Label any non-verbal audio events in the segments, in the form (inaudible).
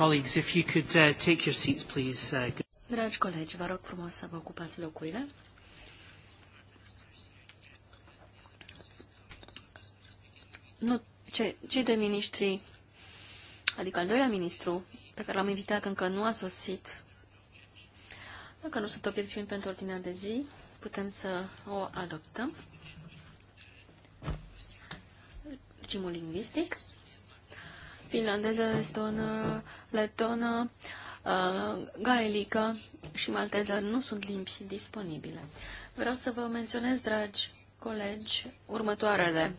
colleagues, if you could uh, take your seats, please. Uh, Dragi colegi, vă rog frumos să vă ocupați locurile. Nu, ce, cei de ministri, adică al doilea ministru, pe care l-am invitat încă nu a sosit. Dacă nu sunt obiecțiuni pentru ordinea de zi, putem să o adoptăm. Regimul lingvistic finlandeză, estonă, letonă, uh, gaelică și malteză nu sunt limbi disponibile. Vreau să vă menționez, dragi colegi, următoarele.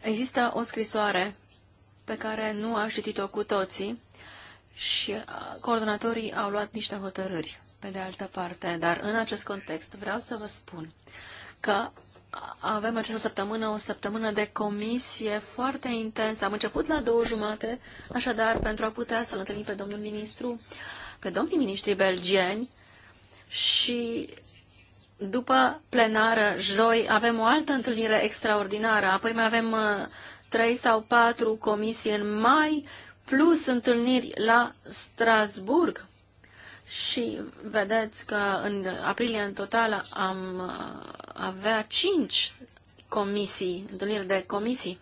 Există o scrisoare pe care nu a citit-o cu toții și uh, coordonatorii au luat niște hotărâri, pe de altă parte, dar în acest context vreau să vă spun că avem această săptămână o săptămână de comisie foarte intensă. Am început la două jumate, așadar, pentru a putea să-l întâlnim pe domnul ministru, pe domnii ministri belgieni și după plenară, joi, avem o altă întâlnire extraordinară, apoi mai avem uh, trei sau patru comisii în mai, plus întâlniri la Strasburg și vedeți că în aprilie în total am uh, avea cinci comisii, întâlniri de comisii.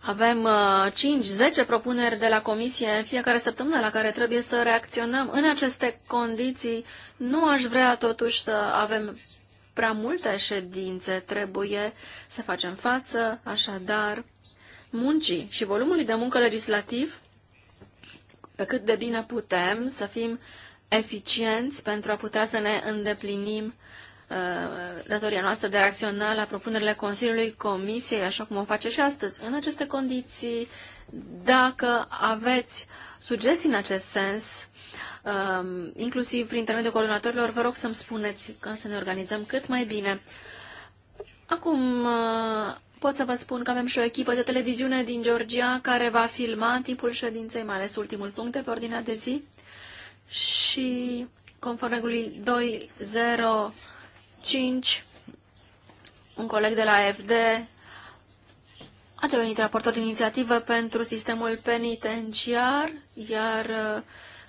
Avem 5-10 uh, propuneri de la comisie în fiecare săptămână la care trebuie să reacționăm. În aceste condiții nu aș vrea totuși să avem prea multe ședințe. Trebuie să facem față, așadar, muncii și volumului de muncă legislativ pe cât de bine putem să fim eficienți pentru a putea să ne îndeplinim uh, datoria noastră de a acționa la propunerile Consiliului Comisiei, așa cum o face și astăzi. În aceste condiții, dacă aveți sugestii în acest sens, um, inclusiv prin intermediul coordonatorilor, vă rog să-mi spuneți ca să ne organizăm cât mai bine. Acum uh, Pot să vă spun că avem și o echipă de televiziune din Georgia care va filma în timpul ședinței, mai ales ultimul punct de pe ordinea de zi. Și conform regulii 205, un coleg de la FD a devenit raportor de inițiativă pentru sistemul penitenciar, iar uh,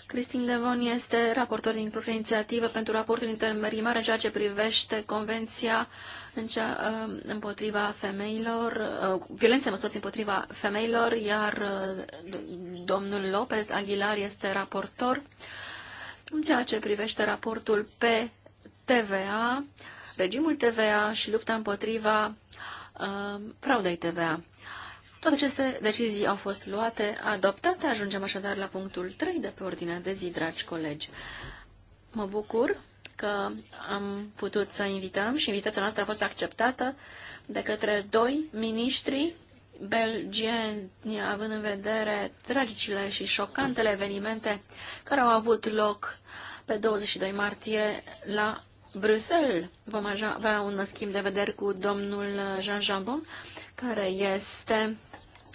Cristin Devon este raportor din propria inițiativă pentru raportul intermerimare în ceea ce privește Convenția în cea, uh, împotriva femeilor, uh, violențe, mă scoți, împotriva femeilor, iar uh, domnul Lopez Aguilar este raportor. În ceea ce privește raportul pe TVA, regimul TVA și lupta împotriva uh, fraudei TVA. Toate aceste decizii au fost luate, adoptate. Ajungem așadar la punctul 3 de pe ordinea de zi, dragi colegi. Mă bucur că am putut să invităm și invitația noastră a fost acceptată de către doi miniștri belgieni, având în vedere tragicile și șocantele evenimente care au avut loc pe 22 martie la Bruxelles. Vom avea un schimb de vederi cu domnul Jean Jambon, care este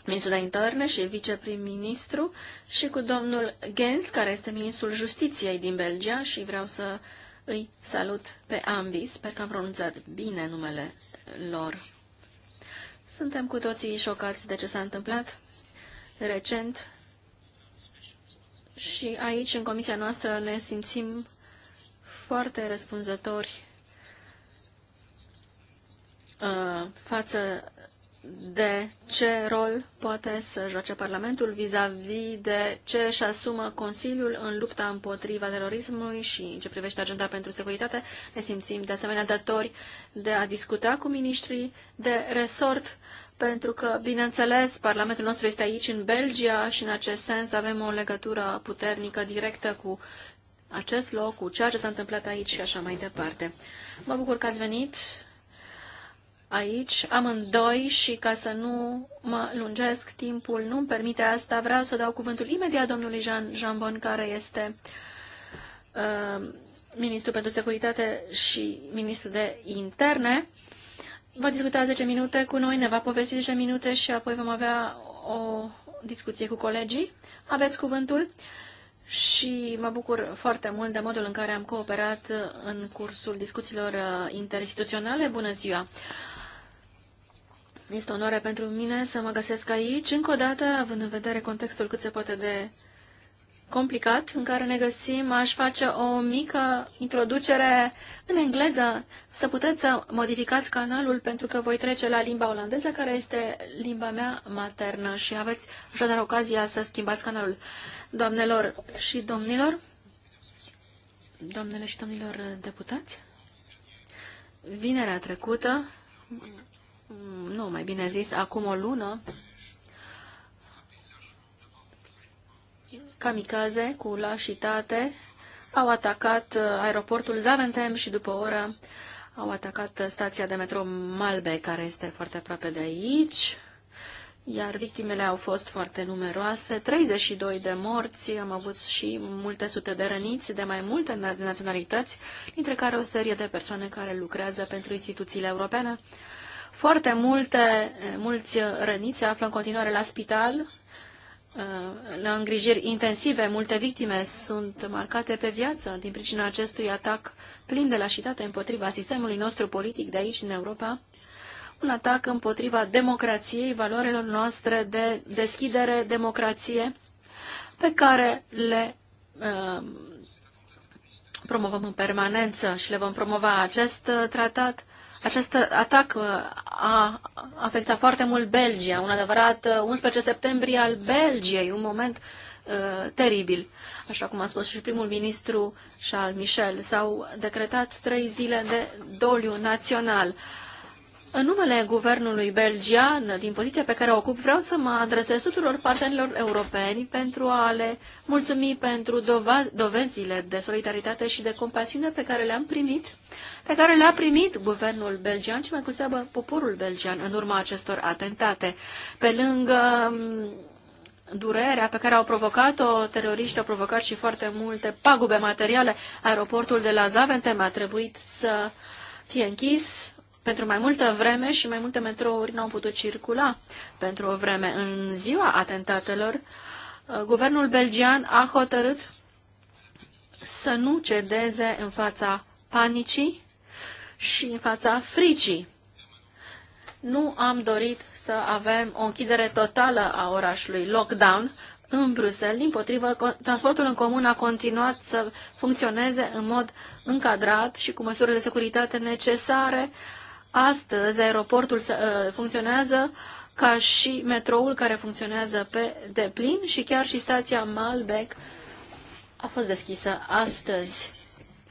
ministrul de interne și viceprim-ministru, și cu domnul Gens, care este ministrul justiției din Belgia și vreau să îi salut pe ambii, sper că am pronunțat bine numele lor. Suntem cu toții șocați de ce s-a întâmplat recent și aici, în comisia noastră, ne simțim foarte răspunzători uh, față de ce rol poate să joace Parlamentul vis-a-vis -vis de ce își asumă Consiliul în lupta împotriva terorismului și în ce privește agenda pentru securitate. Ne simțim de asemenea datori de a discuta cu ministrii de resort, pentru că, bineînțeles, Parlamentul nostru este aici în Belgia și în acest sens avem o legătură puternică, directă cu acest loc, cu ceea ce s-a întâmplat aici și așa mai departe. Mă bucur că ați venit aici amândoi și ca să nu mă lungesc timpul, nu-mi permite asta, vreau să dau cuvântul imediat domnului Jean Bon, care este uh, ministru pentru securitate și ministru de interne. Va discuta 10 minute cu noi, ne va povesti 10 minute și apoi vom avea o discuție cu colegii. Aveți cuvântul și mă bucur foarte mult de modul în care am cooperat în cursul discuțiilor uh, interinstituționale. Bună ziua! este o onoare pentru mine să mă găsesc aici, încă o dată, având în vedere contextul cât se poate de complicat în care ne găsim, aș face o mică introducere în engleză, să puteți să modificați canalul pentru că voi trece la limba olandeză, care este limba mea maternă și aveți așadar ocazia să schimbați canalul. Doamnelor și domnilor, doamnele și domnilor deputați, vinerea trecută Mm, nu, mai bine zis, acum o lună, kamikaze cu lașitate au atacat uh, aeroportul Zaventem și după o oră au atacat uh, stația de metro Malbe, care este foarte aproape de aici, iar victimele au fost foarte numeroase, 32 de morți, am avut și multe sute de răniți de mai multe naționalități, dintre care o serie de persoane care lucrează pentru instituțiile europene. Foarte multe, eh, mulți eh, răniți se află în continuare la spital, eh, la îngrijiri intensive. Multe victime sunt marcate pe viață din pricina acestui atac plin de lașitate împotriva sistemului nostru politic de aici, în Europa. Un atac împotriva democrației, valorilor noastre de deschidere, democrație, pe care le uh, promovăm în permanență și le vom promova acest tratat acest atac uh, a afectat foarte mult Belgia, un adevărat 11 uh, septembrie al Belgiei, un moment uh, teribil, așa cum a spus și primul ministru Charles Michel. S-au decretat trei zile de doliu național. Uh, în numele guvernului belgian, din poziția pe care o ocup, vreau să mă adresez tuturor partenerilor europeni pentru a le mulțumi pentru dovezile de solidaritate și de compasiune pe care le-am primit, pe care le-a primit guvernul belgian și mai cu seamă poporul belgian în urma acestor atentate. Pe lângă mm, durerea pe care au provocat-o, teroriști au provocat și foarte multe pagube materiale. Aeroportul de la Zaventem a trebuit să fie închis pentru mai multă vreme și mai multe metrouri n-au putut circula pentru o vreme. În ziua atentatelor, uh, guvernul belgian a hotărât să nu cedeze în fața panicii și în fața fricii. Nu am dorit să avem o închidere totală a orașului, lockdown, în Bruxelles. Din potrivă, transportul în comun a continuat să funcționeze în mod încadrat și cu măsurile de securitate necesare. Uh, Astăzi, aeroportul uh, funcționează ca și metroul care funcționează pe deplin și chiar și stația Malbec a fost deschisă astăzi.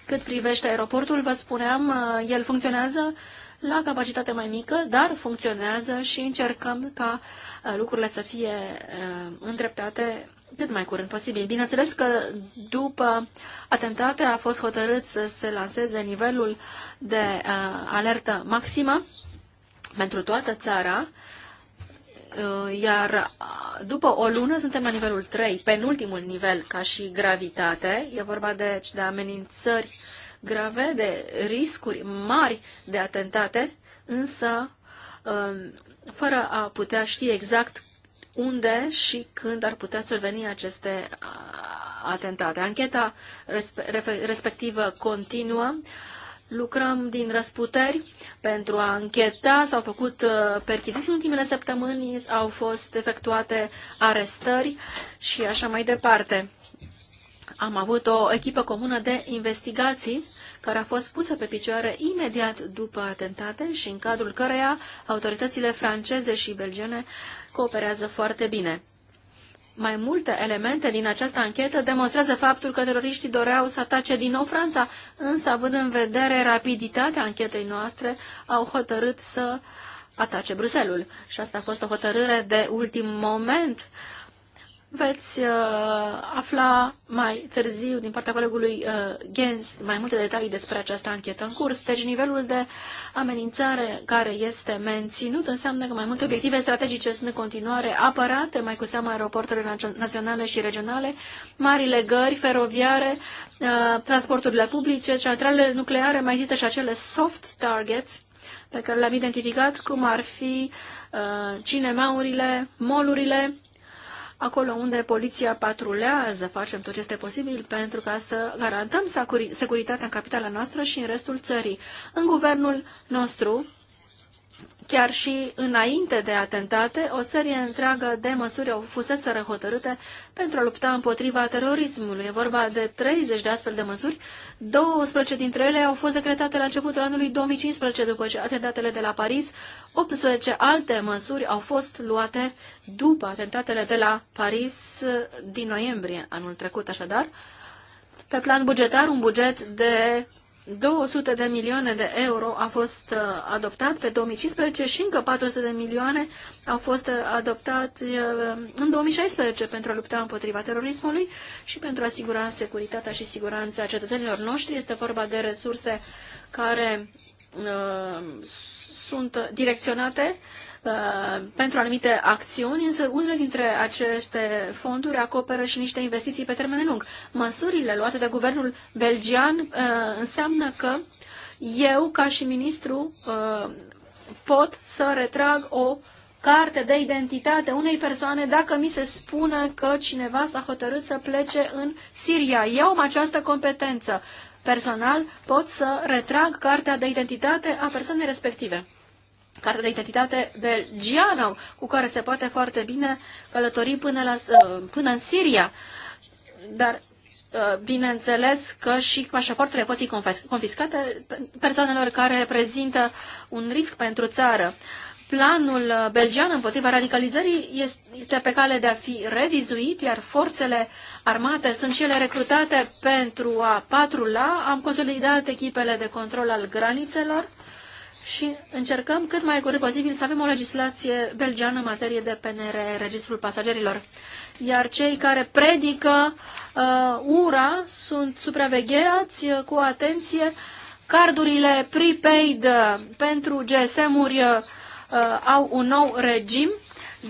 Cât privește aeroportul, vă spuneam, uh, el funcționează la capacitate mai mică, dar funcționează și încercăm ca uh, lucrurile să fie îndreptate cât mai curând posibil. Bineînțeles că după atentate a fost hotărât să se lanseze nivelul de uh, alertă maximă pentru toată țara, uh, iar uh, după o lună suntem la nivelul 3, penultimul nivel ca și gravitate. E vorba deci de amenințări grave, de riscuri mari de atentate, însă uh, fără a putea ști exact unde și când ar putea surveni aceste atentate. Ancheta respectivă continuă. Lucrăm din răsputeri pentru a încheta. S-au făcut perchiziții în ultimele săptămâni, au fost efectuate arestări și așa mai departe. Am avut o echipă comună de investigații care a fost pusă pe picioare imediat după atentate și în cadrul căreia autoritățile franceze și belgiene uh, cooperează foarte bine. Mai multe elemente din această anchetă demonstrează faptul că teroriștii doreau să atace din nou Franța, însă având în vedere rapiditatea anchetei noastre, au hotărât să atace Bruselul. Și asta a fost o hotărâre de ultim moment. Uh, veți uh, afla mai târziu din partea colegului uh, Gens mai multe detalii despre această anchetă în curs. Deci nivelul de amenințare care este menținut înseamnă că mai multe obiective strategice sunt în continuare apărate, mai cu seamă aeroporturile naționale și regionale, marile gări feroviare, uh, transporturile publice, centralele nucleare, mai există și acele soft targets pe care le-am identificat, cum ar fi uh, cinemaurile, molurile, acolo unde poliția patrulează, facem tot ce este posibil pentru ca să garantăm securitatea în capitala noastră și în restul țării. În guvernul nostru Chiar și înainte de atentate, o serie întreagă de măsuri au fusese hotărâte pentru a lupta împotriva terorismului. E vorba de 30 de astfel de măsuri. 12 dintre ele au fost decretate la începutul anului 2015 după ce atentatele de la Paris. 18 alte măsuri au fost luate după atentatele de la Paris din noiembrie anul trecut, așadar. Pe plan bugetar, un buget de 200 de milioane de euro a fost uh, adoptat pe 2015 și încă 400 de milioane au fost uh, adoptat uh, în 2016 pentru a lupta împotriva terorismului și pentru a asigura securitatea și siguranța cetățenilor noștri. Este vorba de resurse care uh, sunt direcționate Uh, pentru anumite acțiuni, însă unele dintre aceste fonduri acoperă și niște investiții pe termen lung. Măsurile luate de guvernul belgian uh, înseamnă că eu, ca și ministru, uh, pot să retrag o carte de identitate unei persoane dacă mi se spune că cineva s-a hotărât să plece în Siria. Eu am această competență. Personal pot să retrag cartea de identitate a persoanei respective carte de identitate belgiană, cu care se poate foarte bine călători până, la, uh, până în Siria. Dar uh, bineînțeles că și pașapoartele pot fi confiscate persoanelor care prezintă un risc pentru țară. Planul uh, belgian împotriva radicalizării este pe cale de a fi revizuit, iar forțele armate sunt cele recrutate pentru a patrula. Am consolidat echipele de control al granițelor și încercăm cât mai curând posibil să avem o legislație belgeană în materie de PNR, Registrul Pasagerilor. Iar cei care predică uh, ura sunt supravegheați uh, cu atenție. Cardurile prepaid uh, pentru GSM-uri uh, uh, au un nou regim,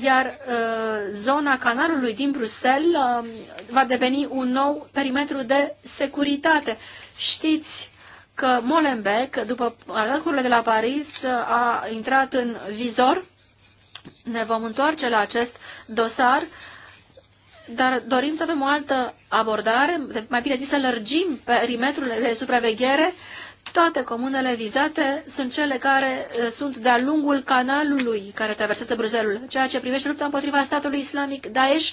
iar uh, zona canalului din Bruxelles uh, va deveni un nou perimetru de securitate. Știți că Molenbeek, după atacurile de la Paris, a intrat în vizor. Ne vom întoarce la acest dosar, dar dorim să avem o altă abordare, mai bine zis să lărgim perimetrul de supraveghere toate comunele vizate sunt cele care uh, sunt de-a lungul canalului care traversează Bruselul. Ceea ce privește lupta împotriva statului islamic Daesh,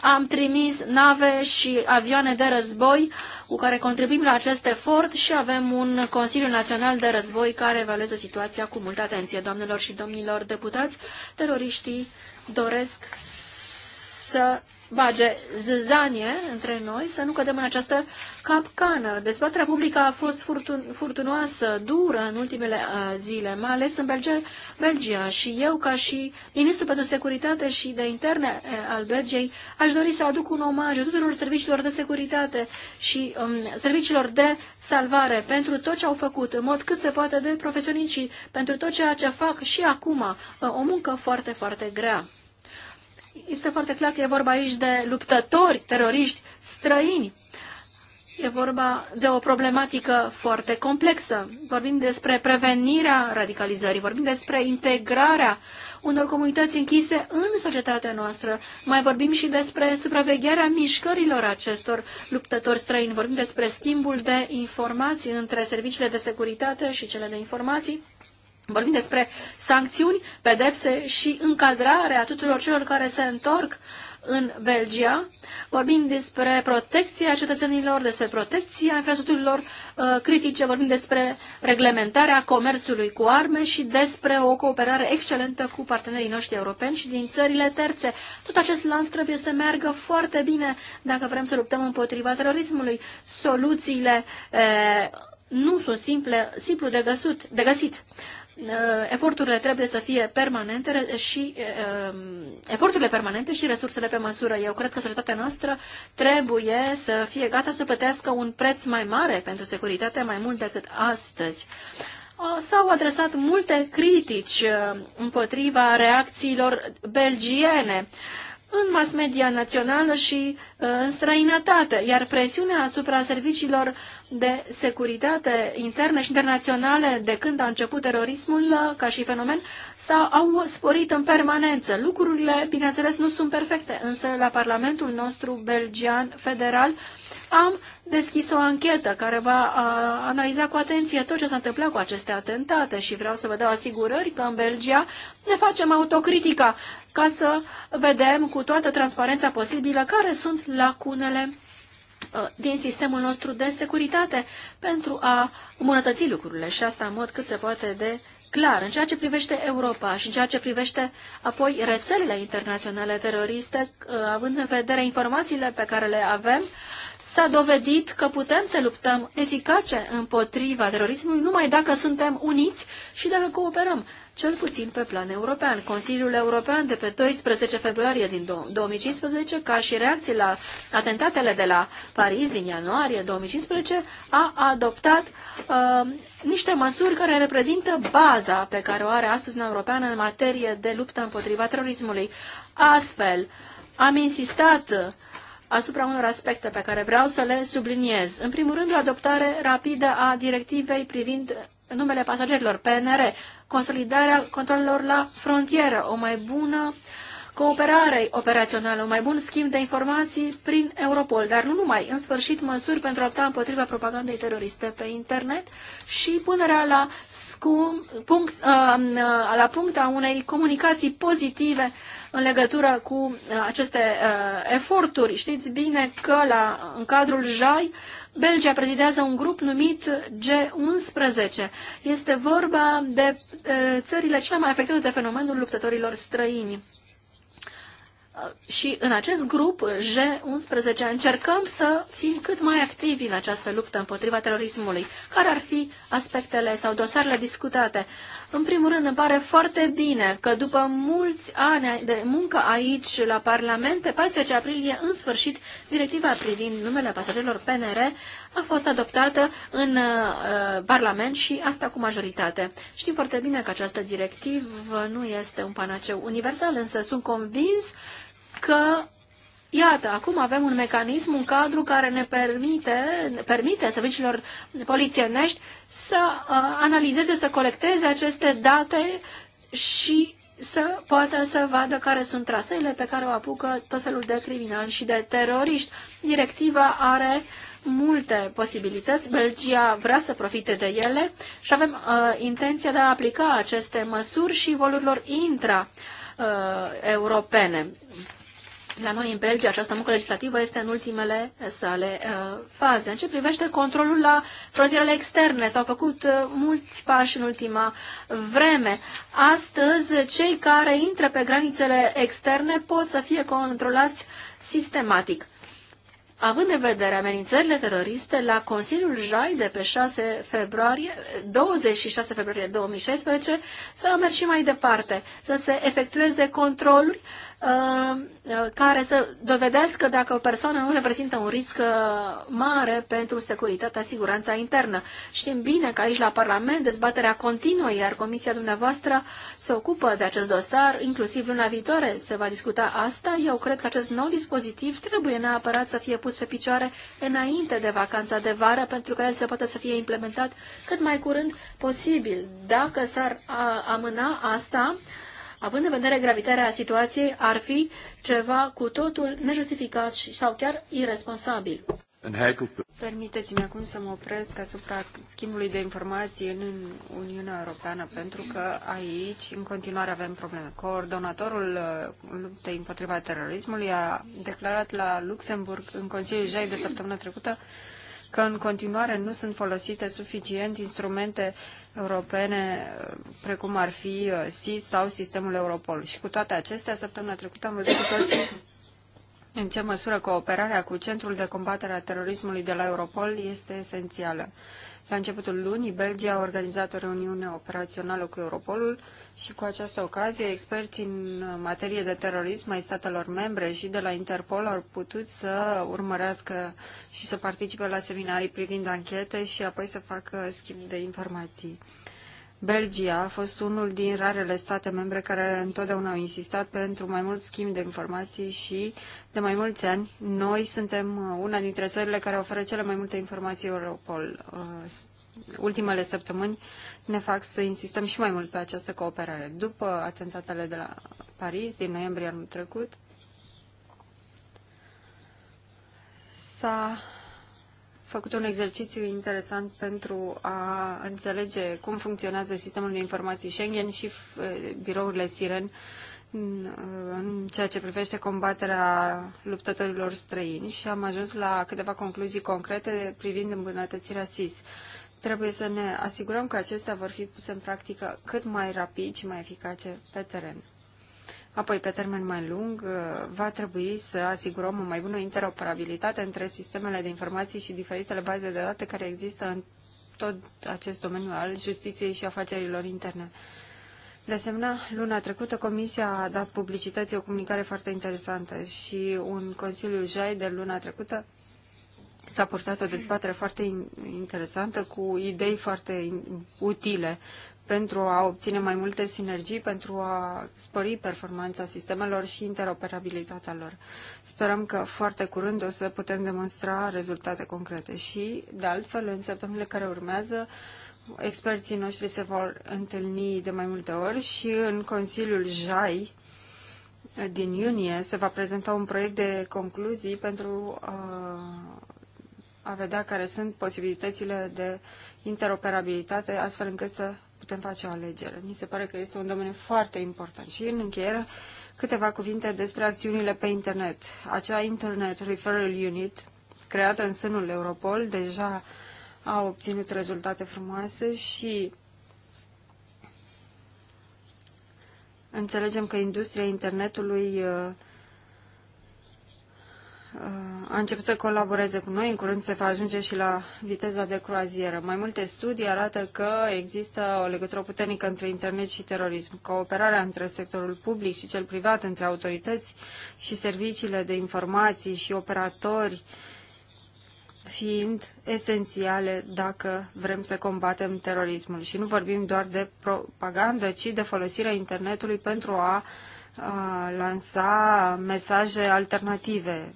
am trimis nave și avioane de război cu care contribuim la acest efort și avem un Consiliu Național de Război care evaluează situația cu multă atenție. Doamnelor și domnilor deputați, teroriștii doresc să bage zâzanie între noi, să nu cădem în această capcană. Dezbaterea publică a fost furtun, furtunoasă, dură în ultimele uh, zile, mai ales în Belgia, Belgia. Și eu, ca și ministru pentru securitate și de interne uh, al Belgiei, aș dori să aduc un omagiu tuturor serviciilor de securitate și um, serviciilor de salvare pentru tot ce au făcut, în mod cât se poate de profesioniști și pentru tot ceea ce fac și acum. Uh, o muncă foarte, foarte grea este foarte clar că e vorba aici de luptători, teroriști străini. E vorba de o problematică foarte complexă. Vorbim despre prevenirea radicalizării, vorbim despre integrarea unor comunități închise în societatea noastră. Mai vorbim și despre supravegherea mișcărilor acestor luptători străini. Vorbim despre schimbul de informații între serviciile de securitate și cele de informații Vorbim despre sancțiuni, pedepse și încadrarea tuturor celor care se întorc în Belgia. Vorbim despre protecția cetățenilor, despre protecția infrastructurilor uh, critice, vorbim despre reglementarea comerțului cu arme și despre o cooperare excelentă cu partenerii noștri europeni și din țările terțe. Tot acest lanț trebuie să meargă foarte bine dacă vrem să luptăm împotriva terorismului. Soluțiile uh, nu sunt simple, simplu de, găsut, de găsit. Uh, eforturile trebuie să fie permanente și uh, um, eforturile permanente și resursele pe măsură. Eu cred că societatea noastră trebuie să fie gata să plătească un preț mai mare pentru securitate mai mult decât astăzi. Uh, s-au adresat multe critici împotriva reacțiilor belgiene. Uh, în mass media națională și uh, în străinătate, iar presiunea asupra serviciilor de securitate interne și internaționale de când a început terorismul uh, ca și fenomen s-au sporit în permanență. Lucrurile, bineînțeles, nu sunt perfecte, însă la Parlamentul nostru belgian federal am deschis o anchetă care va analiza cu atenție tot ce s-a întâmplat cu aceste atentate și vreau să vă dau asigurări că în Belgia ne facem autocritica ca să vedem cu toată transparența posibilă care sunt lacunele uh, din sistemul nostru de securitate pentru a îmbunătăți lucrurile și asta în mod cât se poate de clar. În ceea ce privește Europa și în ceea ce privește apoi rețelele internaționale teroriste, uh, având în vedere informațiile pe care le avem, s-a dovedit că putem să luptăm eficace împotriva terorismului numai dacă suntem uniți și dacă cooperăm, cel puțin pe plan european. Consiliul European de pe 12 februarie din 2015, ca și reacții la atentatele de la Paris din ianuarie 2015, a adoptat uh, niște măsuri care reprezintă baza pe care o are astăzi Uniunea Europeană în materie de luptă împotriva terorismului. Astfel, am insistat uh, asupra unor aspecte pe care vreau să le subliniez. În primul rând, o adoptare rapidă a directivei privind numele pasagerilor, PNR, consolidarea controlelor la frontieră, o mai bună cooperare operațională, un mai bun schimb de informații prin Europol, dar nu numai, în sfârșit măsuri pentru a opta împotriva propagandei teroriste pe internet și punerea la, scum, punct, uh, la punct a unei comunicații pozitive uh, în legătură cu uh, aceste uh, eforturi. Știți bine că la, în cadrul JAI, Belgia prezidează un grup numit G11. Este vorba de uh, țările cele mai afectate de fenomenul luptătorilor străini și în acest grup G11 încercăm să fim cât mai activi în această luptă împotriva terorismului. Care ar fi aspectele sau dosarele discutate? În primul rând, îmi pare foarte bine că după mulți ani de muncă aici la Parlament, pe 14 aprilie, în sfârșit, directiva privind numele pasagerilor PNR a fost adoptată în uh, Parlament și asta cu majoritate. Știm foarte bine că această directivă nu este un panaceu universal, însă sunt convins că Iată, acum avem un mecanism, un cadru care ne permite, ne permite serviciilor polițienești să uh, analizeze, să colecteze aceste date și să poată să vadă care sunt traseele pe care o apucă tot felul de criminali și de teroriști. Directiva are multe posibilități, Belgia vrea să profite de ele și avem uh, intenția de a aplica aceste măsuri și volurilor intra-europene. Uh, la noi, în Belgia, această muncă legislativă este în ultimele sale uh, faze. În ce privește controlul la frontierele externe, s-au făcut uh, mulți pași în ultima vreme. Astăzi, cei care intră pe granițele externe pot să fie controlați sistematic. Având în vedere amenințările teroriste, la Consiliul Jai de pe 6 februarie, 26 februarie 2016 s-a mers și mai departe să se efectueze controluri uh, Uh, care să dovedească dacă o persoană nu reprezintă un risc uh, mare pentru securitatea, siguranța internă. Știm bine că aici la Parlament dezbaterea continuă, iar Comisia dumneavoastră se ocupă de acest dosar, inclusiv luna viitoare se va discuta asta. Eu cred că acest nou dispozitiv trebuie neapărat să fie pus pe picioare înainte de vacanța de vară, pentru că el se poate să fie implementat cât mai curând posibil. Dacă s-ar uh, amâna asta, având în vedere gravitatea situației, ar fi ceva cu totul nejustificat sau chiar irresponsabil. Permiteți-mi acum să mă opresc asupra schimbului de informații în Uniunea Europeană, pentru că aici, în continuare, avem probleme. Coordonatorul uh, luptei împotriva terorismului a declarat la Luxemburg, în Consiliul Jai de săptămâna trecută, că în continuare nu sunt folosite suficient instrumente europene precum ar fi uh, SIS sau sistemul Europol. Și cu toate acestea, săptămâna trecută am văzut cu toții în ce măsură cooperarea cu Centrul de Combatere a Terorismului de la Europol este esențială. La începutul lunii, Belgia a organizat o reuniune operațională cu Europolul și cu această ocazie, experții în materie de terorism ai statelor membre și de la Interpol au putut să urmărească și să participe la seminarii privind anchete și apoi să facă schimb de informații. Belgia a fost unul din rarele state membre care întotdeauna au insistat pentru mai mult schimb de informații și de mai mulți ani noi suntem una dintre țările care oferă cele mai multe informații Europol. Uh, ultimele săptămâni ne fac să insistăm și mai mult pe această cooperare. După atentatele de la Paris din noiembrie anul trecut, s-a făcut un exercițiu interesant pentru a înțelege cum funcționează sistemul de informații Schengen și eh, birourile Siren în, ceea ce privește combaterea luptătorilor străini și am ajuns la câteva concluzii concrete privind îmbunătățirea SIS. Trebuie să ne asigurăm că acestea vor fi puse în practică cât mai rapid și mai eficace pe teren. Apoi, pe termen mai lung, uh, va trebui să asigurăm o mai bună interoperabilitate între sistemele de informații și diferitele baze de date care există în tot acest domeniu al justiției și afacerilor interne. De asemenea, luna trecută Comisia a dat publicității o comunicare foarte interesantă și un Consiliu JAI de luna trecută s-a purtat o dezbatere foarte interesantă cu idei foarte utile pentru a obține mai multe sinergii, pentru a spări performanța sistemelor și interoperabilitatea lor. Sperăm că foarte curând o să putem demonstra rezultate concrete și, de altfel, în săptămânile care urmează, experții noștri se vor întâlni de mai multe ori și în Consiliul JAI din iunie se va prezenta un proiect de concluzii pentru uh, a vedea care sunt posibilitățile de interoperabilitate, astfel încât să putem face o alegere. Mi se pare că este un domeniu foarte important. Și în încheiere, câteva cuvinte despre acțiunile pe internet. Acea Internet Referral Unit, creată în sânul Europol, deja a obținut rezultate frumoase și înțelegem că industria internetului uh, a început să colaboreze cu noi, în curând se va ajunge și la viteza de croazieră. Mai multe studii arată că există o legătură puternică între internet și terorism. Cooperarea între sectorul public și cel privat, între autorități și serviciile de informații și operatori fiind esențiale dacă vrem să combatem terorismul. Și nu vorbim doar de propagandă, ci de folosirea internetului pentru a uh, lansa mesaje alternative.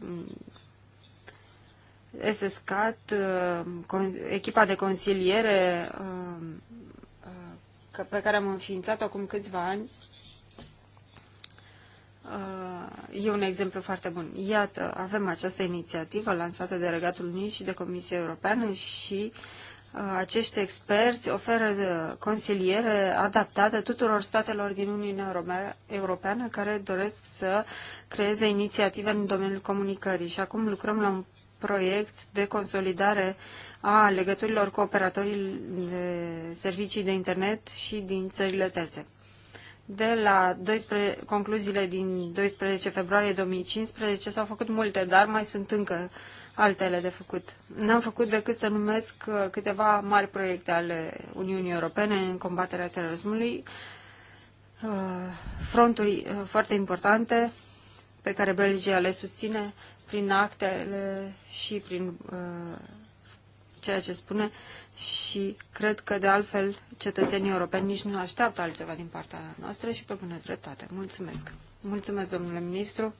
SSCAT, uh, echipa de consiliere um, uh, pe care am înființat-o acum câțiva ani, uh, e un exemplu foarte bun. Iată, avem această inițiativă lansată de Regatul Unit și de Comisia Europeană și acești experți oferă uh, consiliere adaptată tuturor statelor din Uniunea Europeană care doresc să creeze inițiative în domeniul comunicării. Și acum lucrăm la un proiect de consolidare a legăturilor cu operatorii de servicii de internet și din țările terțe. De la 12, concluziile din 12 februarie 2015 s-au făcut multe, dar mai sunt încă uh, altele de făcut. N-am făcut decât să numesc uh, câteva mari proiecte ale Uniunii Europene în combaterea terorismului, uh, fronturi uh, foarte importante pe care Belgia le susține prin actele și prin ceea ce spune și cred că de altfel cetățenii europeni nici nu așteaptă altceva din partea noastră și pe bună dreptate. Mulțumesc! Mulțumesc, domnule ministru!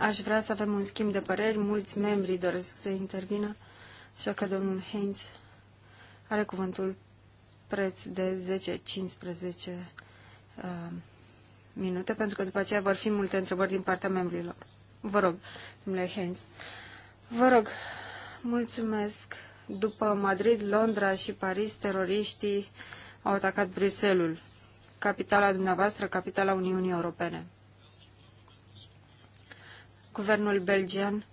Aș vrea să avem un schimb de păreri. Mulți membri doresc să intervină, așa că domnul Heinz are cuvântul preț de 10-15 uh, minute, pentru că după aceea vor fi multe întrebări din partea membrilor. Vă rog, domnule Heinz. Vă rog, mulțumesc. După Madrid, Londra și Paris, teroriștii au atacat Bruselul, capitala dumneavoastră, capitala Uniunii Europene. Guvernul belgian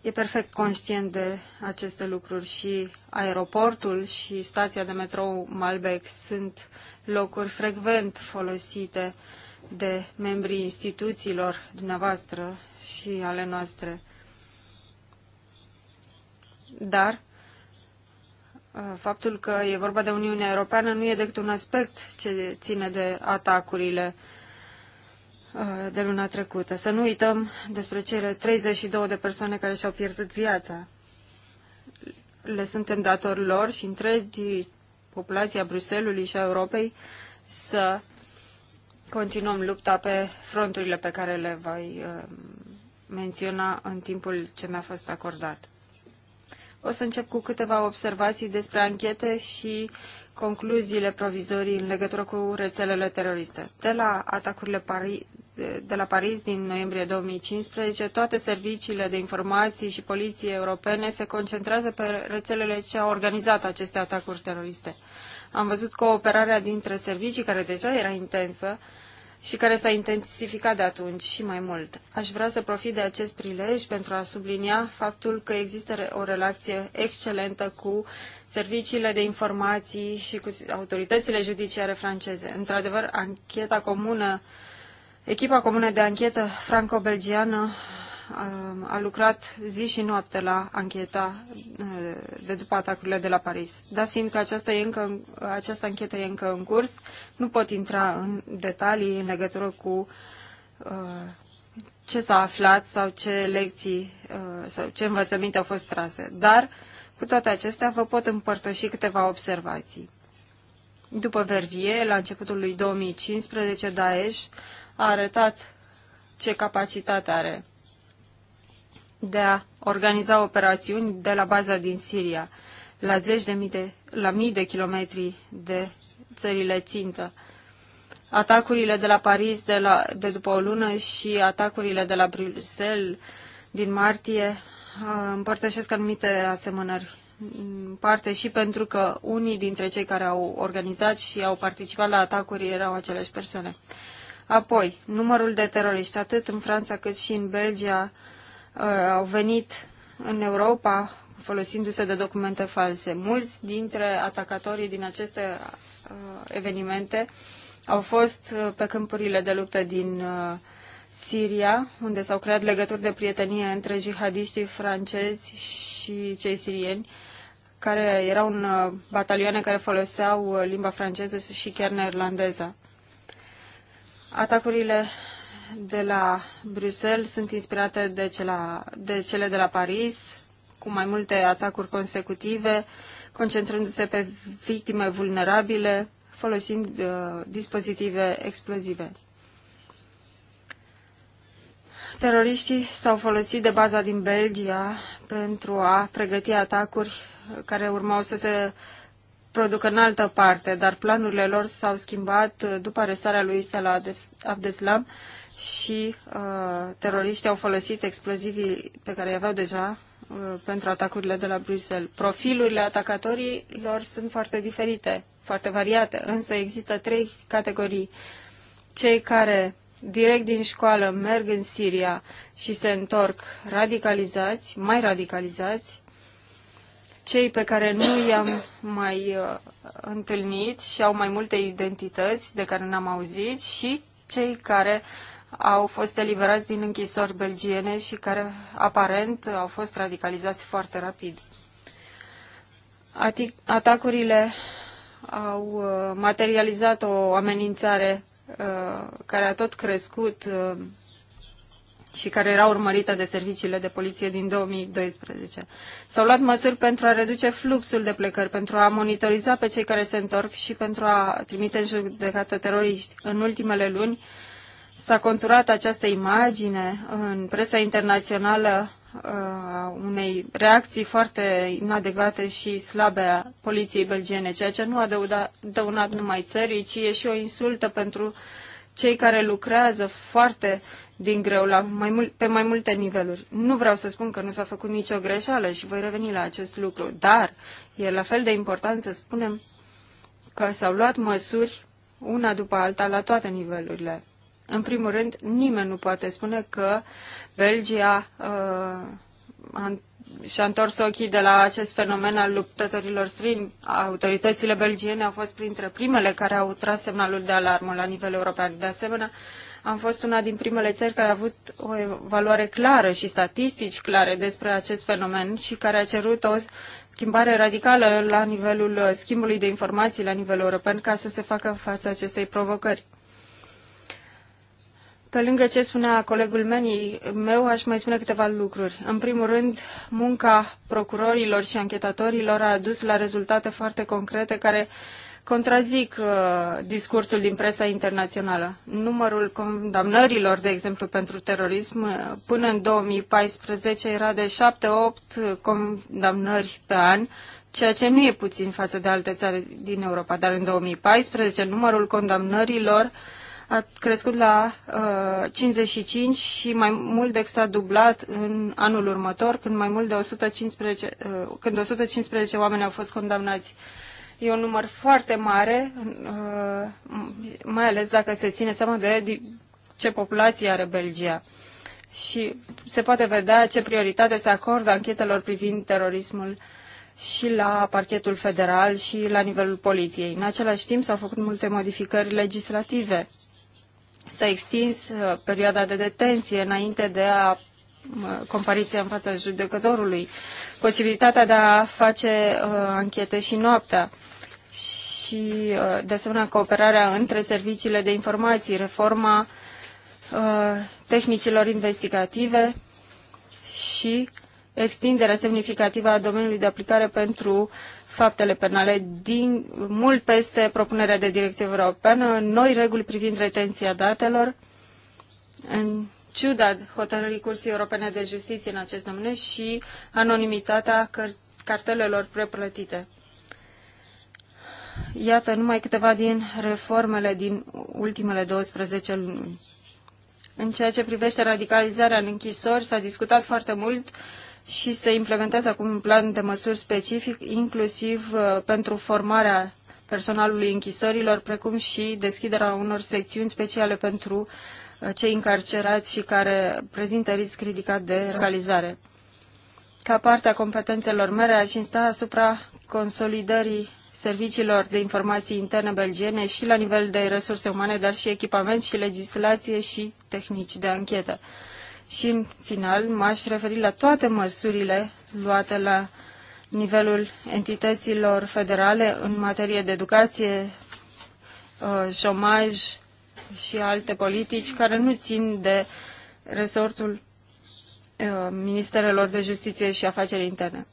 e perfect conștient de aceste lucruri și aeroportul și stația de metrou Malbec sunt locuri frecvent folosite de membrii instituțiilor dumneavoastră și ale noastre. Dar uh, faptul că e vorba de Uniunea Europeană nu e decât un aspect ce ține de atacurile uh, Uh, de luna trecută. Să nu uităm despre cele 32 de persoane care și-au pierdut viața. Le suntem datori lor și întregi populația Bruselului și a Europei să continuăm lupta pe fronturile pe care le voi uh, menționa în timpul ce mi-a fost acordat. O să încep cu câteva observații despre anchete și concluziile provizorii în legătură cu rețelele teroriste. De la atacurile Pari- de la Paris din noiembrie 2015, toate serviciile de informații și poliție europene se concentrează pe rețelele ce au organizat aceste atacuri teroriste. Am văzut cooperarea dintre servicii, care deja era intensă, și care s-a intensificat de atunci și mai mult. Aș vrea să profit de acest prilej pentru a sublinia faptul că există o relație excelentă cu serviciile de informații și cu autoritățile judiciare franceze. Într-adevăr, ancheta comună, echipa comună de anchetă franco-belgiană Um, a lucrat zi și noapte la ancheta uh, de după atacurile de la Paris. Dar fiindcă aceasta, e încă, această anchetă e încă în curs, nu pot intra în detalii în legătură cu uh, ce s-a aflat sau ce lecții uh, sau ce învățăminte au fost trase. Dar, cu toate acestea, vă pot împărtăși câteva observații. După Vervie, la începutul lui 2015, Daesh a arătat ce capacitate are de a organiza operațiuni de la baza din Siria, la zeci de mii de, la mii de kilometri de țările țintă. Atacurile de la Paris de, la, de după o lună și atacurile de la Bruxelles din martie uh, împărtășesc anumite asemănări în parte și pentru că unii dintre cei care au organizat și au participat la atacuri erau aceleași persoane. Apoi, numărul de teroriști, atât în Franța cât și în Belgia, Uh, au venit în Europa folosindu-se de documente false. Mulți dintre atacatorii din aceste uh, evenimente au fost uh, pe câmpurile de luptă din Siria, unde s-au creat legături de prietenie între jihadiștii francezi și cei sirieni, care erau în batalioane care foloseau limba franceză și chiar neerlandeza. Atacurile de la Bruxelles sunt inspirate de, cela, de cele de la Paris, cu mai multe atacuri consecutive, concentrându-se pe victime vulnerabile, folosind uh, dispozitive explozive. Teroriștii s-au folosit de baza din Belgia pentru a pregăti atacuri care urmau să se producă în altă parte, dar planurile lor s-au schimbat după arestarea lui Salah Abdeslam și uh, teroriștii au folosit explozivii pe care i aveau deja uh, pentru atacurile de la Bruxelles. Profilurile atacatorilor sunt foarte diferite, foarte variate, însă există trei categorii. Cei care direct din școală merg în Siria și se întorc radicalizați, mai radicalizați, cei pe care nu i-am mai uh, întâlnit și au mai multe identități de care n-am auzit și cei care uh, au fost eliberați din închisori belgiene și care aparent au fost radicalizați foarte rapid. Atic atacurile au uh, materializat o amenințare uh, care a tot crescut uh, și care era urmărită de serviciile de poliție din 2012. S-au luat măsuri pentru a reduce fluxul de plecări, pentru a monitoriza pe cei care se întorc și pentru a trimite în judecată teroriști. În ultimele luni, s-a conturat această imagine în presa internațională uh, a unei reacții foarte inadecvate și slabe a poliției belgiene, ceea ce nu a dăunat numai țării, ci e și o insultă pentru cei care lucrează foarte din greu la mai mul- pe mai multe niveluri. Nu vreau să spun că nu s-a făcut nicio greșeală și voi reveni la acest lucru, dar e la fel de important să spunem că s-au luat măsuri una după alta la toate nivelurile. În primul rând, nimeni nu poate spune că Belgia uh, și-a întors ochii de la acest fenomen al luptătorilor străini. Autoritățile belgiene au fost printre primele care au tras semnalul de alarmă la nivel european. De asemenea, am fost una din primele țări care a avut o evaluare clară și statistici clare despre acest fenomen și care a cerut o schimbare radicală la nivelul schimbului de informații la nivel european ca să se facă față acestei provocări. Pe lângă ce spunea colegul meu, aș mai spune câteva lucruri. În primul rând, munca procurorilor și anchetatorilor a dus la rezultate foarte concrete care contrazic uh, discursul din presa internațională. Numărul condamnărilor, de exemplu, pentru terorism uh, până în 2014 era de 7-8 condamnări pe an, ceea ce nu e puțin față de alte țări din Europa, dar în 2014 numărul condamnărilor uh, a crescut la uh, 55 și mai mult decât s-a dublat în anul următor, când mai mult de 115, uh, când 115 oameni au fost condamnați. E un număr foarte mare, uh, mai ales dacă se ține seama de ce populație are Belgia. Și se poate vedea ce prioritate se acordă anchetelor privind terorismul și la parchetul federal și la nivelul poliției. În același timp s-au făcut multe modificări legislative s-a extins uh, perioada de detenție înainte de a uh, compariție în fața judecătorului, posibilitatea de a face uh, anchete și noaptea și, uh, de asemenea, cooperarea între serviciile de informații, reforma uh, tehnicilor investigative și extinderea semnificativă a domeniului de aplicare pentru faptele penale din, mult peste propunerea de directivă europeană, noi reguli privind retenția datelor, în ciuda hotărârii Curții Europene de Justiție în acest domeniu și anonimitatea cartelelor preplătite. Iată numai câteva din reformele din ultimele 12 luni. În ceea ce privește radicalizarea în închisori, s-a discutat foarte mult uh, și se implementează acum un plan de măsuri specific, inclusiv uh, pentru formarea personalului închisorilor, precum și deschiderea unor secțiuni speciale pentru uh, cei încarcerați și care prezintă risc ridicat de realizare. Ca parte a competențelor mele, aș insta asupra consolidării serviciilor de informații interne belgiene și la nivel de resurse umane, dar și echipament și legislație și tehnici de anchetă și, în final, m-aș referi la toate măsurile luate la nivelul entităților federale în materie de educație, uh, șomaj și alte politici care nu țin de resortul uh, Ministerelor de Justiție și Afaceri Interne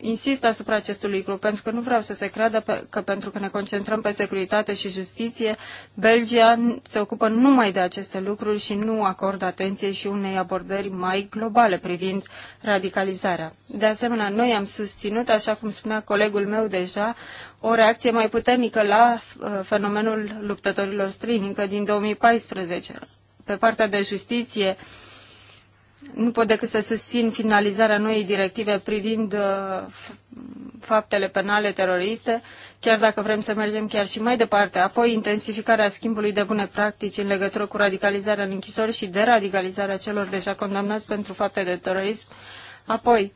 insist asupra acestui lucru, pentru că nu vreau să se creadă pe, că pentru că ne concentrăm pe securitate și justiție, Belgia se ocupă numai de aceste lucruri și nu acordă atenție și unei abordări mai globale privind radicalizarea. De asemenea, noi am susținut, așa cum spunea colegul meu deja, o reacție mai puternică la uh, fenomenul luptătorilor străini încă din 2014. Pe partea de justiție, uh, nu pot decât să susțin finalizarea noii directive privind uh, faptele penale teroriste, chiar dacă vrem să mergem chiar și mai departe, apoi intensificarea schimbului de bune practici în legătură cu radicalizarea în închisori și deradicalizarea celor deja condamnați pentru fapte de terorism, apoi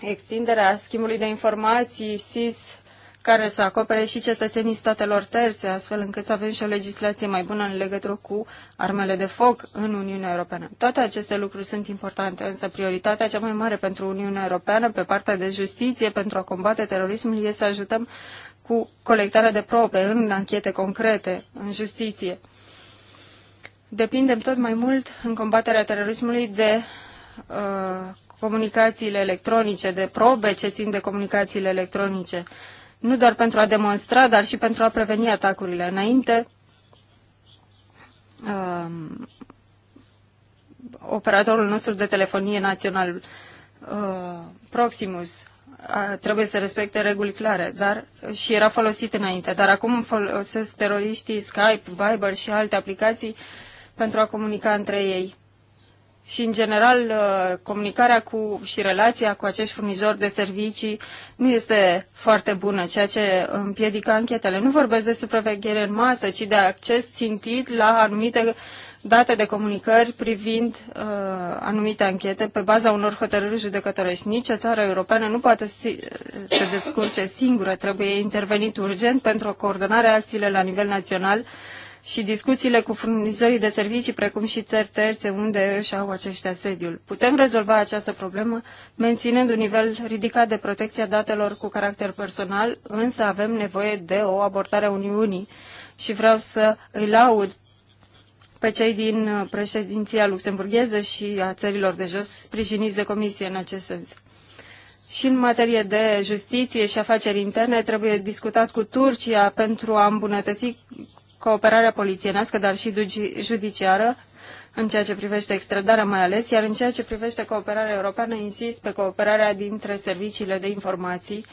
extinderea schimbului de informații SIS care să acopere și cetățenii statelor terțe, astfel încât să avem și o legislație mai bună în legătură cu armele de foc în Uniunea Europeană. Toate aceste lucruri sunt importante, însă prioritatea cea mai mare pentru Uniunea Europeană, pe partea de justiție, pentru a combate terorismul, este să ajutăm cu colectarea de probe în anchete concrete, în justiție. Depindem tot mai mult în combaterea terorismului de uh, comunicațiile electronice, de probe ce țin de comunicațiile electronice. Uh, nu doar pentru a demonstra, dar și pentru a preveni atacurile. Înainte, um, operatorul nostru de telefonie național, uh, Proximus, trebuie să respecte reguli clare, dar și era folosit înainte. Dar acum folosesc teroriștii Skype, Viber și alte aplicații pentru a comunica între ei și, în general, uh, comunicarea cu și relația cu acești furnizori de servicii nu este foarte bună, ceea ce împiedică anchetele. Nu vorbesc de supraveghere în masă, ci de acces țintit la anumite date de comunicări privind uh, anumite anchete pe baza unor hotărâri judecătorești. Nici o țară europeană nu poate si- se descurce singură, trebuie intervenit urgent pentru o coordonare a la nivel național și discuțiile cu furnizorii de servicii, precum și țări terțe unde își au aceștia sediul. Putem rezolva această problemă menținând un nivel ridicat de protecție a datelor cu caracter personal, însă avem nevoie de o abordare a Uniunii și vreau să îi laud pe cei din președinția luxemburgheză și a țărilor de jos sprijiniți de comisie în acest sens. Și în materie de justiție și afaceri interne trebuie discutat cu Turcia pentru a îmbunătăți cooperarea polițienească, dar și judiciară, în ceea ce privește extradarea mai ales, iar în ceea ce privește cooperarea europeană, insist pe cooperarea dintre serviciile de informații,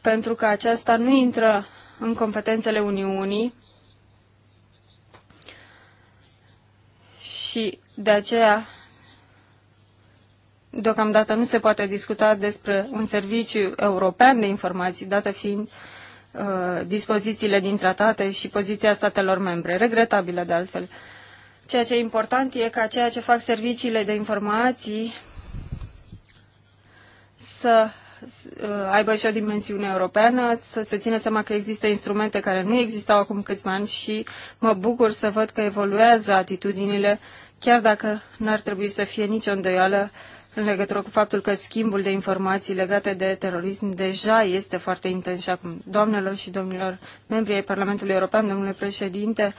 pentru că aceasta nu intră în competențele Uniunii și de aceea deocamdată nu se poate discuta despre un serviciu european de informații, dată fiind uh, Uh, dispozițiile din tratate și poziția statelor membre, regretabilă de altfel. Ceea ce e important e ca ceea ce fac serviciile de informații să uh, aibă și o dimensiune europeană, să se țină seama că există instrumente care nu existau acum câțiva ani și mă bucur să văd că evoluează atitudinile, chiar dacă n-ar trebui să fie nicio îndoială uh, în legătură cu faptul că schimbul de informații legate de terorism deja este foarte intens și acum. Doamnelor și domnilor membri ai Parlamentului European, domnule președinte,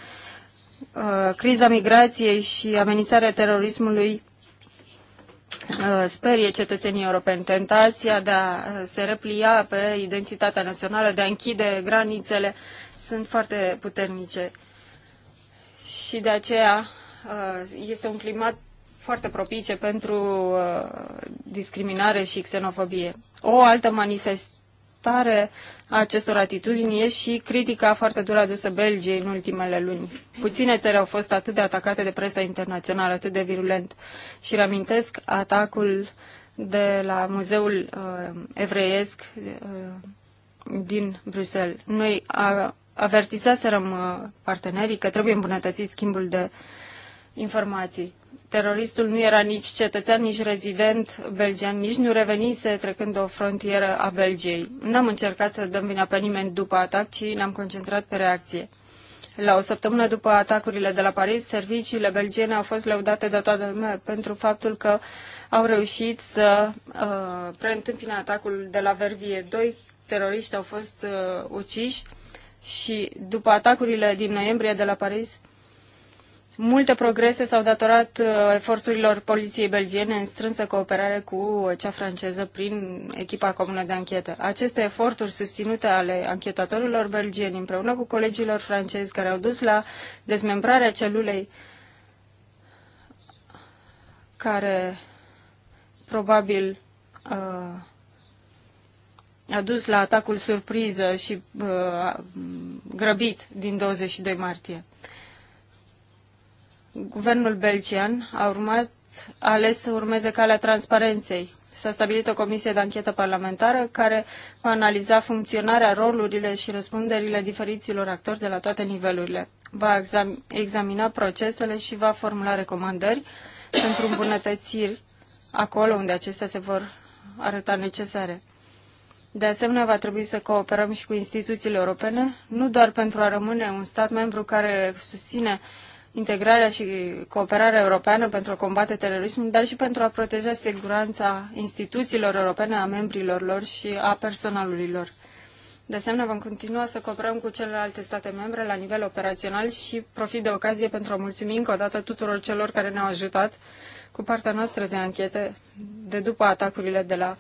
uh, criza migrației și amenințarea terorismului uh, sperie cetățenii europeni. Tentația de a uh, se replia pe identitatea națională, de a închide granițele, sunt foarte puternice. Și de aceea este un climat foarte propice pentru uh, discriminare și xenofobie. O altă manifestare a acestor atitudini e și critica foarte dură adusă Belgiei în ultimele luni. Puține țări au fost atât de atacate de presa internațională, atât de virulent. Și reamintesc atacul de la Muzeul uh, Evreiesc uh, din Bruxelles. Noi a, avertizaserăm uh, partenerii că trebuie îmbunătățit schimbul de informații teroristul nu era nici cetățean, nici rezident belgian, nici nu revenise trecând o frontieră a Belgiei. N-am încercat să dăm vina pe nimeni după atac, ci ne-am concentrat pe reacție. La o săptămână după atacurile de la Paris, serviciile belgiene au fost lăudate de toată lumea pentru faptul că au reușit să uh, preîntâmpine atacul de la Vervie. Doi teroriști au fost uh, uciși și după atacurile din noiembrie de la Paris, Multe progrese s-au datorat uh, eforturilor poliției belgiene în strânsă cooperare cu cea franceză prin echipa comună de anchetă. Aceste eforturi susținute ale anchetatorilor belgieni împreună cu colegilor francezi care au dus la dezmembrarea celulei care probabil uh, a dus la atacul surpriză și uh, grăbit din 22 martie. Guvernul belgian a urmat, a ales să urmeze calea transparenței. S-a stabilit o comisie de anchetă parlamentară care va analiza funcționarea, rolurile și răspunderile diferiților actori de la toate nivelurile. Va examina procesele și va formula recomandări pentru îmbunătățiri acolo unde acestea se vor arăta necesare. De asemenea, va trebui să cooperăm și cu instituțiile europene, nu doar pentru a rămâne un stat membru care susține integrarea și cooperarea europeană pentru a combate terorismul, dar și pentru a proteja siguranța instituțiilor europene, a membrilor lor și a personalului lor. De asemenea, vom continua să cooperăm cu celelalte state membre la nivel operațional și profit de ocazie pentru a mulțumi încă o dată tuturor celor care ne-au ajutat cu partea noastră de anchete de după atacurile de la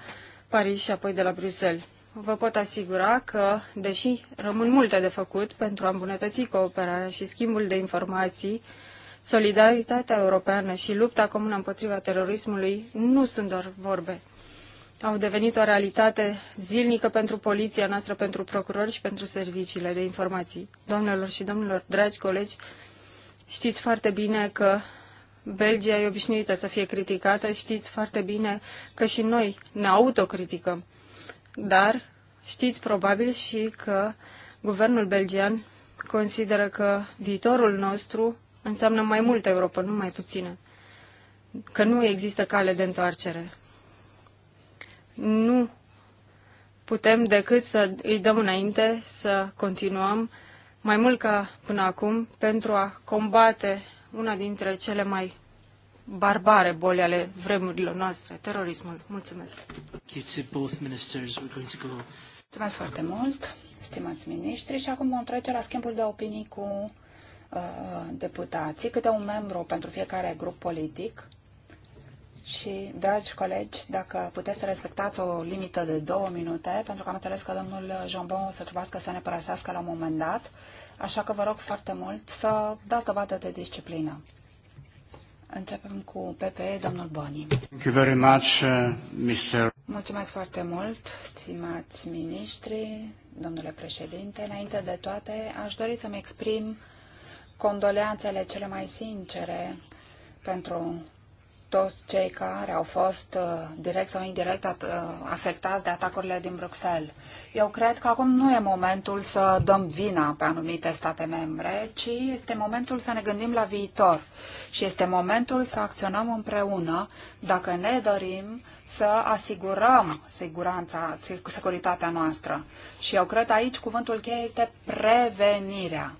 Paris și apoi de la Bruxelles vă pot asigura că, deși rămân multe de făcut pentru a îmbunătăți cooperarea și schimbul de informații, solidaritatea europeană și lupta comună împotriva terorismului nu sunt doar vorbe. Au devenit o realitate zilnică pentru poliția noastră, pentru procurori și pentru serviciile de informații. Doamnelor și domnilor, dragi colegi, știți foarte bine că Belgia e obișnuită să fie criticată, știți foarte bine că și noi ne autocriticăm dar știți probabil și că guvernul belgian consideră că viitorul nostru înseamnă mai multă Europa, nu mai puțină. Că nu există cale de întoarcere. Nu putem decât să îi dăm înainte, să continuăm mai mult ca până acum pentru a combate una dintre cele mai barbare boli ale vremurilor noastre, terorismul. Mulțumesc! Mulțumesc foarte mult, stimați miniștri, și acum vom trece la schimbul de opinii cu uh, deputații, câte un membru pentru fiecare grup politic. Și, dragi colegi, dacă puteți să respectați o limită de două minute, pentru că am înțeles că domnul Jambon o să trebuiască să ne părăsească la un moment dat, așa că vă rog foarte mult să dați dovadă de disciplină. Începem cu PPE, domnul Boni. Thank you very much, uh, Mr. Mulțumesc foarte mult, stimați miniștri, domnule președinte. Înainte de toate, aș dori să-mi exprim condoleanțele cele mai sincere pentru toți cei care au fost uh, direct sau indirect uh, afectați de atacurile din Bruxelles. Eu cred că acum nu e momentul să dăm vina pe anumite state membre, ci este momentul să ne gândim la viitor și este momentul să acționăm împreună dacă ne dorim să asigurăm siguranța, securitatea noastră. Și eu cred aici cuvântul cheie este prevenirea.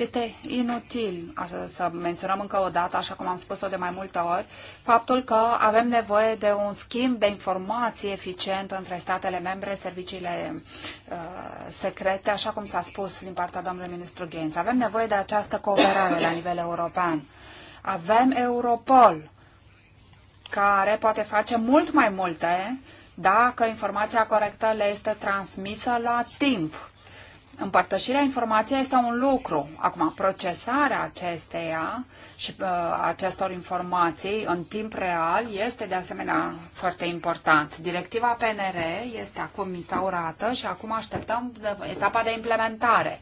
Este inutil să menționăm încă o dată, așa cum am spus-o de mai multe ori, faptul că avem nevoie de un schimb de informații eficient între statele membre, serviciile uh, secrete, așa cum s-a spus din partea domnului ministru Gaines. Avem nevoie de această cooperare la nivel european. Avem Europol, care poate face mult mai multe dacă informația corectă le este transmisă la timp Împărtășirea informației este un lucru. Acum, procesarea acesteia și uh, acestor informații în timp real este de asemenea foarte important. Directiva PNR este acum instaurată și acum așteptăm etapa de implementare.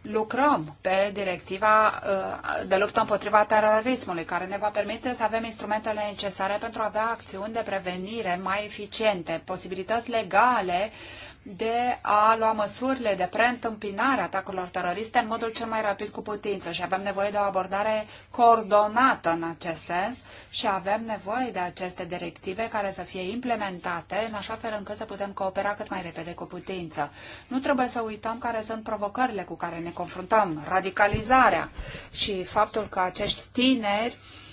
Lucrăm pe directiva uh, de luptă împotriva terorismului, care ne va permite să avem instrumentele necesare pentru a avea acțiuni de prevenire mai eficiente, posibilități legale uh, de a lua măsurile de preîntâmpinare atacurilor teroriste în modul cel mai rapid cu putință și avem nevoie de o abordare coordonată în acest sens și avem nevoie de aceste directive care să fie implementate în așa fel încât să putem coopera cât mai repede cu putință. Nu trebuie să uităm care sunt provocările cu care ne confruntăm, radicalizarea și faptul că acești tineri uh,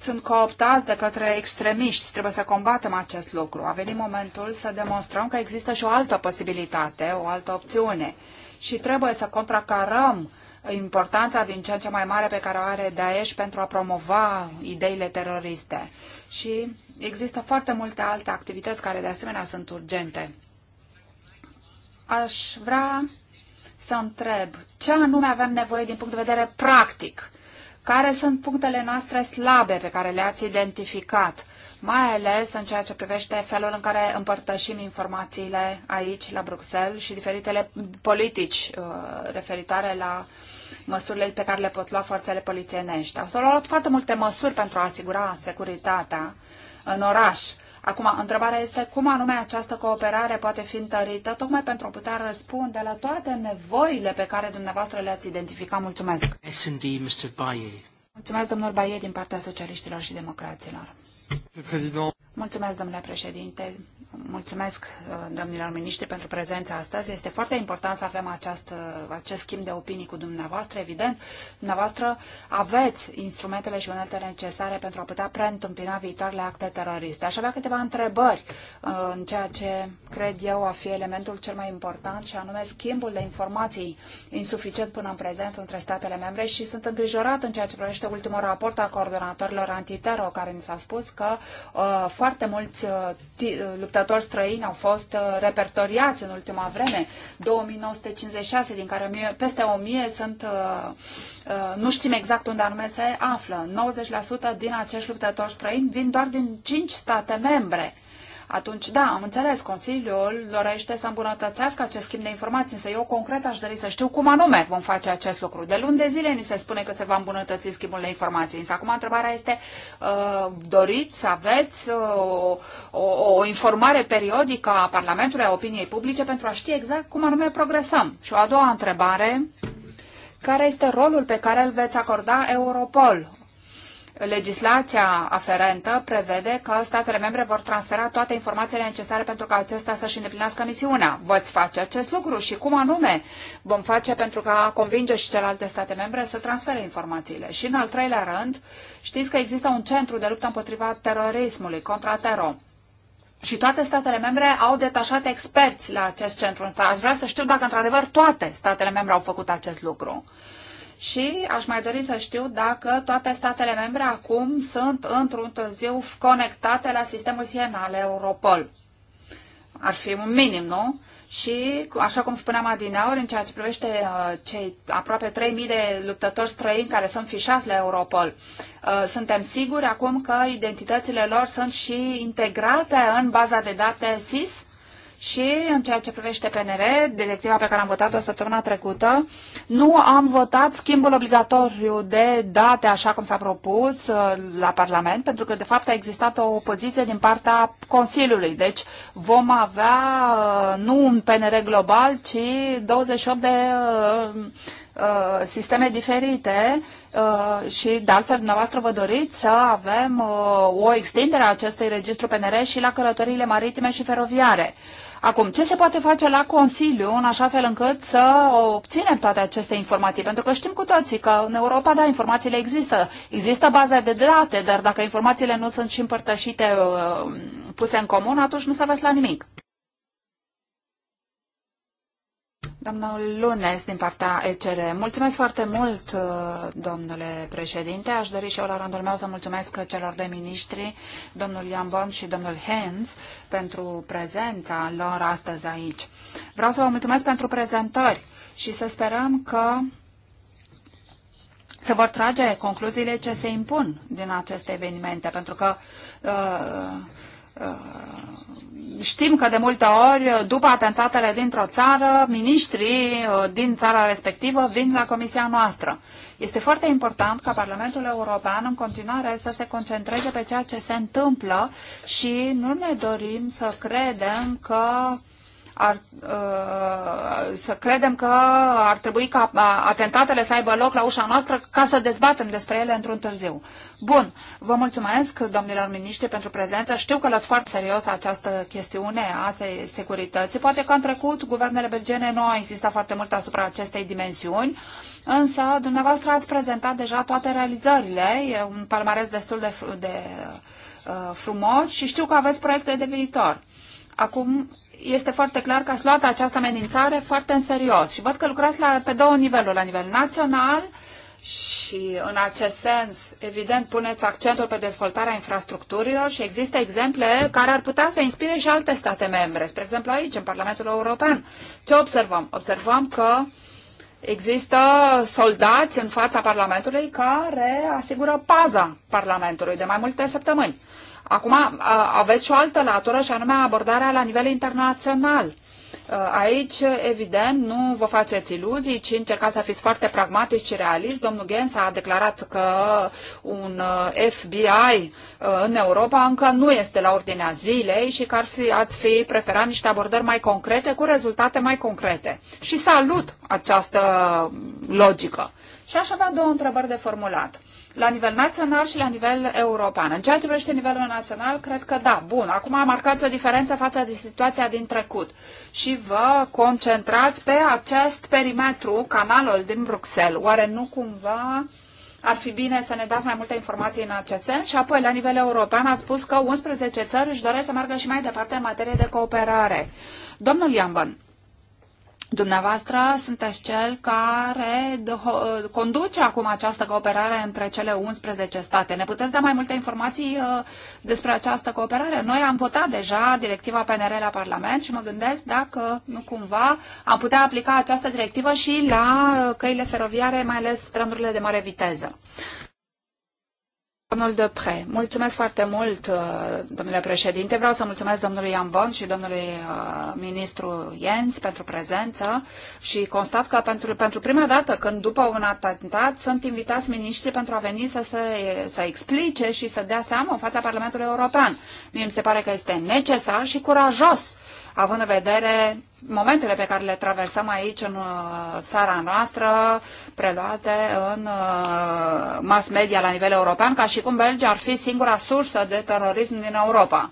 sunt cooptați de către extremiști. Trebuie să combatem acest lucru. A venit momentul să demonstrăm că există și o altă posibilitate, o altă opțiune. Și trebuie să contracarăm importanța din ce în ce mai mare pe care o are Daesh pentru a promova ideile teroriste. Și există foarte multe alte activități care de asemenea sunt urgente. Aș vrea să întreb ce anume avem nevoie din punct de vedere practic care sunt punctele noastre slabe pe care le-ați identificat, mai ales în ceea ce privește felul în care împărtășim informațiile aici, la Bruxelles, și diferitele politici uh, referitoare la măsurile pe care le pot lua forțele polițienești. Au luat foarte multe măsuri pentru a asigura securitatea în oraș, Acum, întrebarea este cum anume această cooperare poate fi întărită, tocmai pentru a putea răspunde la toate nevoile pe care dumneavoastră le-ați identificat. Mulțumesc! S&D, Mr. Baie. Mulțumesc, domnul Baie, din partea socialiștilor și democraților. Mulțumesc, domnule președinte mulțumesc uh, domnilor miniștri pentru prezența astăzi. Este foarte important să avem această, acest schimb de opinii cu dumneavoastră, evident. Dumneavoastră aveți instrumentele și uneltele necesare pentru a putea preîntâmpina viitoarele acte teroriste. Aș avea câteva întrebări uh, în ceea ce cred eu a fi elementul cel mai important și anume schimbul de informații insuficient până în prezent între statele membre și sunt îngrijorat în ceea ce privește ultimul raport al coordonatorilor antitero care ni s-a spus că uh, foarte mulți uh, uh luptători luptători străini au fost uh, repertoriați în ultima vreme, 2956, din care peste 1000 sunt, uh, uh, nu știm exact unde anume se află. 90% din acești luptători străini vin doar din 5 state membre atunci, da, am înțeles, Consiliul dorește să îmbunătățească acest schimb de informații, însă eu concret aș dori să știu cum anume vom face acest lucru. De luni de zile ni se spune că se va îmbunătăți schimbul de informații, însă acum întrebarea este, uh, doriți să aveți uh, o, o, o informare periodică a Parlamentului, a opiniei publice, pentru a ști exact cum anume progresăm? Și o a doua întrebare care este rolul pe care îl veți acorda Europol legislația aferentă prevede că statele membre vor transfera toate informațiile necesare pentru ca acesta să-și îndeplinească misiunea. Voți face acest lucru și cum anume vom face pentru ca convinge și celelalte state membre să transfere informațiile. Și în al treilea rând, știți că există un centru de luptă împotriva terorismului, contra tero. Și toate statele membre au detașat experți la acest centru. Aș vrea să știu dacă într-adevăr toate statele membre au făcut acest lucru și aș mai dori să știu dacă toate statele membre acum sunt într-un târziu conectate la sistemul sienal Europol. Ar fi un minim, nu? Și, așa cum spuneam adineauri, în ceea ce privește uh, cei aproape 3.000 de luptători străini care sunt fișați la Europol, uh, suntem siguri acum că identitățile lor sunt și integrate în baza de date SIS? și în ceea ce privește PNR, directiva pe care am votat-o săptămâna trecută, nu am votat schimbul obligatoriu de date, așa cum s-a propus uh, la Parlament, pentru că, de fapt, a existat o opoziție din partea Consiliului. Deci vom avea uh, nu un PNR global, ci 28 de uh, sisteme diferite și, de altfel, dumneavoastră vă doriți să avem o extindere a acestui registru PNR și la călătoriile maritime și feroviare. Acum, ce se poate face la Consiliu în așa fel încât să obținem toate aceste informații? Pentru că știm cu toții că în Europa, da, informațiile există. Există baza de date, dar dacă informațiile nu sunt și împărtășite, uh, puse în comun, atunci nu se la nimic. Domnul Lunes, din partea ECR. Mulțumesc foarte mult, uh, domnule președinte. Aș dori și eu la rândul meu să mulțumesc celor de miniștri, domnul Bond și domnul Hens, pentru prezența lor astăzi aici. Vreau să vă mulțumesc pentru prezentări și să sperăm că se vor trage concluziile ce se impun din aceste evenimente, pentru că uh, uh, știm că de multe ori, după atentatele dintr-o țară, miniștrii uh, din țara respectivă vin la comisia noastră. Este foarte important ca Parlamentul European în continuare să se concentreze pe ceea ce se întâmplă și nu ne dorim să credem că ar, uh, să credem că ar trebui ca uh, atentatele să aibă loc la ușa noastră ca să dezbatem despre ele într-un târziu. Bun, vă mulțumesc, domnilor miniștri, pentru prezență. Știu că luați foarte serios această chestiune a securității. Poate că în trecut guvernele belgene nu au insistat foarte mult asupra acestei dimensiuni, însă dumneavoastră ați prezentat deja toate realizările. E un palmares destul de, de uh, frumos și știu că aveți proiecte de viitor. Acum este foarte clar că ați luat această amenințare foarte în serios și văd că lucrați la, pe două niveluri, la nivel național și în acest sens, evident, puneți accentul pe dezvoltarea infrastructurilor și există exemple care ar putea să inspire și alte state membre. Spre exemplu aici, în Parlamentul European. Ce observăm? Observăm că există soldați în fața Parlamentului care asigură paza Parlamentului de mai multe săptămâni. Acum aveți și o altă latură și anume abordarea la nivel internațional. Aici, evident, nu vă faceți iluzii, ci încercați să fiți foarte pragmatici și realiști. Domnul Gens a declarat că un uh, FBI uh, în Europa încă nu este la ordinea zilei și că ar fi, ați fi preferat niște abordări mai concrete cu rezultate mai concrete. Și salut această logică. Și aș avea două întrebări de formulat la nivel național și la nivel european. În ceea ce privește nivelul național, cred că da, bun. Acum marcați o diferență față de situația din trecut și vă concentrați pe acest perimetru, canalul din Bruxelles. Oare nu cumva ar fi bine să ne dați mai multe informații în acest sens și apoi la nivel european ați spus că 11 țări își doresc să meargă și mai departe în materie de cooperare. Domnul Iamban, Dumneavoastră sunteți cel care conduce acum această cooperare între cele 11 state. Ne puteți da mai multe informații uh, despre această cooperare? Noi am votat deja directiva PNR la Parlament și mă gândesc dacă nu cumva am putea aplica această directivă și la uh, căile feroviare, mai ales trenurile de mare viteză. Domnul Depre, mulțumesc foarte mult, uh, domnule președinte. Vreau să mulțumesc domnului Ambon și domnului uh, ministru Jens pentru prezență și constat că pentru, pentru prima dată când după un atentat sunt invitați miniștri pentru a veni să se să explice și să dea seama în fața Parlamentului European. Mie mi se pare că este necesar și curajos, având în vedere momentele pe care le traversăm aici în uh, țara noastră, preluate în uh, mass media la nivel european, ca și cum Belgia ar fi singura sursă de terorism din Europa.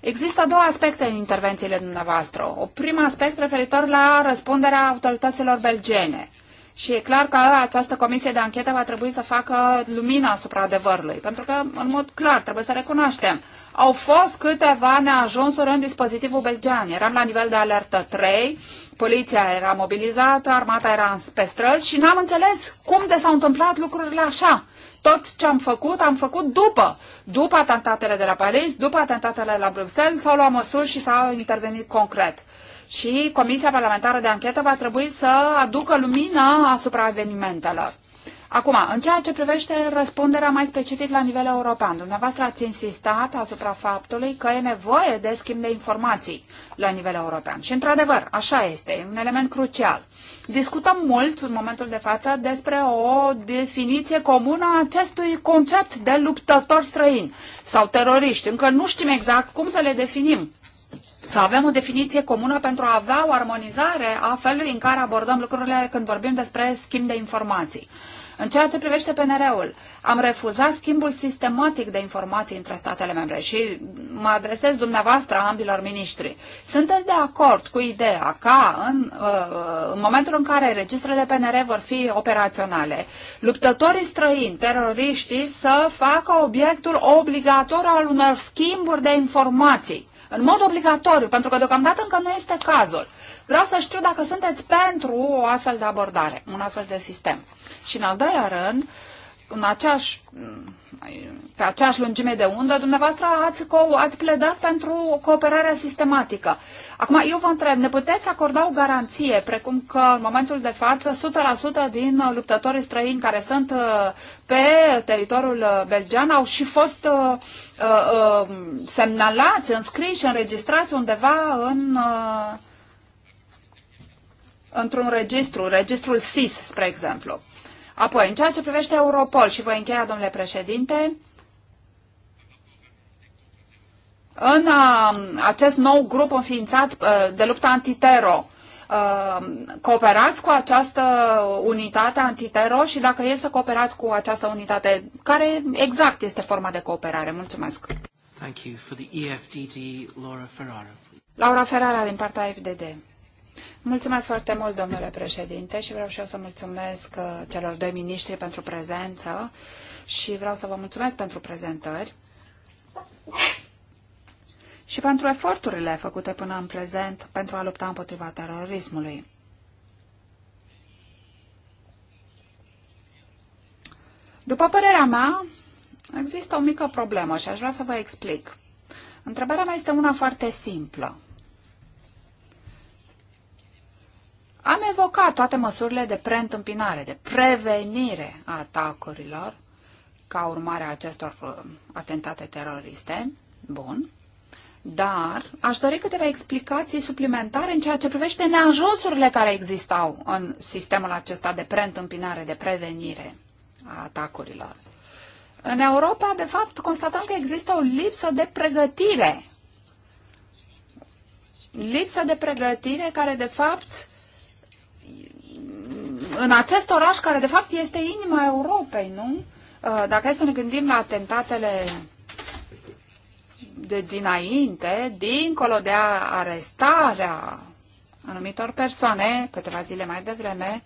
Există două aspecte în intervențiile dumneavoastră. O prim aspect referitor la răspunderea autorităților belgene. Și e clar că această comisie de anchetă va trebui să facă lumina asupra adevărului, pentru că, în mod clar, trebuie să recunoaștem au fost câteva neajunsuri în dispozitivul belgean. Eram la nivel de alertă 3, poliția era mobilizată, armata era pe străzi și n-am înțeles cum de s-au întâmplat lucrurile așa. Tot ce am făcut, am făcut după. După atentatele de la Paris, după atentatele la Bruxelles, s-au luat măsuri și s-au intervenit concret. Și Comisia Parlamentară de Anchetă va trebui să aducă lumină asupra evenimentelor. Acum, în ceea ce privește răspunderea mai specific la nivel european, dumneavoastră ați insistat asupra faptului că e nevoie de schimb de informații la nivel european. Și, într-adevăr, așa este, e un element crucial. Discutăm mult, în momentul de față, despre o definiție comună a acestui concept de luptători străini sau teroriști. Încă nu știm exact cum să le definim să avem o definiție comună pentru a avea o armonizare a felului în care abordăm lucrurile când vorbim despre schimb de informații. În ceea ce privește PNR-ul, am refuzat schimbul sistematic de informații între statele membre și mă adresez dumneavoastră ambilor miniștri. Sunteți de acord cu ideea ca în, uh, în momentul în care registrele PNR vor fi operaționale, luptătorii străini, teroriștii, să facă obiectul obligatoriu al unor schimburi de informații? În mod obligatoriu, pentru că deocamdată încă nu este cazul. Vreau să știu dacă sunteți pentru o astfel de abordare, un astfel de sistem. Și în al doilea rând, în aceeași, pe aceeași lungime de undă, dumneavoastră ați, co- ați pledat pentru o cooperare sistematică. Acum, eu vă întreb, ne puteți acorda o garanție, precum că în momentul de față 100% din luptătorii străini care sunt uh, pe teritoriul uh, belgian au și fost uh, uh, uh, semnalați, înscriși, înregistrați undeva în... Uh, într-un registru, registrul SIS, spre exemplu. Apoi, în ceea ce privește Europol, și voi încheia, domnule președinte, în um, acest nou grup înființat uh, de luptă antitero, um, cooperați cu această unitate antitero și dacă e să cooperați cu această unitate, care exact este forma de cooperare? Mulțumesc! Thank you for the EFDD, Laura Ferrara. Laura Ferrara din partea FDD. Mulțumesc foarte mult, domnule președinte, și vreau și eu să mulțumesc uh, celor doi miniștri pentru prezență și vreau să vă mulțumesc pentru prezentări și pentru eforturile făcute până în prezent pentru a lupta împotriva terorismului. După părerea mea, există o mică problemă și aș vrea să vă explic. Întrebarea mea este una foarte simplă. Am evocat toate măsurile de preîntâmpinare, de prevenire a atacurilor ca urmare a acestor uh, atentate teroriste. Bun. Dar aș dori câteva explicații suplimentare în ceea ce privește neajunsurile care existau în sistemul acesta de preîntâmpinare, de prevenire a atacurilor. În Europa, de fapt, constatăm că există o lipsă de pregătire. Lipsă de pregătire care, de fapt, în acest oraș care de fapt este inima Europei, nu? Uh, dacă e să ne gândim la atentatele de dinainte, dincolo de arestarea anumitor persoane câteva zile mai devreme,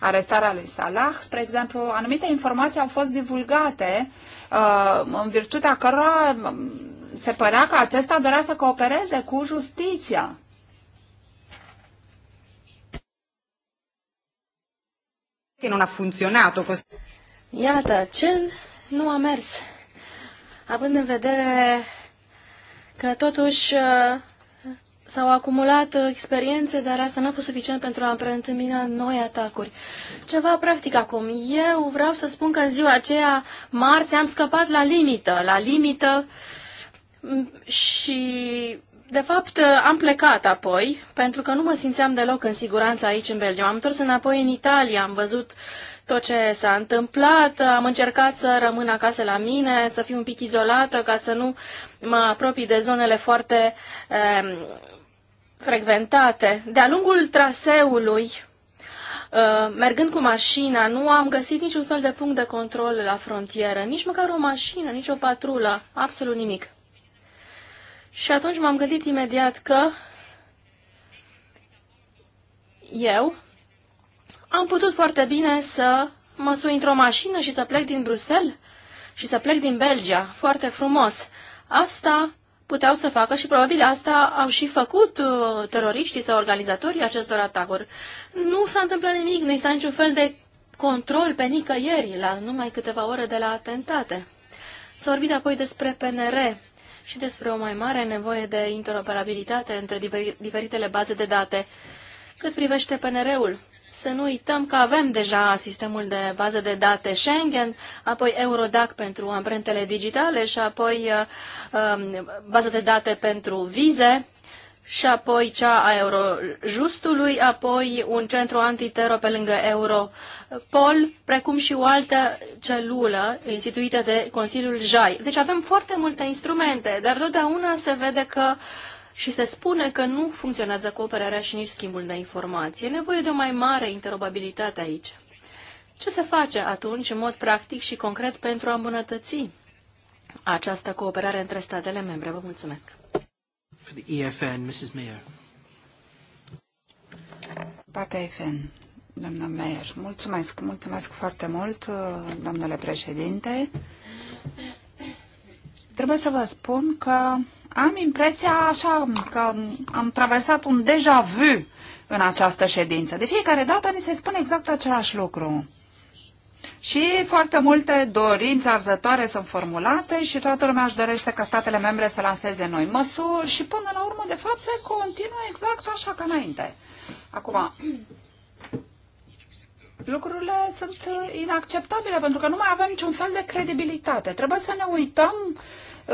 arestarea lui Salah, spre exemplu, anumite informații au fost divulgate uh, în virtutea cărora um, se părea că acesta dorea să coopereze cu justiția. che non ha funzionato così. Iată, cel nu a mers. Având în vedere că totuși uh, s-au acumulat uh, experiențe, dar asta n-a fost suficient pentru a preîntâmpina noi atacuri. Ceva practic acum. Eu vreau să spun că în ziua aceea, marți, am scăpat la limită, la limită mm, și de fapt, am plecat apoi, pentru că nu mă simțeam deloc în siguranță aici în Belgia. Am întors înapoi în Italia, am văzut tot ce s-a întâmplat, am încercat să rămân acasă la mine, să fiu un pic izolată ca să nu mă apropii de zonele foarte eh, frecventate. De-a lungul traseului, eh, mergând cu mașina, nu am găsit niciun fel de punct de control la frontieră, nici măcar o mașină, nici o patrulă, absolut nimic. Și atunci m-am gândit imediat că eu am putut foarte bine să mă sui într-o mașină și să plec din Bruxelles și să plec din Belgia. Foarte frumos. Asta puteau să facă și probabil asta au și făcut uh, teroriștii sau organizatorii acestor atacuri. Nu s-a întâmplat nimic, nu s-a niciun fel de control pe nicăieri la numai câteva ore de la atentate. S-a vorbit apoi despre PNR și despre o mai mare nevoie de interoperabilitate între diferitele baze de date. Cât privește PNR-ul, să nu uităm că avem deja sistemul de bază de date Schengen, apoi Eurodac pentru amprentele digitale și apoi uh, um, bază de date pentru vize și apoi cea a Eurojustului, apoi un centru antitero pe lângă Europol, precum și o altă celulă instituită de Consiliul JAI. Deci avem foarte multe instrumente, dar totdeauna se vede că și se spune că nu funcționează cooperarea și nici schimbul de informații. E nevoie de o mai mare interoperabilitate aici. Ce se face atunci în mod practic și concret pentru a îmbunătăți această cooperare între statele membre? Vă mulțumesc! for the EFN, Mrs. Mayer. Partea EFN, doamna Mayer. Mulțumesc, mulțumesc foarte mult, domnule președinte. Trebuie să vă spun că am impresia așa că am traversat un deja vu în această ședință. De fiecare dată ni se spune exact același lucru. Și foarte multe dorințe arzătoare sunt formulate și toată lumea își dorește ca statele membre să lanseze noi măsuri și până la urmă, de fapt, se continuă exact așa ca înainte. Acum, lucrurile sunt inacceptabile pentru că nu mai avem niciun fel de credibilitate. Trebuie să ne uităm uh,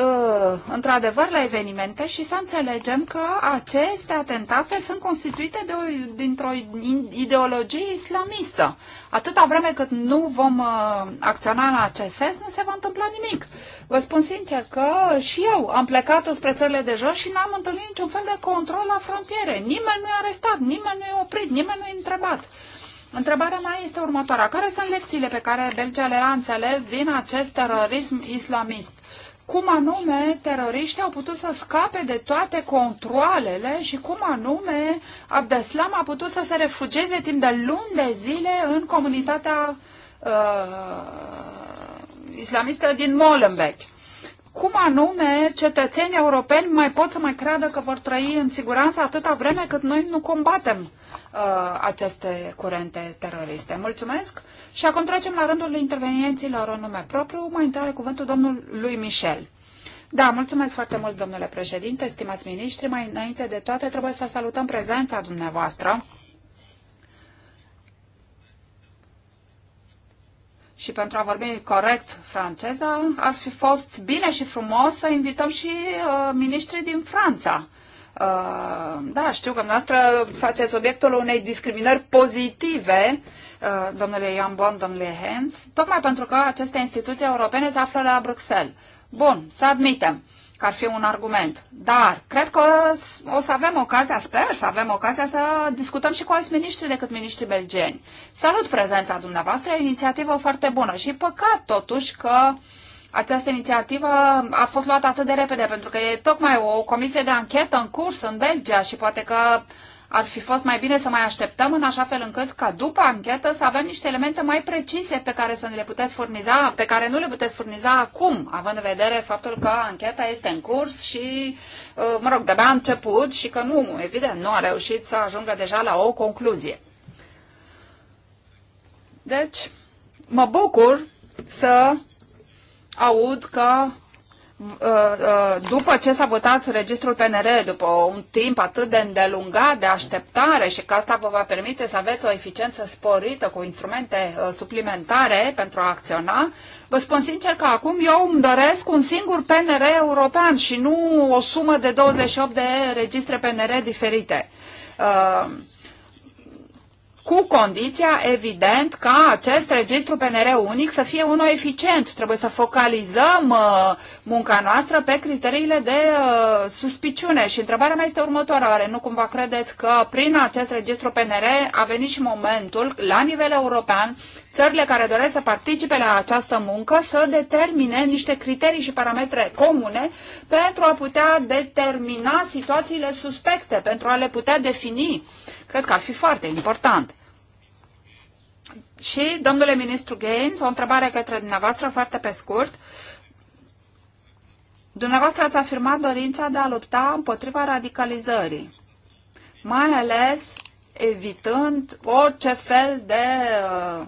Uh, într-adevăr la evenimente și să înțelegem că aceste atentate sunt constituite de o, dintr-o ideologie islamistă. Atâta vreme cât nu vom uh, acționa în acest sens, nu se va întâmpla nimic. Vă spun sincer că și eu am plecat spre țările de jos și n-am întâlnit niciun fel de control la frontiere. Nimeni nu e arestat, nimeni nu e oprit, nimeni nu e întrebat. Întrebarea mea este următoarea. Care sunt lecțiile pe care Belgia le-a înțeles din acest terorism islamist? cum anume teroriștii au putut să scape de toate controlele și cum anume Abdeslam a putut să se refugieze timp de luni de zile în comunitatea uh, islamistă din Molenbeek cum anume cetățenii europeni mai pot să mai creadă că vor trăi în siguranță atâta vreme cât noi nu combatem uh, aceste curente teroriste. Mulțumesc și acum trecem la rândul intervenienților în nume propriu. Mai întâi are cuvântul domnului lui Michel. Da, mulțumesc foarte mult, domnule președinte, stimați miniștri. Mai înainte de toate, trebuie să salutăm prezența dumneavoastră și pentru a vorbi corect franceza, ar fi fost bine și frumos să invităm și uh, miniștrii din Franța. Uh, da, știu că noastră faceți obiectul unei discriminări pozitive, uh, domnule Ian Bon, domnule Hens, tocmai pentru că aceste instituții europene se află la Bruxelles. Bun, să admitem. Uh, că ar fi un argument. Dar cred că o să avem ocazia, sper să avem ocazia să discutăm și cu alți miniștri decât miniștrii belgeni. Salut prezența dumneavoastră, e inițiativă foarte bună și păcat totuși că această inițiativă a fost luată atât de repede, pentru că e tocmai o comisie de anchetă în curs în Belgia și poate că ar fi fost mai bine să mai așteptăm în așa fel încât ca după anchetă să avem niște elemente mai precise pe care să ne le puteți furniza, pe care nu le puteți furniza acum, având în vedere faptul că ancheta este în curs și, uh, mă rog, de-abia a început și că nu, evident, nu a reușit să ajungă deja la o concluzie. Deci, mă bucur să aud că Uh, uh, după ce s-a votat registrul PNR, după un timp atât de îndelungat de așteptare și că asta vă va permite să aveți o eficiență sporită cu instrumente uh, suplimentare pentru a acționa, vă spun sincer că acum eu îmi doresc un singur PNR european și nu o sumă de 28 de registre PNR diferite. Uh, cu condiția, evident, ca acest registru PNR unic să fie unul eficient. Trebuie să focalizăm uh, munca noastră pe criteriile de uh, suspiciune. Și întrebarea mea este următoarea. Oare nu cumva credeți că prin acest registru PNR a venit și momentul, la nivel european, țările care doresc să participe la această muncă să determine niște criterii și parametre comune pentru a putea determina situațiile suspecte, pentru a le putea defini Cred că ar fi foarte important. Și, domnule ministru Gaines, o întrebare către dumneavoastră foarte pe scurt. Dumneavoastră ați afirmat dorința de a lupta împotriva radicalizării, mai ales evitând orice fel de uh,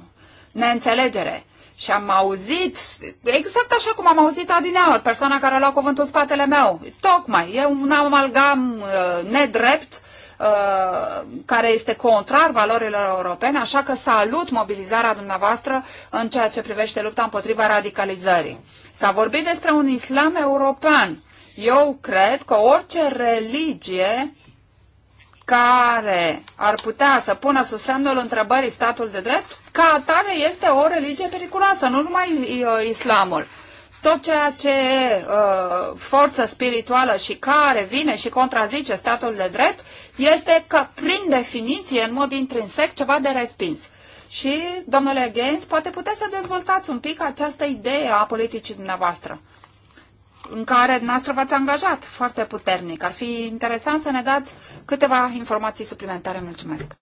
neînțelegere. Și am auzit, exact așa cum am auzit adineaur, persoana care a luat cuvântul în spatele meu. Tocmai, e un amalgam uh, nedrept Uh, care este contrar valorilor europene, așa că salut mobilizarea dumneavoastră în ceea ce privește lupta împotriva radicalizării. S-a vorbit despre un islam european. Eu cred că orice religie care ar putea să pună sub semnul întrebării statul de drept, ca atare este o religie periculoasă, nu numai uh, islamul tot ceea ce uh, forță spirituală și care vine și contrazice statul de drept este că, prin definiție, în mod intrinsec, ceva de respins. Și, domnule Gaines, poate puteți să dezvoltați un pic această idee a politicii dumneavoastră, în care dumneavoastră v-ați angajat foarte puternic. Ar fi interesant să ne dați câteva informații suplimentare. Mulțumesc!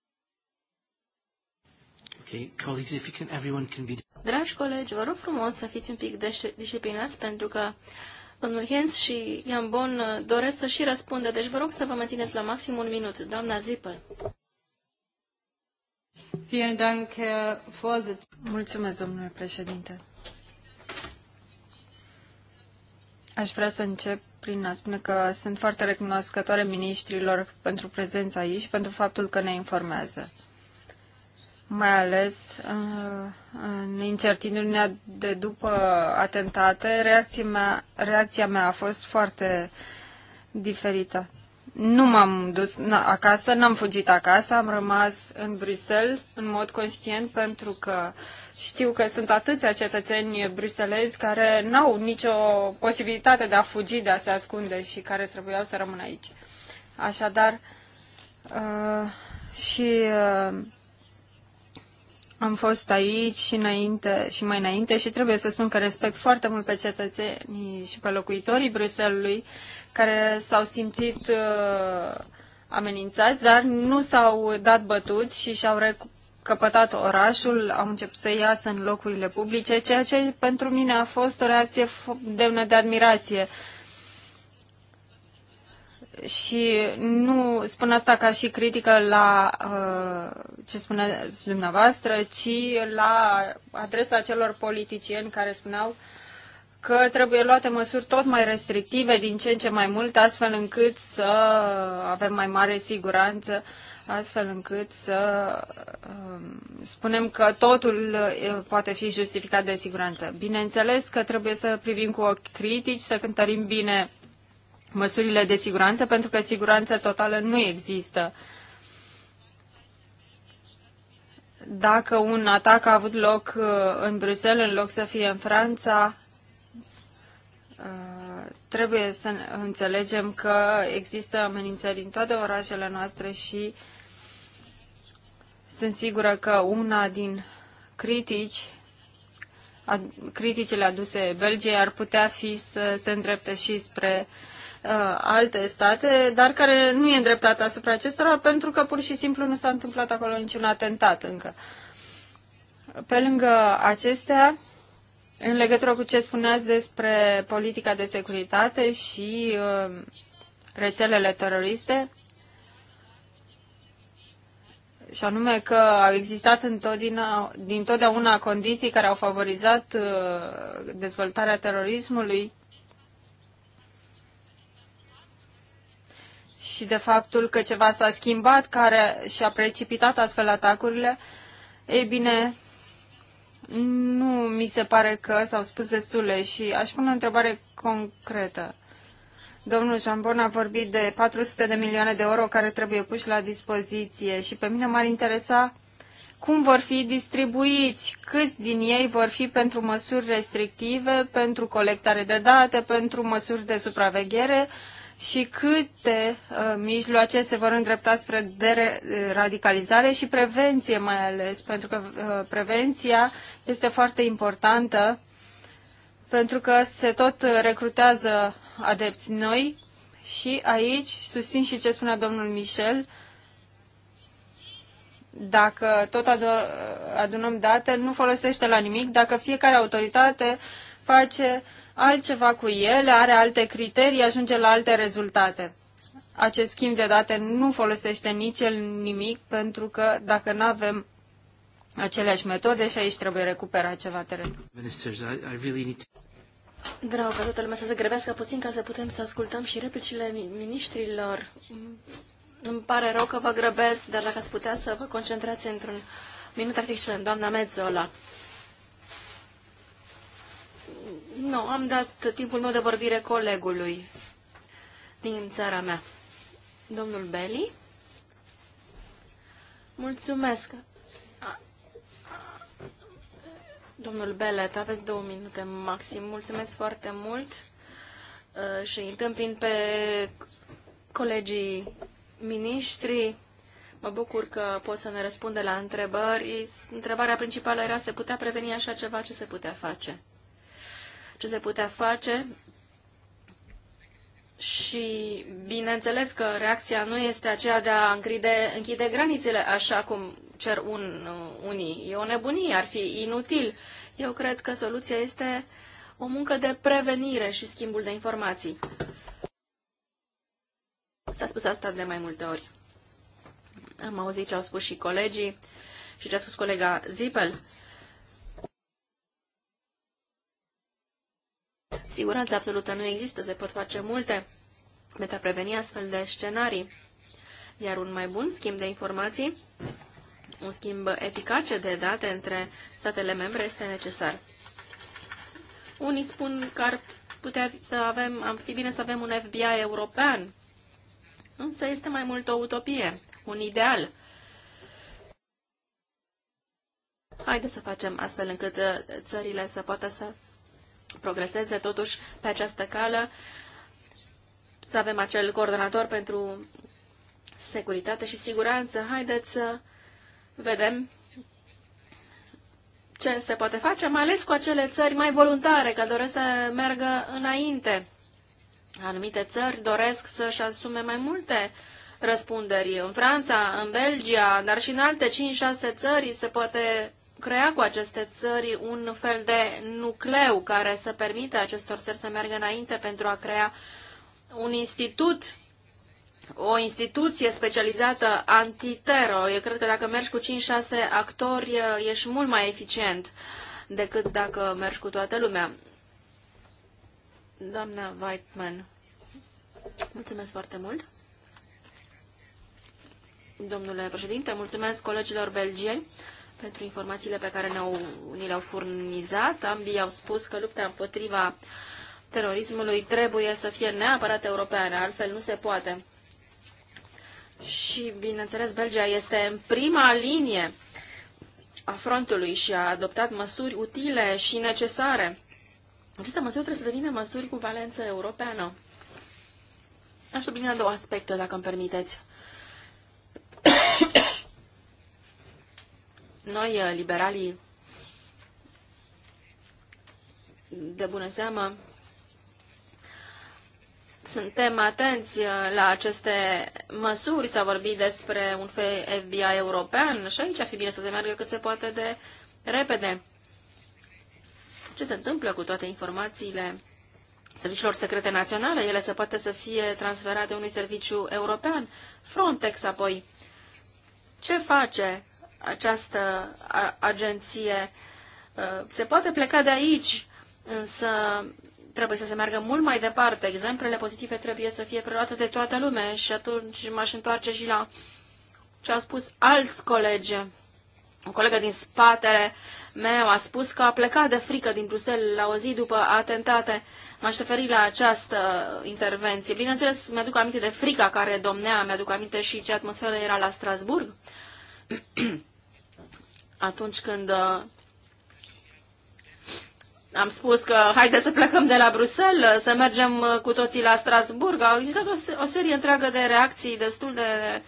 Okay, colleagues, if you can, everyone can be... Dragi colegi, vă rog frumos să fiți un pic disciplinați pentru că domnul Hens și Ian Bon uh, doresc să și răspundă, deci vă rog să vă mențineți la maxim un minut. Doamna Zipăl. Mulțumesc, domnule președinte. Aș vrea să încep prin a spune că sunt foarte recunoscătoare ministrilor pentru prezența aici și pentru faptul că ne informează mai ales uh, în incertitudinea de după atentate, reacția mea, reacția mea a fost foarte diferită. Nu m-am dus acasă, n-am fugit acasă, am rămas în Bruxelles în mod conștient pentru că știu că sunt atâția cetățeni bruselezi care n-au nicio posibilitate de a fugi, de a se ascunde și care trebuiau să rămână aici. Așadar, uh, și uh, am fost aici și, înainte, și mai înainte și trebuie să spun că respect foarte mult pe cetățenii și pe locuitorii Bruselului care s-au simțit uh, amenințați, dar nu s-au dat bătuți și și-au recăpătat orașul, au început să iasă în locurile publice, ceea ce pentru mine a fost o reacție demnă de admirație. Uh, și nu spun asta ca și critică la uh, ce spuneți dumneavoastră, ci la adresa celor politicieni care spuneau că trebuie luate măsuri tot mai restrictive, din ce în ce mai mult, astfel încât să avem mai mare siguranță, astfel încât să uh, spunem că totul uh, poate fi justificat de siguranță. Bineînțeles că trebuie să privim cu ochi critici, să cântărim bine măsurile de siguranță, pentru că siguranță totală nu există. Dacă un atac a avut loc uh, în Bruxelles în loc să fie în Franța, uh, trebuie să înțelegem că există amenințări în toate orașele noastre și sunt sigură că una din critici criticile aduse Belgiei ar putea fi să se îndrepte și spre uh, uh, alte state, dar care nu e îndreptată asupra acestora pentru că pur și simplu nu s-a întâmplat acolo niciun atentat încă. Pe lângă acestea, în legătură cu ce spuneați despre politica de securitate și uh, rețelele teroriste, și anume că au existat dintotdeauna condiții care au favorizat uh, dezvoltarea terorismului și de faptul că ceva s-a schimbat care și-a precipitat astfel atacurile, ei bine, nu mi se pare că s-au spus destule și aș pune o întrebare concretă. Domnul Jambon a vorbit de 400 de milioane de euro care trebuie puși la dispoziție și pe mine m-ar interesa cum vor fi distribuiți, câți din ei vor fi pentru măsuri restrictive, pentru colectare de date, pentru măsuri de supraveghere și câte uh, mijloace se vor îndrepta spre deradicalizare uh, și prevenție mai ales, pentru că uh, prevenția este foarte importantă pentru că se tot recrutează adepți noi și aici susțin și ce spunea domnul Michel, dacă tot uh, adunăm date, nu folosește la nimic dacă fiecare autoritate face uh, altceva cu ele, are alte criterii, ajunge la alte rezultate. Acest schimb de date nu folosește nici el nimic, pentru că dacă nu avem aceleași metode și aici trebuie recuperat ceva teren. Vreau ca toată lumea să se grăbească puțin ca să putem să ascultăm și replicile ministrilor. Îmi pare rău că vă grăbesc, dar dacă ați putea să vă concentrați într-un minut, ar fi excelent. Doamna Mezzola. Nu, am dat timpul meu de vorbire colegului din țara mea, domnul Beli. Mulțumesc. Domnul Belet, aveți două minute maxim. Mulțumesc foarte mult uh, și întâmpin pe colegii miniștri. Mă bucur că pot să ne răspunde la întrebări. Întrebarea principală era se putea preveni așa ceva, ce se putea face ce se putea face și bineînțeles că reacția nu este aceea de a închide, închide granițele așa cum cer un, uh, unii. E o nebunie, ar fi inutil. Eu cred că soluția este o muncă de prevenire și schimbul de informații. S-a spus asta de mai multe ori. Am auzit ce au spus și colegii și ce a spus colega Zipel. Siguranță absolută nu există, se pot face multe pentru a preveni astfel de scenarii. Iar un mai bun schimb de informații, un schimb eficace de date între statele membre este necesar. Unii spun că ar putea să avem, am fi bine să avem un FBI european, însă este mai mult o utopie, un ideal. Haideți să facem astfel încât uh, țările să poată să progreseze totuși pe această cală, să avem acel coordonator pentru securitate și siguranță. Haideți să vedem ce se poate face, mai ales cu acele țări mai voluntare, că doresc să meargă înainte. Anumite țări doresc să-și asume mai multe răspunderi. În Franța, în Belgia, dar și în alte 5-6 țări se poate crea cu aceste țări un fel de nucleu care să permită acestor țări să meargă înainte pentru a crea un institut, o instituție specializată antitero. Eu cred că dacă mergi cu 5-6 actori, ești mult mai eficient decât dacă mergi cu toată lumea. Doamna Whiteman, mulțumesc foarte mult. Domnule președinte, mulțumesc colegilor belgieni pentru informațiile pe care ne-au, ni le-au furnizat. Ambii au spus că lupta împotriva terorismului trebuie să fie neapărat europeană, altfel nu se poate. Și, bineînțeles, Belgia este în prima linie a frontului și a adoptat măsuri utile și necesare. Aceste măsuri trebuie să devină măsuri cu valență europeană. Aș sublinia două aspecte, dacă îmi permiteți. Noi, uh, liberalii, de bună seamă, suntem atenți uh, la aceste măsuri. S-a vorbit despre un FBI european și aici ar fi bine să se meargă cât se poate de repede. Ce se întâmplă cu toate informațiile serviciilor secrete naționale? Ele se poate să fie transferate unui serviciu european. Frontex apoi. Ce face această agenție. Uh, se poate pleca de aici, însă trebuie să se meargă mult mai departe. Exemplele pozitive trebuie să fie preluate de toată lumea și atunci m-aș întoarce și la ce au spus alți colegi. Un colegă din spatele meu a spus că a plecat de frică din Bruxelles la o zi după atentate. M-aș referi la această intervenție. Bineînțeles, mi-aduc aminte de frica care domnea, mi-aduc aminte și ce atmosferă era la Strasburg. (clears throat) atunci când uh, am spus că haideți să plecăm de la Bruxelles, să mergem uh, cu toții la Strasburg. Au existat o, o serie întreagă de reacții destul de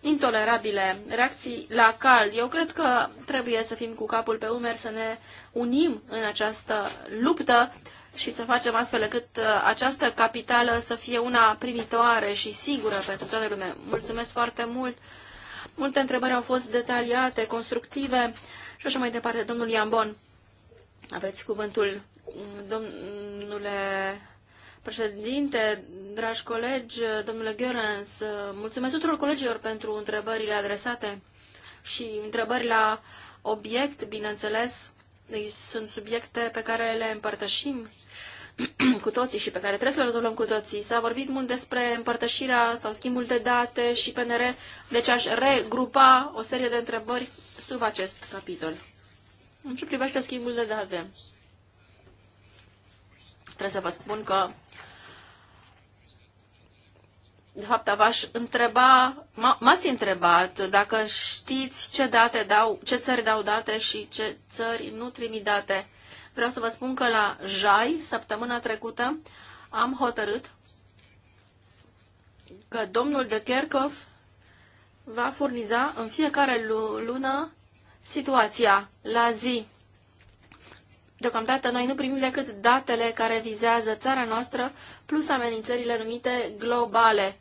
intolerabile, reacții la cal. Eu cred că trebuie să fim cu capul pe umeri, să ne unim în această luptă și să facem astfel încât uh, această capitală să fie una primitoare și sigură pentru toată lumea. Mulțumesc foarte mult! Multe întrebări au fost detaliate, constructive și așa mai departe. Domnul Iambon, aveți cuvântul. Domnule președinte, dragi colegi, domnule Görens, mulțumesc tuturor colegilor pentru întrebările adresate și întrebări la obiect, bineînțeles. Deci sunt subiecte pe care le împărtășim (clears throat) cu toții și pe care trebuie să le rezolvăm cu toții. S-a vorbit mult despre împărtășirea sau schimbul de date și PNR, deci aș regrupa o serie de întrebări sub acest capitol. În ce privește schimbul de date? Trebuie să vă spun că de fapt, v-aș întreba, m-ați întrebat dacă știți ce date dau, ce țări dau date și ce țări nu trimit date. Vreau să vă spun că la JAI, săptămâna trecută, am hotărât că domnul de Kerkov va furniza în fiecare lună situația la zi. Deocamdată noi nu primim decât datele care vizează țara noastră plus amenințările numite globale.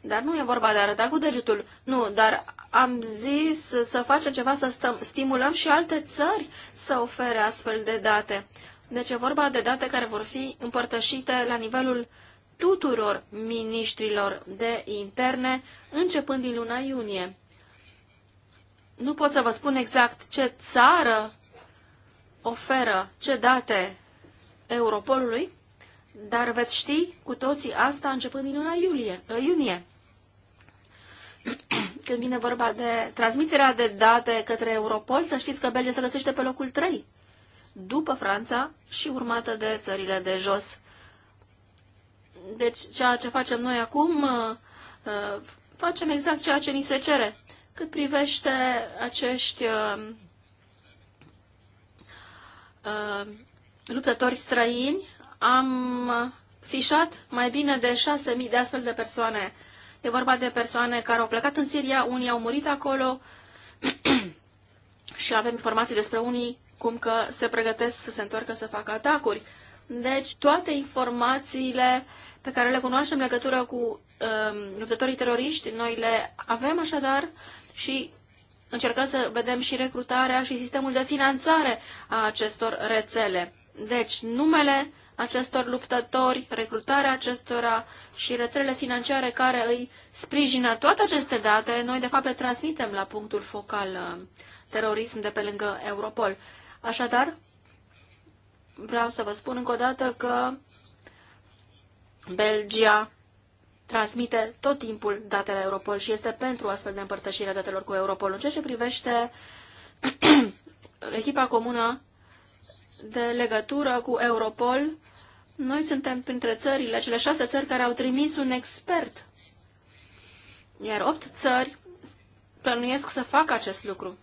Dar nu e vorba de a arăta cu degetul, nu, dar am zis să facem ceva, să stăm, stimulăm și alte țări să ofere astfel de date. Deci e vorba de date care vor fi împărtășite la nivelul tuturor miniștrilor de interne, începând din luna iunie. Nu pot să vă spun exact ce țară oferă ce date Europolului, dar veți ști cu toții asta începând din luna iulie, iunie. (clears throat) când vine vorba de transmiterea de date către Europol, să știți că Belgia se găsește pe locul 3, după Franța și urmată de țările de jos. Deci ceea ce facem noi acum, uh, uh, facem exact ceea ce ni se cere. Cât privește acești uh, luptători străini, am fișat mai bine de 6.000 de astfel de persoane E vorba de persoane care au plecat în Siria, unii au murit acolo (clears throat) și avem informații despre unii cum că se pregătesc să se întoarcă să facă atacuri. Deci toate informațiile pe care le cunoaștem legătură cu um, luptătorii teroriști, noi le avem așadar și încercăm să vedem și recrutarea și sistemul de finanțare a acestor rețele. Deci numele acestor luptători, recrutarea acestora și rețelele financiare care îi sprijină toate aceste date, noi de fapt le transmitem la punctul focal uh, terorism de pe lângă Europol. Așadar, vreau să vă spun încă o dată că Belgia transmite tot timpul datele Europol și este pentru astfel de împărtășire a datelor cu Europol. În ceea ce privește (clears throat) echipa comună de legătură cu Europol, noi suntem printre țările, cele șase țări care au trimis un expert, iar opt țări plănuiesc să facă acest lucru.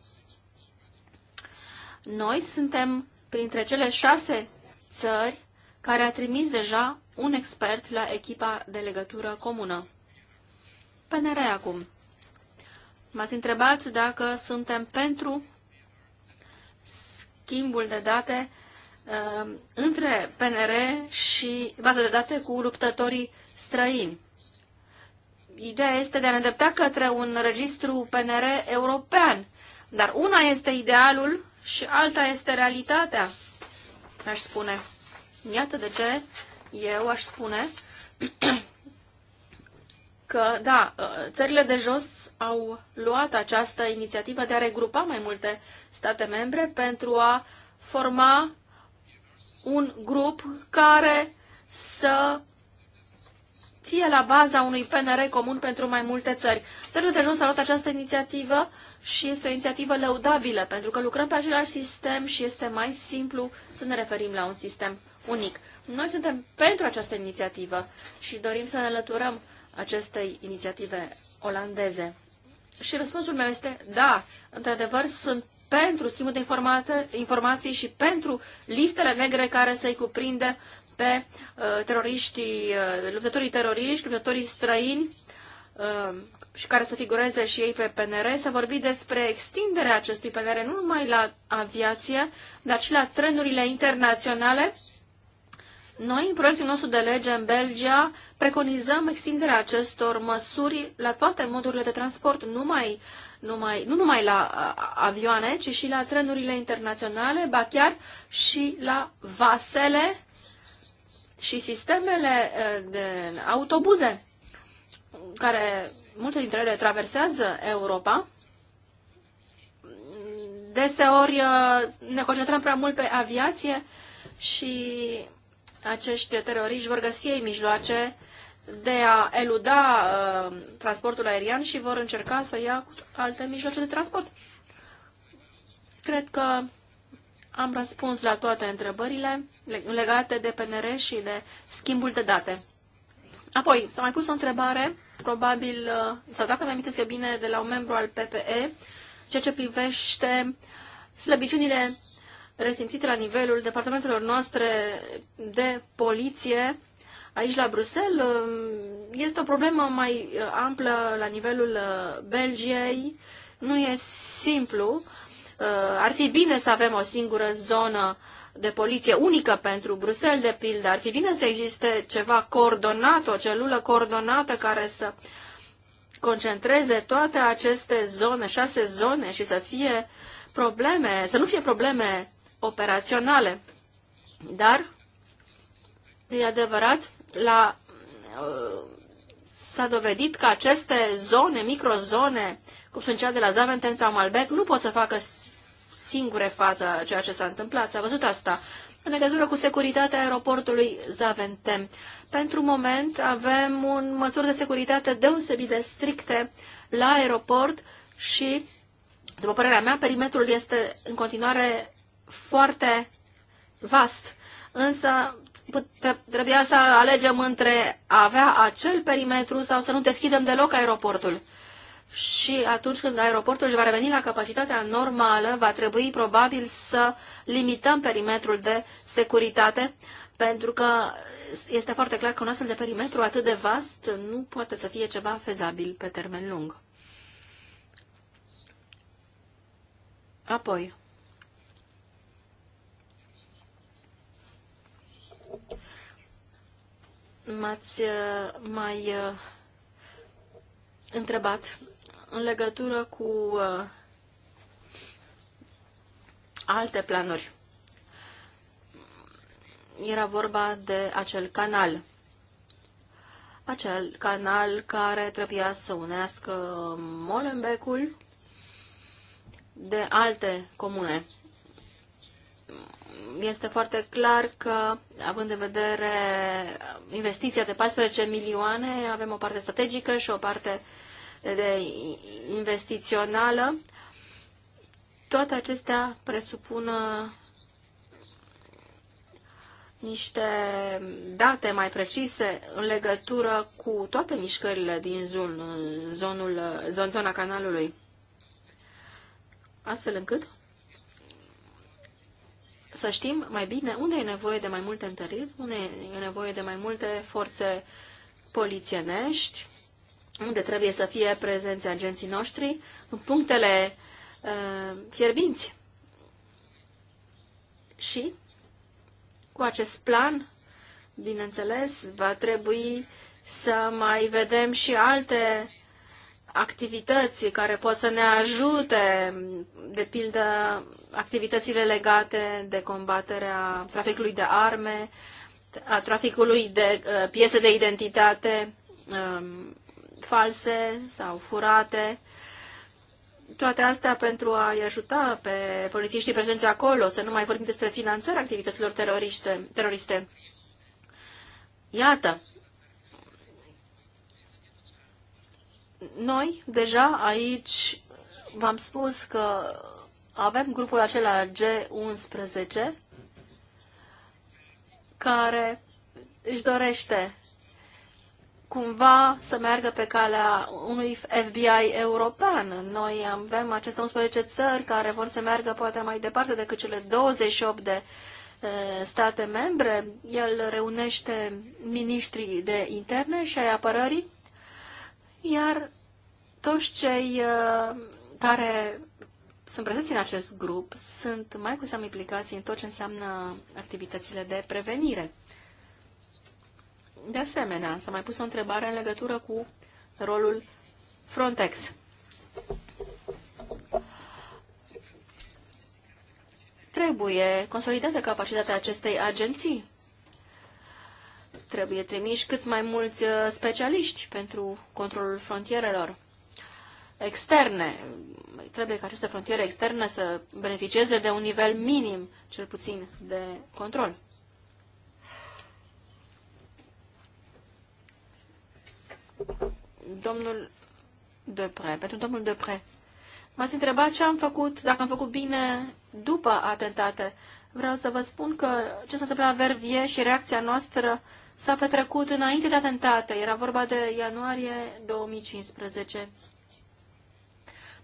Noi suntem printre cele șase țări care a trimis deja un expert la echipa de legătură comună. PNR acum. M-ați întrebat dacă suntem pentru schimbul de date Um, între PNR și bază de date cu luptătorii străini. Ideea este de a ne îndrepta către un registru PNR european. Dar una este idealul și alta este realitatea, aș spune. Iată de ce eu aș spune (clears throat) că, da, țările de jos au luat această inițiativă de a regrupa mai multe state membre pentru a forma un grup care să fie la baza unui PNR comun pentru mai multe țări. Țările de jos salută această inițiativă și este o inițiativă lăudabilă, pentru că lucrăm pe același sistem și este mai simplu să ne referim la un sistem unic. Noi suntem pentru această inițiativă și dorim să ne alăturăm acestei inițiative olandeze. Și răspunsul meu este da, într-adevăr sunt pentru schimbul de informații și pentru listele negre care să-i cuprindă pe uh, teroriștii, uh, luptătorii teroriști, luptătorii străini uh, și care să figureze și ei pe PNR, să vorbi despre extinderea acestui PNR nu numai la aviație, dar și la trenurile internaționale. Noi, în proiectul nostru de lege în Belgia, preconizăm extinderea acestor măsuri la toate modurile de transport, numai uh, numai, nu numai la avioane, ci și la trenurile internaționale, ba chiar și la vasele și sistemele de autobuze, care multe dintre ele traversează Europa. Deseori ne concentrăm prea mult pe aviație și acești teroriști vor găsi ei mijloace de a eluda uh, transportul aerian și vor încerca să ia alte mijloace de transport. Cred că am răspuns la toate întrebările legate de PNR și de schimbul de date. Apoi, s-a mai pus o întrebare, probabil, uh, sau dacă mi-am eu bine, de la un membru al PPE, ceea ce privește slăbiciunile resimțite la nivelul departamentelor noastre de poliție aici la Bruxelles. Um, este o problemă mai uh, amplă la nivelul uh, Belgiei. Nu e simplu. Uh, ar fi bine să avem o singură zonă de poliție unică pentru Bruxelles, de pildă. Ar fi bine să existe ceva coordonat, o celulă coordonată care să concentreze toate aceste zone, șase zone și să fie probleme, să nu fie probleme operaționale. Dar, e adevărat, la, uh, s-a dovedit că aceste zone, microzone, cum sunt cea de la Zaventen sau Malbec, nu pot să facă singure față ceea ce s-a întâmplat. S-a văzut asta în legătură cu securitatea aeroportului Zaventem. Pentru moment avem un măsuri de securitate deosebit de stricte la aeroport și, după părerea mea, perimetrul este în continuare foarte vast. Însă trebuia să alegem între a avea acel perimetru sau să nu deschidem deloc aeroportul. Și atunci când aeroportul își va reveni la capacitatea normală, va trebui probabil să limităm perimetrul de securitate, pentru că este foarte clar că un astfel de perimetru atât de vast nu poate să fie ceva fezabil pe termen lung. Apoi, m-ați uh, mai uh, întrebat în legătură cu uh, alte planuri. Era vorba de acel canal. Acel canal care trebuia să unească Molenbeekul de alte comune este foarte clar că, având în vedere investiția de 14 milioane, avem o parte strategică și o parte de investițională. Toate acestea presupun uh, niște date mai precise în legătură cu toate mișcările din zon, zonul, zon, zona canalului, astfel încât să știm mai bine unde e nevoie de mai multe întăriri, unde e nevoie de mai multe forțe polițienești, unde trebuie să fie prezenți agenții noștri, în punctele uh, fierbinți. Și cu acest plan, bineînțeles, va trebui să mai vedem și alte activități care pot să ne ajute, de pildă activitățile legate de combaterea traficului de arme, a traficului de uh, piese de identitate um, false sau furate. Toate astea pentru a-i ajuta pe polițiștii prezenți acolo, să nu mai vorbim despre finanțarea activităților teroriste, teroriste. Iată, Noi, deja aici, v-am spus că avem grupul acela G11 care își dorește cumva să meargă pe calea unui FBI european. Noi avem aceste 11 țări care vor să meargă poate mai departe decât cele 28 de state membre. El reunește ministrii de interne și ai apărării, iar toți cei uh, care sunt prezenți în acest grup sunt mai cu seamă implicați în tot ce înseamnă activitățile de prevenire. De asemenea, s-a mai pus o întrebare în legătură cu rolul Frontex. Trebuie consolidată capacitatea acestei agenții. Trebuie trimiși câți mai mulți uh, specialiști pentru controlul frontierelor externe. Trebuie ca aceste frontiere externe să beneficieze de un nivel minim, cel puțin, de control. Domnul Depre, pentru domnul Depre, m-ați întrebat ce am făcut, dacă am făcut bine după atentate. Vreau să vă spun că ce s-a întâmplat la Vervie și reacția noastră s-a petrecut înainte de atentate. Era vorba de ianuarie 2015.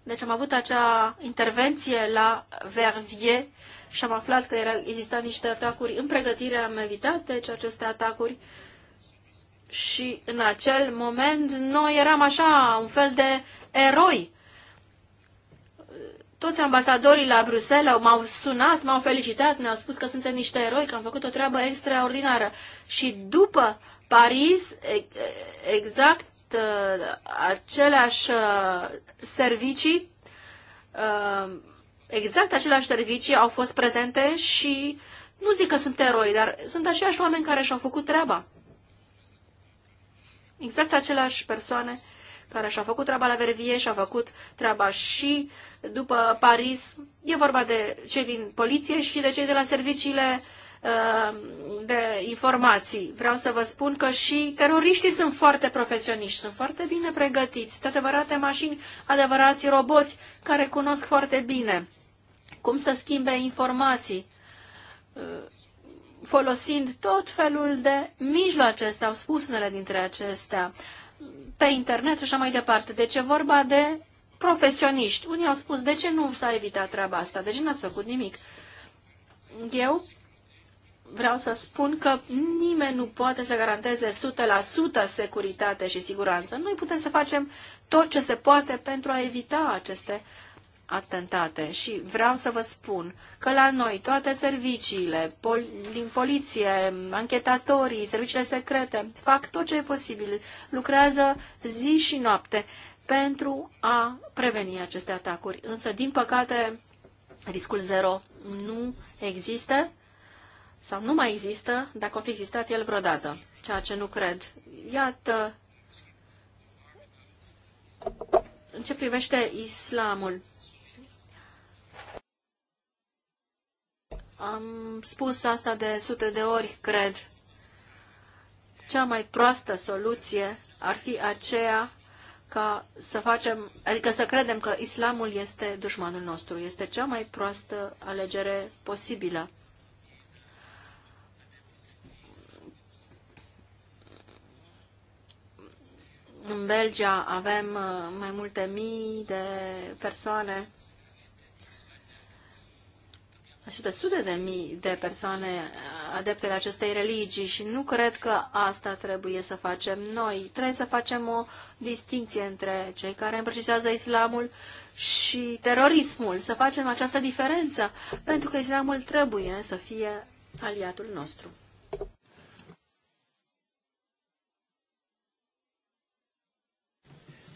Deci am avut acea intervenție la Vervier și am aflat că era, exista niște atacuri în pregătire, am evitat deci aceste atacuri și în acel moment noi eram așa un fel de eroi. Toți ambasadorii la Bruxelles m-au sunat, m-au felicitat, ne-au spus că suntem niște eroi, că am făcut o treabă extraordinară. Și după Paris, exact Uh, aceleași uh, servicii, uh, exact aceleași servicii au fost prezente și nu zic că sunt eroi, dar sunt aceiași oameni care și-au făcut treaba. Exact aceleași persoane care și-au făcut treaba la Verdie și-au făcut treaba și după Paris. E vorba de cei din poliție și de cei de la serviciile uh, Uh, de informații. Vreau să vă spun că și teroriștii sunt foarte profesioniști, sunt foarte bine pregătiți, sunt adevărate mașini, adevărați roboți care cunosc foarte bine cum să schimbe informații uh, folosind tot felul de mijloace, s-au spus unele dintre acestea, pe internet și așa mai departe. Deci e vorba de profesioniști. Unii au spus, de ce nu s-a evitat treaba asta? De ce n-ați făcut nimic? Eu vreau să spun că nimeni nu poate să garanteze 100% securitate și siguranță. Noi putem să facem tot ce se poate pentru a evita aceste atentate și vreau să vă spun că la noi toate serviciile pol- din poliție, anchetatorii, serviciile secrete fac tot ce e posibil, lucrează zi și noapte pentru a preveni aceste atacuri. Însă, din păcate, riscul zero nu există sau nu mai există dacă o fi existat el vreodată, ceea ce nu cred. Iată, în ce privește islamul, am spus asta de sute de ori, cred. Cea mai proastă soluție ar fi aceea ca să facem, adică să credem că islamul este dușmanul nostru. Este cea mai proastă alegere posibilă. În Belgia avem uh, mai multe mii de persoane și de sute de mii de persoane uh, adeptele acestei religii și nu cred că asta trebuie să facem noi. Trebuie să facem o distinție între cei care împărțisează islamul și terorismul, să facem această diferență, pentru că islamul trebuie să fie aliatul nostru.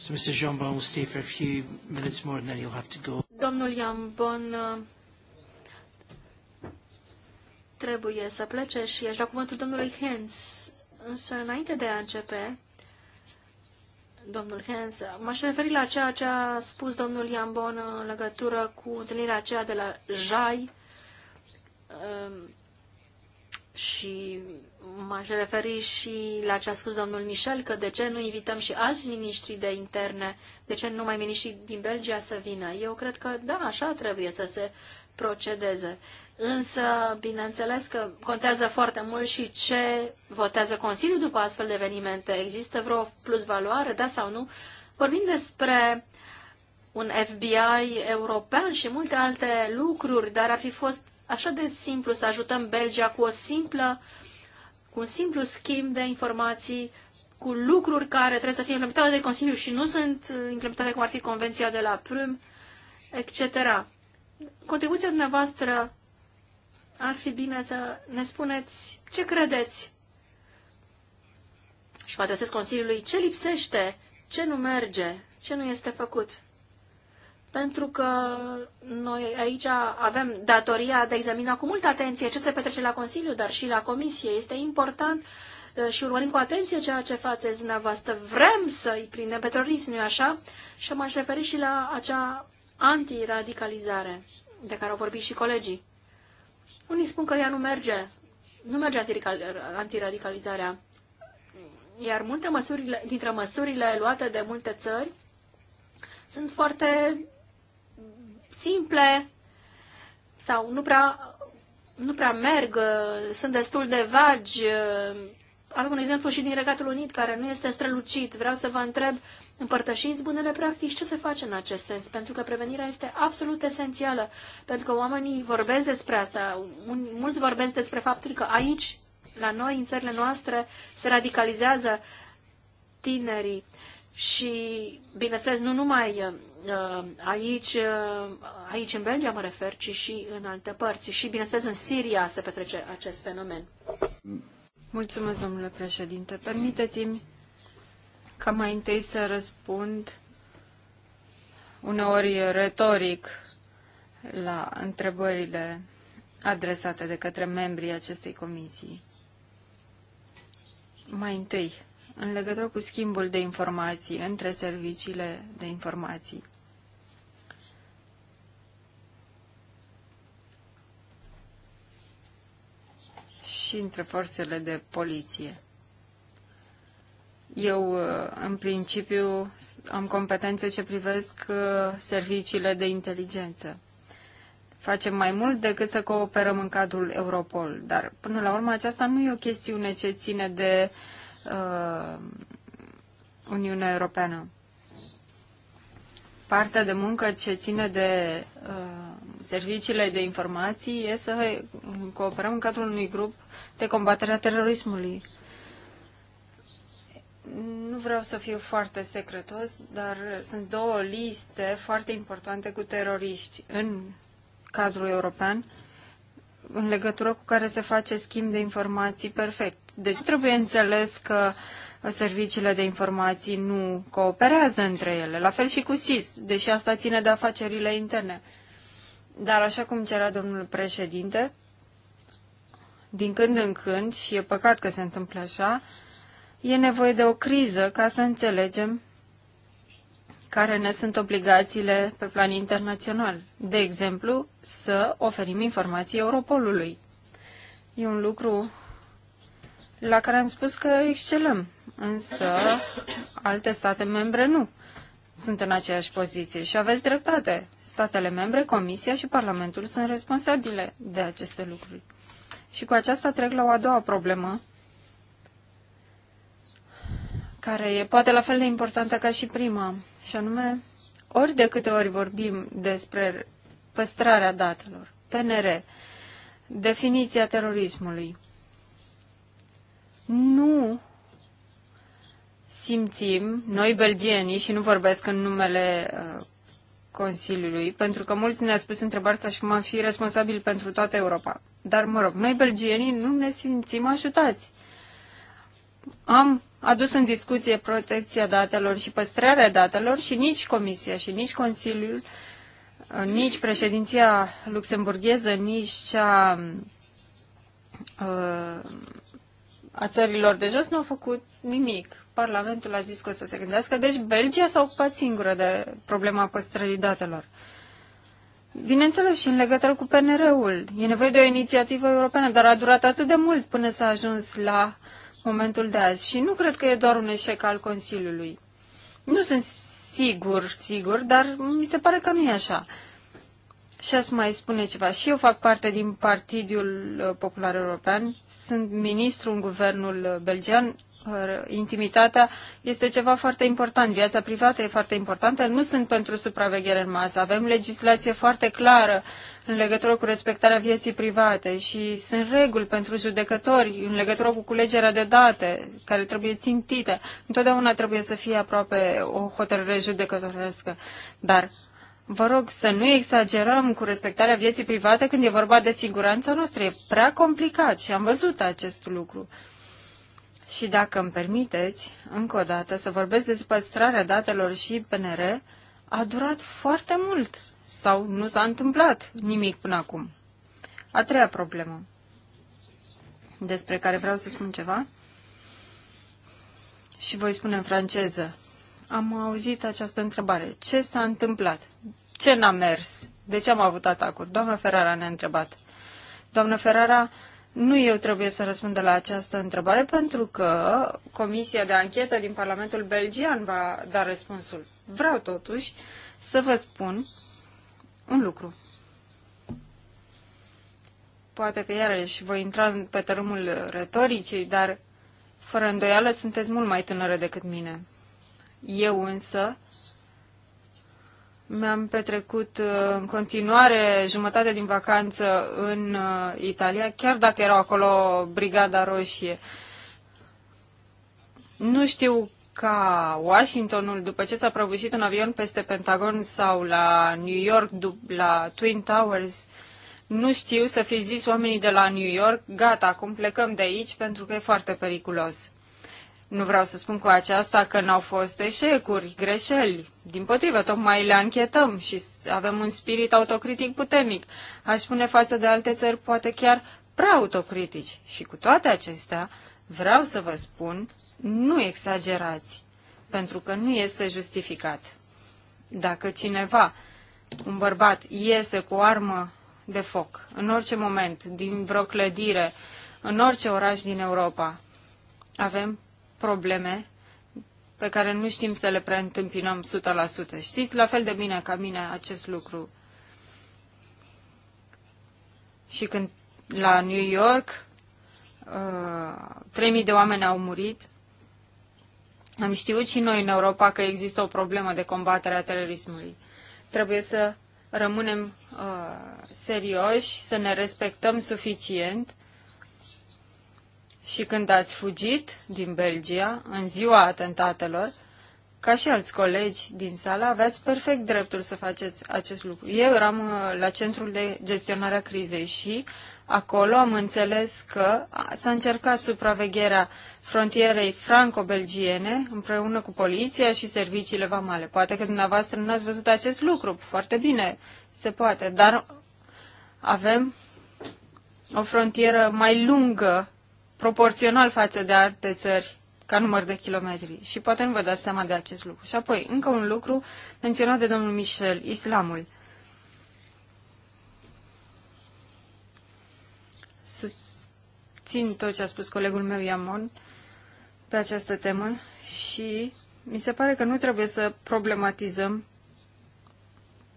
So Mr. Jambon will stay for a few minutes more and then you'll have to go. Domnul Jambon uh, trebuie să plece și aș da cuvântul domnului Hens. Însă, înainte de a începe, domnul Hens, m-aș referi la ceea ce a spus domnul Jambon în legătură cu întâlnirea aceea de la JAI, um, și m-aș referi și la ce a spus domnul Michel, că de ce nu invităm și alți miniștri de interne, de ce nu mai miniștri din Belgia să vină. Eu cred că, da, așa trebuie să se procedeze. Însă, bineînțeles că contează foarte mult și ce votează Consiliul după astfel de evenimente. Există vreo plusvaloare, da sau nu? Vorbim despre un FBI european și multe alte lucruri, dar ar fi fost așa de simplu să ajutăm Belgia cu, o simplă, cu un simplu schimb de informații, cu lucruri care trebuie să fie implementate de Consiliu și nu sunt implementate cum ar fi Convenția de la Prüm, etc. Contribuția dumneavoastră ar fi bine să ne spuneți ce credeți și mă adresez Consiliului ce lipsește, ce nu merge, ce nu este făcut pentru că noi aici avem datoria de a examina cu multă atenție ce se petrece la Consiliu, dar și la Comisie. Este important uh, și urmărim cu atenție ceea ce faceți dumneavoastră. Vrem să îi prindem pe terorism, nu așa? Și m-aș referi și la acea antiradicalizare de care au vorbit și colegii. Unii spun că ea nu merge, nu merge antiradicalizarea. Iar multe măsurile, dintre măsurile luate de multe țări sunt foarte simple sau nu prea, nu prea merg, uh, sunt destul de vagi. Uh, Am un exemplu și din Regatul Unit, care nu este strălucit. Vreau să vă întreb, împărtășiți bunele practici, ce se face în acest sens? Pentru că prevenirea este absolut esențială, pentru că oamenii vorbesc despre asta, mulți vorbesc despre faptul că aici, la noi, în țările noastre, se radicalizează tinerii și, bineînțeles, nu numai uh, Uh, aici, uh, aici în Belgia mă refer, ci și în alte părți. Și, bineînțeles, în Siria se petrece acest fenomen. Mulțumesc, domnule președinte. Permiteți-mi ca mai întâi să răspund uneori retoric la întrebările adresate de către membrii acestei comisii. Mai întâi, în legătură cu schimbul de informații între serviciile de informații. și între forțele de poliție. Eu, uh, în principiu, am competențe ce privesc uh, serviciile de inteligență. Facem mai mult decât să cooperăm în cadrul Europol, dar până la urmă aceasta nu e o chestiune ce ține de uh, Uniunea Europeană. Partea de muncă ce ține de uh, serviciile de informații e să cooperăm în cadrul unui grup de combatere a terorismului. Nu vreau să fiu foarte secretos, dar sunt două liste foarte importante cu teroriști în cadrul european în legătură cu care se face schimb de informații perfect. Deci trebuie înțeles că serviciile de informații nu cooperează între ele. La fel și cu SIS, deși asta ține de afacerile interne. Dar așa cum cerea domnul președinte, din când în când, și e păcat că se întâmplă așa, e nevoie de o criză ca să înțelegem care ne sunt obligațiile pe plan internațional. De exemplu, să oferim informații Europolului. E un lucru la care am spus că excelăm, însă alte state membre nu sunt în aceeași poziție și aveți dreptate. Statele membre, Comisia și Parlamentul sunt responsabile de aceste lucruri. Și cu aceasta trec la o a doua problemă, care e poate la fel de importantă ca și prima, și anume, ori de câte ori vorbim despre păstrarea datelor, PNR, definiția terorismului, nu simțim, noi belgienii, și nu vorbesc în numele uh, Consiliului, pentru că mulți ne au spus întrebări ca și cum am fi responsabil pentru toată Europa. Dar, mă rog, noi belgienii nu ne simțim ajutați. Am adus în discuție protecția datelor și păstrarea datelor și nici Comisia și nici Consiliul, uh, nici președinția luxemburgheză, nici cea uh, a țărilor de jos nu au făcut nimic Parlamentul a zis că o să se gândească. Deci Belgia s-a ocupat singură de problema păstrării datelor. Bineînțeles, și în legătură cu PNR-ul. E nevoie de o inițiativă europeană, dar a durat atât de mult până s-a ajuns la momentul de azi. Și nu cred că e doar un eșec al Consiliului. Nu sunt sigur, sigur, dar mi se pare că nu e așa. Și ați mai spune ceva. Și eu fac parte din Partidul uh, Popular European, sunt ministru în guvernul uh, belgian, intimitatea este ceva foarte important, viața privată e foarte importantă, nu sunt pentru supraveghere în masă, avem legislație foarte clară în legătură cu respectarea vieții private și sunt reguli pentru judecători în legătură cu culegerea de date care trebuie țintite. Întotdeauna trebuie să fie aproape o hotărâre judecătorească, dar Vă rog să nu exagerăm cu respectarea vieții private când e vorba de siguranța noastră. E prea complicat și am văzut acest lucru. Și dacă îmi permiteți, încă o dată, să vorbesc despre păstrarea datelor și PNR, a durat foarte mult sau nu s-a întâmplat nimic până acum. A treia problemă despre care vreau să spun ceva și voi spune în franceză. Am auzit această întrebare. Ce s-a întâmplat? Ce n-a mers? De ce am avut atacuri? Doamna Ferrara ne-a întrebat. Doamna Ferrara, nu eu trebuie să răspund la această întrebare pentru că Comisia de Anchetă din Parlamentul Belgian va da răspunsul. Vreau totuși să vă spun un lucru. Poate că iarăși voi intra pe tărâmul retoricii, dar fără îndoială sunteți mult mai tânără decât mine. Eu însă mi-am petrecut uh, în continuare jumătate din vacanță în uh, Italia, chiar dacă era acolo Brigada Roșie. Nu știu ca Washingtonul, după ce s-a prăbușit un avion peste Pentagon sau la New York, la Twin Towers, nu știu să fi zis oamenii de la New York, gata, acum plecăm de aici pentru că e foarte periculos. Nu vreau să spun cu aceasta că n-au fost eșecuri, greșeli. Din potrivă, tocmai le anchetăm și avem un spirit autocritic puternic. Aș spune față de alte țări, poate chiar prea autocritici. Și cu toate acestea, vreau să vă spun, nu exagerați, pentru că nu este justificat. Dacă cineva, un bărbat, iese cu o armă de foc, în orice moment, din vreo clădire, în orice oraș din Europa, avem probleme pe care nu știm să le preîntâmpinăm 100%. Știți la fel de bine ca mine acest lucru. Și când la New York 3.000 uh, de oameni au murit, am știut și noi în Europa că există o problemă de combatere a terorismului. Trebuie să rămânem uh, serioși, să ne respectăm suficient și când ați fugit din Belgia în ziua atentatelor, ca și alți colegi din sală, aveți perfect dreptul să faceți acest lucru. Eu eram uh, la centrul de gestionare a crizei și acolo am înțeles că s-a încercat supravegherea frontierei franco-belgiene împreună cu poliția și serviciile vamale. Poate că dumneavoastră nu ați văzut acest lucru. Foarte bine, se poate, dar avem o frontieră mai lungă proporțional față de alte țări ca număr de kilometri. Și poate nu vă dați seama de acest lucru. Și apoi, încă un lucru menționat de domnul Michel, islamul. Susțin tot ce a spus colegul meu Iamon pe această temă și mi se pare că nu trebuie să problematizăm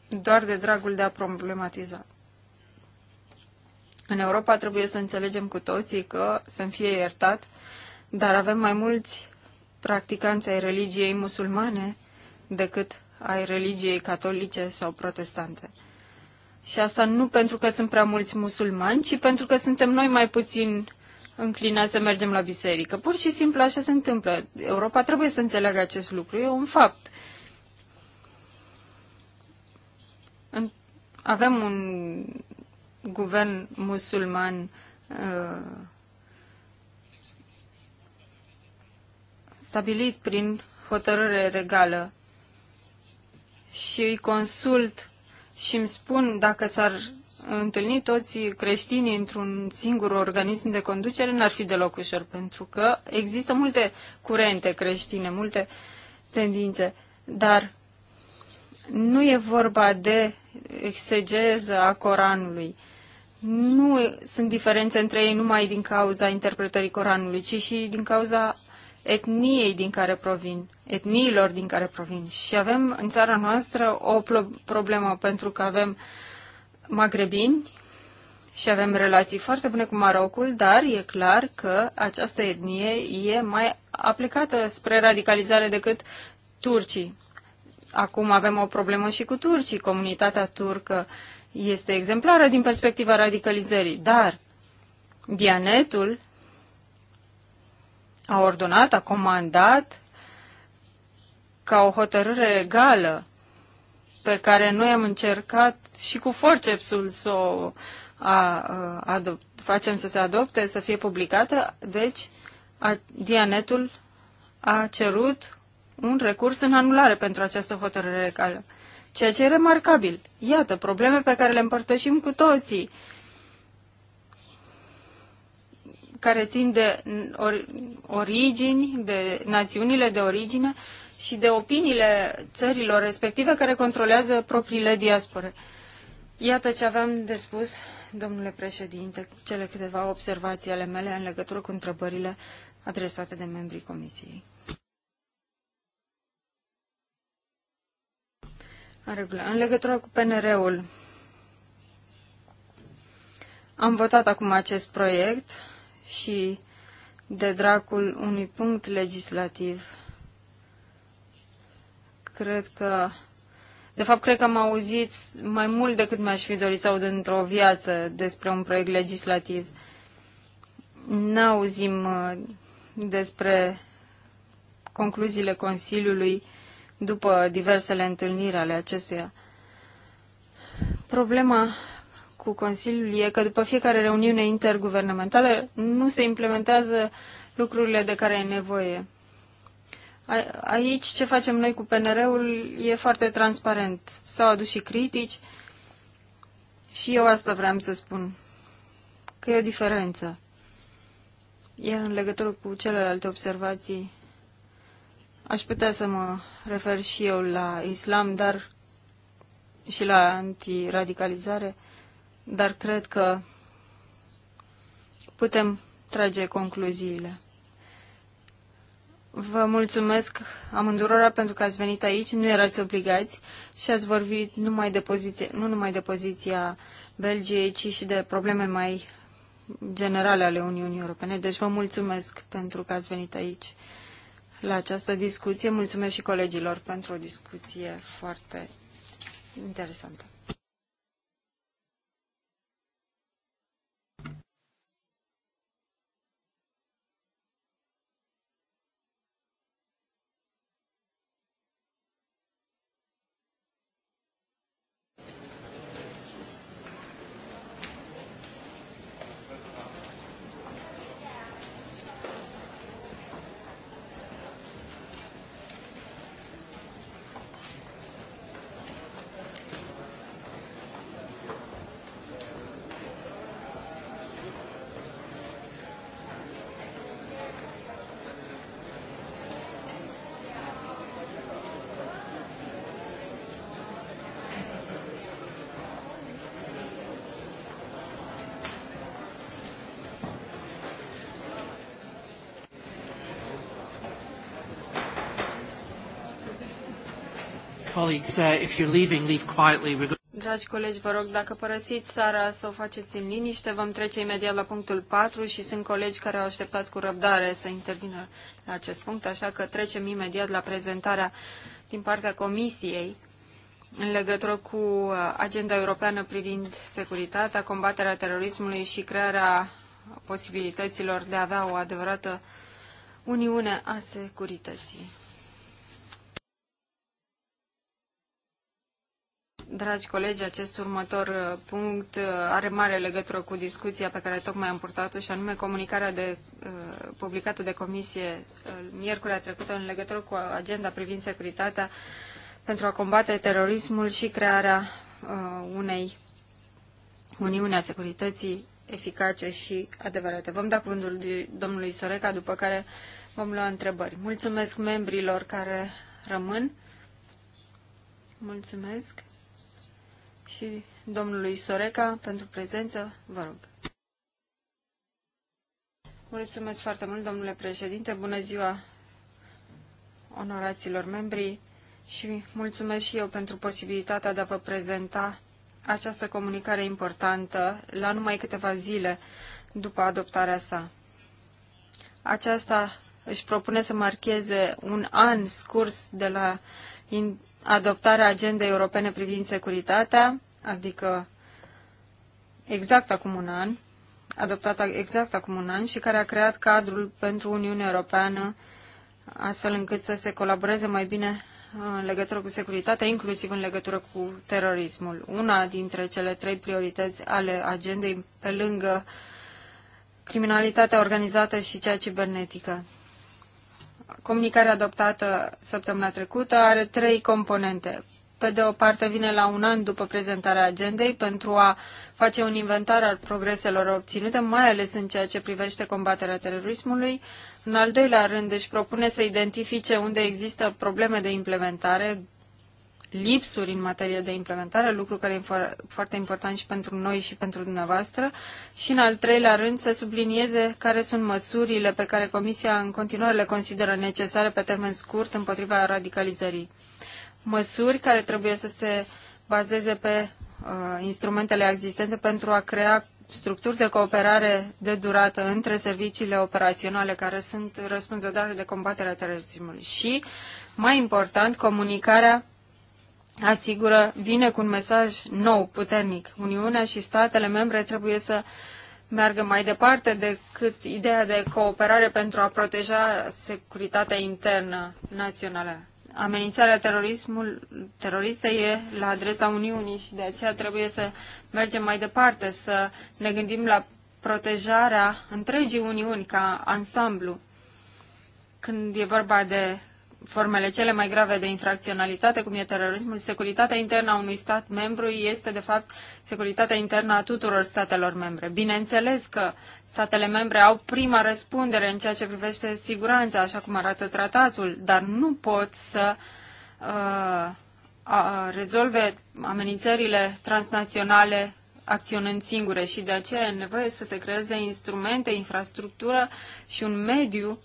doar de dragul de a problematiza. În Europa trebuie să înțelegem cu toții că să-mi fie iertat, dar avem mai mulți practicanți ai religiei musulmane decât ai religiei catolice sau protestante. Și asta nu pentru că sunt prea mulți musulmani, ci pentru că suntem noi mai puțin înclinați să mergem la biserică. Pur și simplu așa se întâmplă. Europa trebuie să înțeleagă acest lucru. E un fapt. Avem un guvern musulman uh, stabilit prin hotărâre regală și îi consult și îmi spun dacă s-ar întâlni toți creștinii într-un singur organism de conducere, n-ar fi deloc ușor, pentru că există multe curente creștine, multe tendințe, dar nu e vorba de exegeză a Coranului. Nu sunt diferențe între ei numai din cauza interpretării Coranului, ci și din cauza etniei din care provin, etniilor din care provin. Și avem în țara noastră o problemă pentru că avem magrebini și avem relații foarte bune cu Marocul, dar e clar că această etnie e mai aplicată spre radicalizare decât turcii. Acum avem o problemă și cu turcii. Comunitatea turcă este exemplară din perspectiva radicalizării, dar Dianetul a ordonat, a comandat ca o hotărâre egală pe care noi am încercat și cu forcepsul să o a, a, adopt, facem să se adopte, să fie publicată. Deci, a, Dianetul a cerut un recurs în anulare pentru această hotărâre legală. Ceea ce e remarcabil. Iată, probleme pe care le împărtășim cu toții, care țin de origini, de națiunile de origine și de opiniile țărilor respective care controlează propriile diaspore. Iată ce aveam de spus, domnule președinte, cele câteva observații ale mele în legătură cu întrebările adresate de membrii comisiei. În regulă. În legătură cu PNR-ul, am votat acum acest proiect și de dracul unui punct legislativ. Cred că de fapt, cred că am auzit mai mult decât mi-aș fi dorit să aud într-o viață despre un proiect legislativ. N-auzim uh, despre concluziile Consiliului după diversele întâlniri ale acestuia. Problema cu Consiliul e că după fiecare reuniune interguvernamentală nu se implementează lucrurile de care e nevoie. Aici ce facem noi cu PNR-ul e foarte transparent. S-au adus și critici și eu asta vreau să spun, că e o diferență. Iar în legătură cu celelalte observații Aș putea să mă refer și eu la islam, dar și la antiradicalizare, dar cred că putem trage concluziile. Vă mulțumesc amândurora pentru că ați venit aici, nu erați obligați și ați vorbit numai de poziție, nu numai de poziția Belgiei, ci și de probleme mai generale ale Uniunii Europene. Deci vă mulțumesc pentru că ați venit aici la această discuție. Mulțumesc și colegilor pentru o discuție foarte interesantă. colleagues, uh, if you're leaving, leave quietly. We're Dragi colegi, vă rog, dacă părăsiți sara, să o faceți în liniște. Vom trece imediat la punctul 4 și sunt colegi care au așteptat cu răbdare să intervină la acest punct, așa că trecem imediat la prezentarea din partea Comisiei în legătură cu uh, agenda europeană privind securitatea, combaterea terorismului și crearea posibilităților de a avea o adevărată uniune a securității. Dragi colegi, acest următor uh, punct uh, are mare legătură cu discuția pe care tocmai am purtat-o și anume comunicarea de, uh, publicată de comisie miercurea trecută în legătură cu agenda privind securitatea pentru a combate terorismul și crearea unei Uniuni a Securității eficace și adevărate. Vom da cuvântul domnului Soreca, după care vom lua întrebări. Mulțumesc membrilor care rămân. Mulțumesc și domnului Soreca pentru prezență. Vă rog. Mulțumesc foarte mult, domnule președinte. Bună ziua, onoraților membri și mulțumesc și eu pentru posibilitatea de a vă prezenta această comunicare importantă la numai câteva zile după adoptarea sa. Aceasta își propune să marcheze un an scurs de la adoptarea agendei europene privind securitatea, adică exact acum un an, adoptată exact acum un an și care a creat cadrul pentru Uniunea Europeană astfel încât să se colaboreze mai bine în legătură cu securitatea, inclusiv în legătură cu terorismul. Una dintre cele trei priorități ale agendei, pe lângă criminalitatea organizată și cea cibernetică comunicarea adoptată săptămâna trecută are trei componente. Pe de o parte vine la un an după prezentarea agendei pentru a face un inventar al progreselor obținute, mai ales în ceea ce privește combaterea terorismului. În al doilea rând își propune să identifice unde există probleme de implementare lipsuri în materie de implementare, lucru care e foarte important și pentru noi și pentru dumneavoastră. Și în al treilea rând să sublinieze care sunt măsurile pe care Comisia în continuare le consideră necesare pe termen scurt împotriva radicalizării. Măsuri care trebuie să se bazeze pe uh, instrumentele existente pentru a crea structuri de cooperare de durată între serviciile operaționale care sunt răspunzătoare de combaterea terorismului și, mai important, comunicarea asigură, vine cu un mesaj nou, puternic. Uniunea și statele membre trebuie să meargă mai departe decât ideea de cooperare pentru a proteja securitatea internă națională. Amenințarea terorismul, teroristă e la adresa Uniunii și de aceea trebuie să mergem mai departe, să ne gândim la protejarea întregii Uniuni ca ansamblu. Când e vorba de formele cele mai grave de infracționalitate, cum e terorismul, securitatea internă a unui stat membru este, de fapt, securitatea internă a tuturor statelor membre. Bineînțeles că statele membre au prima răspundere în ceea ce privește siguranța, așa cum arată tratatul, dar nu pot să uh, a, rezolve amenințările transnaționale acționând singure și de aceea e nevoie să se creeze instrumente, infrastructură și un mediu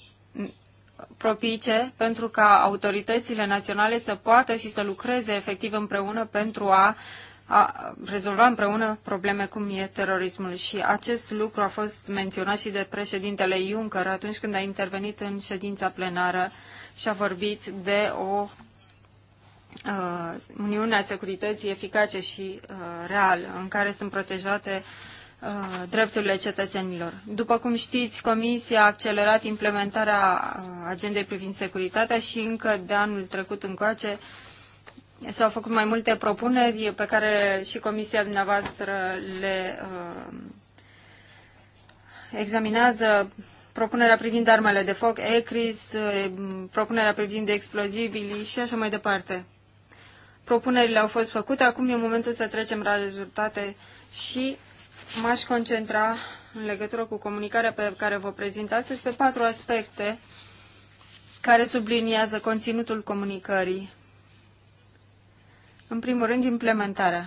propice pentru ca autoritățile naționale să poată și să lucreze efectiv împreună pentru a, a rezolva împreună probleme cum e terorismul. Și acest lucru a fost menționat și de președintele Juncker atunci când a intervenit în ședința plenară și a vorbit de o uh, Uniune a Securității eficace și uh, reală, în care sunt protejate uh, Uh, drepturile cetățenilor. După cum știți, Comisia a accelerat implementarea uh, agendei privind securitatea și încă de anul trecut încoace s-au făcut mai multe propuneri pe care și Comisia dumneavoastră le uh, examinează propunerea privind armele de foc, ECRIS, uh, propunerea privind explozibili și așa mai departe. Propunerile au fost făcute, acum e momentul să trecem la rezultate și m-aș concentra în legătură cu comunicarea pe care vă prezint astăzi pe patru aspecte care subliniază conținutul comunicării. În primul rând, implementarea.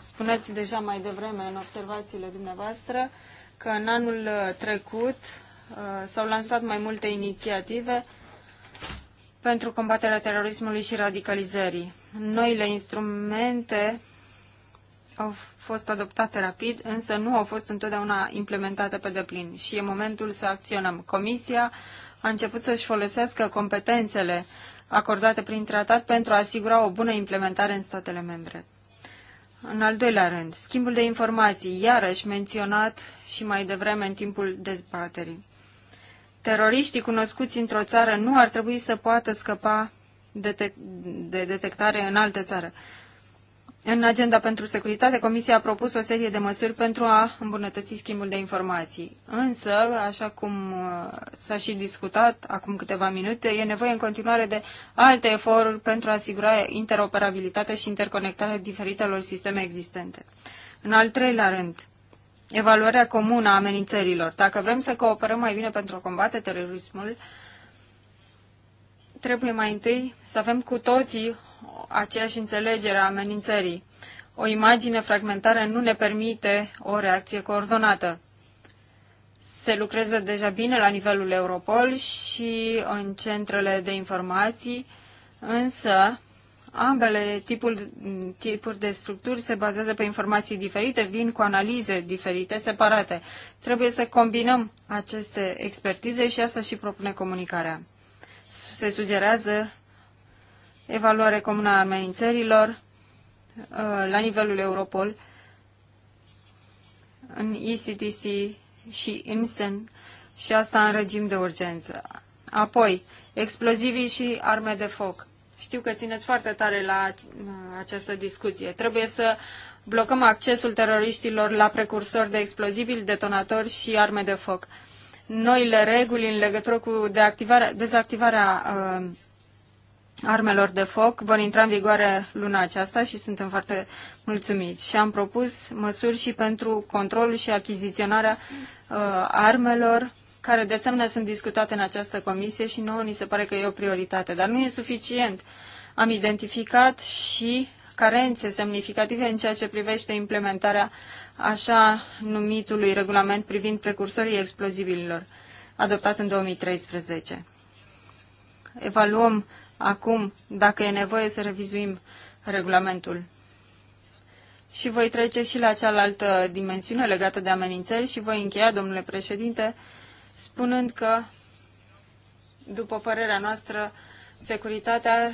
Spuneți deja mai devreme în observațiile dumneavoastră că în anul uh, trecut uh, s-au lansat mai multe inițiative pentru combaterea terorismului și radicalizării. Noile instrumente au fost adoptate rapid, însă nu au fost întotdeauna implementate pe deplin și e momentul să acționăm. Comisia a început să-și folosească competențele acordate prin tratat pentru a asigura o bună implementare în statele membre. În al doilea rând, schimbul de informații, iarăși menționat și mai devreme în timpul dezbaterii. Teroriștii cunoscuți într-o țară nu ar trebui să poată scăpa de detectare în altă țară. În agenda pentru securitate, Comisia a propus o serie de măsuri pentru a îmbunătăți schimbul de informații. Însă, așa cum uh, s-a și discutat acum câteva minute, e nevoie în continuare de alte eforturi pentru a asigura interoperabilitatea și interconectarea diferitelor sisteme existente. În al treilea rând, evaluarea comună a amenințărilor. Dacă vrem să cooperăm mai bine pentru a combate terorismul, trebuie mai întâi să avem cu toții aceeași înțelegere a amenințării. O imagine fragmentară nu ne permite o reacție coordonată. Se lucrează deja bine la nivelul Europol și în centrele de informații, însă ambele tipuri, tipuri de structuri se bazează pe informații diferite, vin cu analize diferite, separate. Trebuie să combinăm aceste expertize și asta și propune comunicarea. Se sugerează evaluare comună a amenințărilor uh, la nivelul Europol, în ECTC și INSEN și asta în regim de urgență. Apoi, explozivii și arme de foc. Știu că țineți foarte tare la uh, această discuție. Trebuie să blocăm accesul teroriștilor la precursori de explozibili, detonatori și arme de foc. Noile reguli în legătură cu dezactivarea, dezactivarea uh, armelor de foc vor intra în vigoare luna aceasta și suntem foarte mulțumiți. Și am propus măsuri și pentru controlul și achiziționarea uh, armelor care de asemenea sunt discutate în această comisie și nouă ni se pare că e o prioritate, dar nu e suficient. Am identificat și carențe semnificative în ceea ce privește implementarea așa numitului regulament privind precursorii explozibililor, adoptat în 2013. Evaluăm acum dacă e nevoie să revizuim regulamentul. Și voi trece și la cealaltă dimensiune legată de amenințări și voi încheia, domnule președinte, spunând că, după părerea noastră, securitatea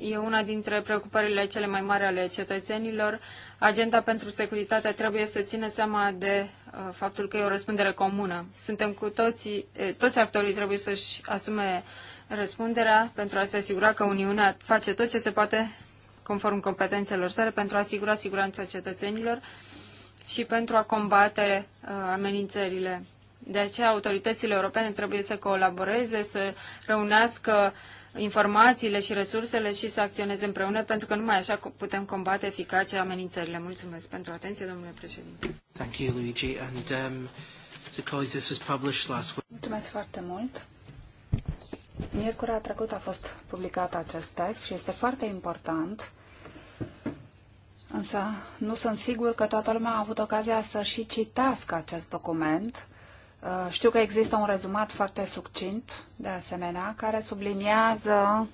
e una dintre preocupările cele mai mari ale cetățenilor. Agenda pentru securitate trebuie să țină seama de uh, faptul că e o răspundere comună. Suntem cu toții, eh, toți actorii trebuie să-și asume răspunderea pentru a se asigura că Uniunea face tot ce se poate conform competențelor sale pentru a asigura siguranța cetățenilor și pentru a combate uh, amenințările. De aceea autoritățile europene trebuie să colaboreze, să reunească informațiile și resursele și să acționeze împreună, pentru că numai așa putem combate eficace amenințările. Mulțumesc pentru atenție, domnule președinte. Thank you, Luigi. And, um, the this was last week. Mulțumesc foarte mult. Miercurea trecută a fost publicat acest text și este foarte important, însă nu sunt sigur că toată lumea a avut ocazia să și citească acest document. Uh, știu că există un rezumat foarte succint, de asemenea, care subliniază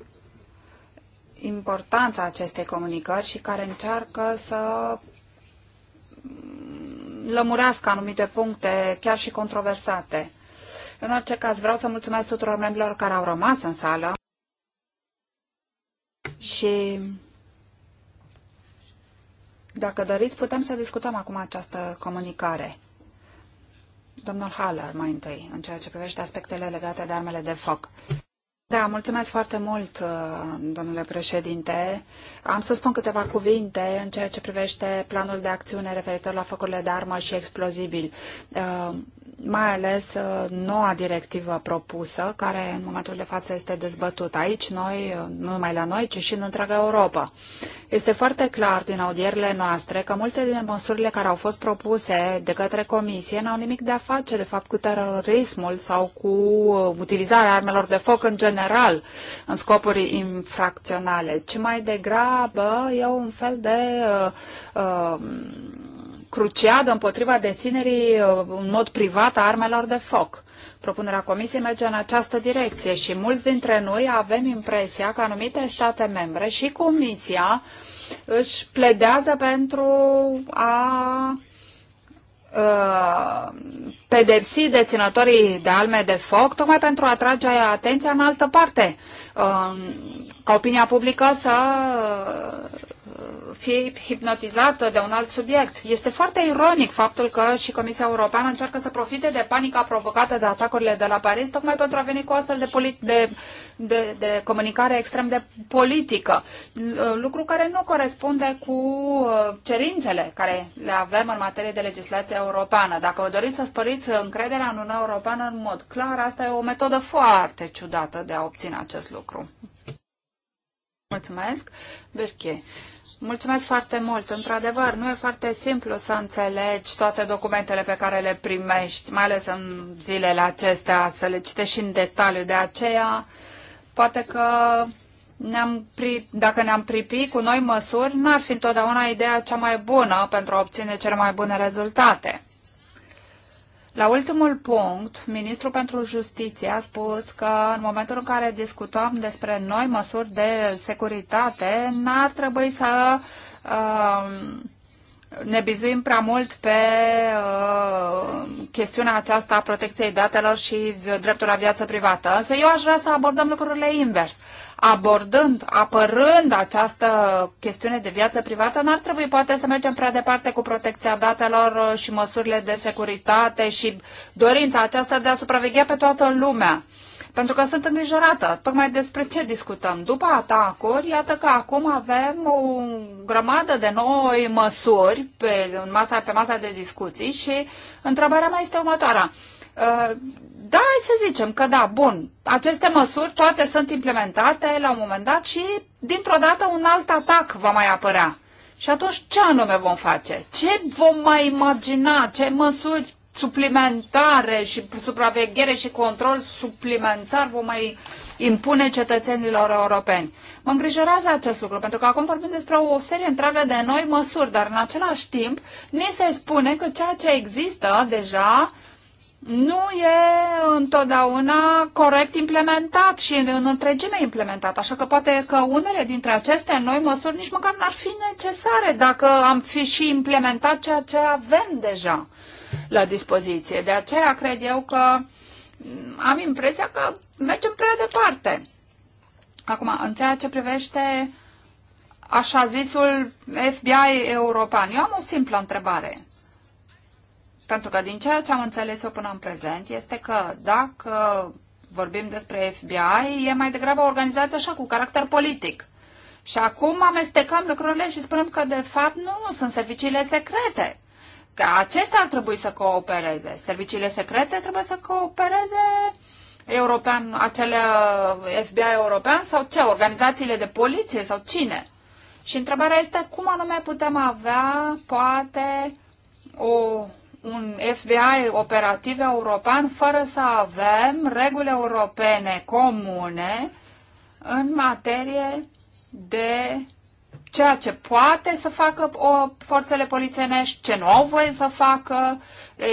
importanța acestei comunicări și care încearcă să lămurească anumite puncte, chiar și controversate. În orice caz, vreau să mulțumesc tuturor membrilor care au rămas în sală și dacă doriți, putem să discutăm acum această comunicare. Domnul Haller, mai întâi, în ceea ce privește aspectele legate de armele de foc. Da, mulțumesc foarte mult, uh, domnule președinte. Am să spun câteva cuvinte în ceea ce privește planul de acțiune referitor la focurile de armă și explozibili. Uh, mai ales uh, noua directivă propusă, care în momentul de față este dezbătută aici, noi, uh, nu numai la noi, ci și în întreaga Europa. Este foarte clar din audierile noastre că multe din măsurile care au fost propuse de către Comisie n-au nimic de a face, de fapt, cu terorismul sau cu uh, utilizarea armelor de foc în general, în scopuri infracționale, ci mai degrabă e un fel de uh, uh, cruciadă împotriva deținerii uh, în mod privat a armelor de foc. Propunerea Comisiei merge în această direcție și mulți dintre noi avem impresia că anumite state membre și Comisia își pledează pentru a uh, pedepsi deținătorii de arme de foc, tocmai pentru a atrage atenția în altă parte, uh, ca opinia publică să fie hipnotizată de un alt subiect. Este foarte ironic faptul că și Comisia Europeană încearcă să profite de panica provocată de atacurile de la Paris, tocmai pentru a veni cu astfel de, de, de, de comunicare extrem de politică, lucru care nu corespunde cu uh, cerințele care le avem în materie de legislație europeană. Dacă vă doriți să spăriți încrederea în Uniunea Europeană în mod clar, asta e o metodă foarte ciudată de a obține acest lucru. Mulțumesc. Berche. Mulțumesc foarte mult. Într-adevăr, nu e foarte simplu să înțelegi toate documentele pe care le primești, mai ales în zilele acestea, să le citești în detaliu. De aceea, poate că ne-am pri... dacă ne-am pripi cu noi măsuri, n-ar fi întotdeauna ideea cea mai bună pentru a obține cele mai bune rezultate. La ultimul punct, ministrul pentru justiție a spus că în momentul în care discutăm despre noi măsuri de securitate, n-ar trebui să uh, ne bizuim prea mult pe uh, chestiunea aceasta a protecției datelor și dreptul la viață privată. Însă eu aș vrea să abordăm lucrurile invers abordând, apărând această chestiune de viață privată, n-ar trebui poate să mergem prea departe cu protecția datelor uh, și măsurile de securitate și dorința aceasta de a supraveghea pe toată lumea. Pentru că sunt îngrijorată. Tocmai despre ce discutăm. După atacuri, iată că acum avem o grămadă de noi măsuri pe masa, pe masa de discuții și întrebarea mea este următoarea uh, da, hai să zicem că da, bun, aceste măsuri toate sunt implementate la un moment dat și dintr-o dată un alt atac va mai apărea. Și atunci ce anume vom face? Ce vom mai imagina? Ce măsuri suplimentare și supraveghere și control suplimentar vom mai impune cetățenilor europeni. Mă îngrijorează acest lucru, pentru că acum vorbim despre o serie întreagă de noi măsuri, dar în același timp ni se spune că ceea ce există deja nu e întotdeauna corect implementat și în întregime implementat. Așa că poate că unele dintre aceste noi măsuri nici măcar n-ar fi necesare dacă am fi și implementat ceea ce avem deja la dispoziție. De aceea cred eu că mm, am impresia că mergem prea departe. Acum, în ceea ce privește așa zisul FBI european, eu am o simplă întrebare. Pentru că din ceea ce am înțeles eu până în prezent este că dacă vorbim despre FBI, e mai degrabă o organizație așa cu caracter politic. Și acum amestecăm lucrurile și spunem că de fapt nu, sunt serviciile secrete. Că acestea ar trebui să coopereze. Serviciile secrete trebuie să coopereze european, acele uh, FBI european sau ce, organizațiile de poliție sau cine. Și întrebarea este cum anume putem avea poate o un FBI operativ european fără să avem reguli europene comune în materie de ceea ce poate să facă o forțele polițienești, ce nu au voie să facă,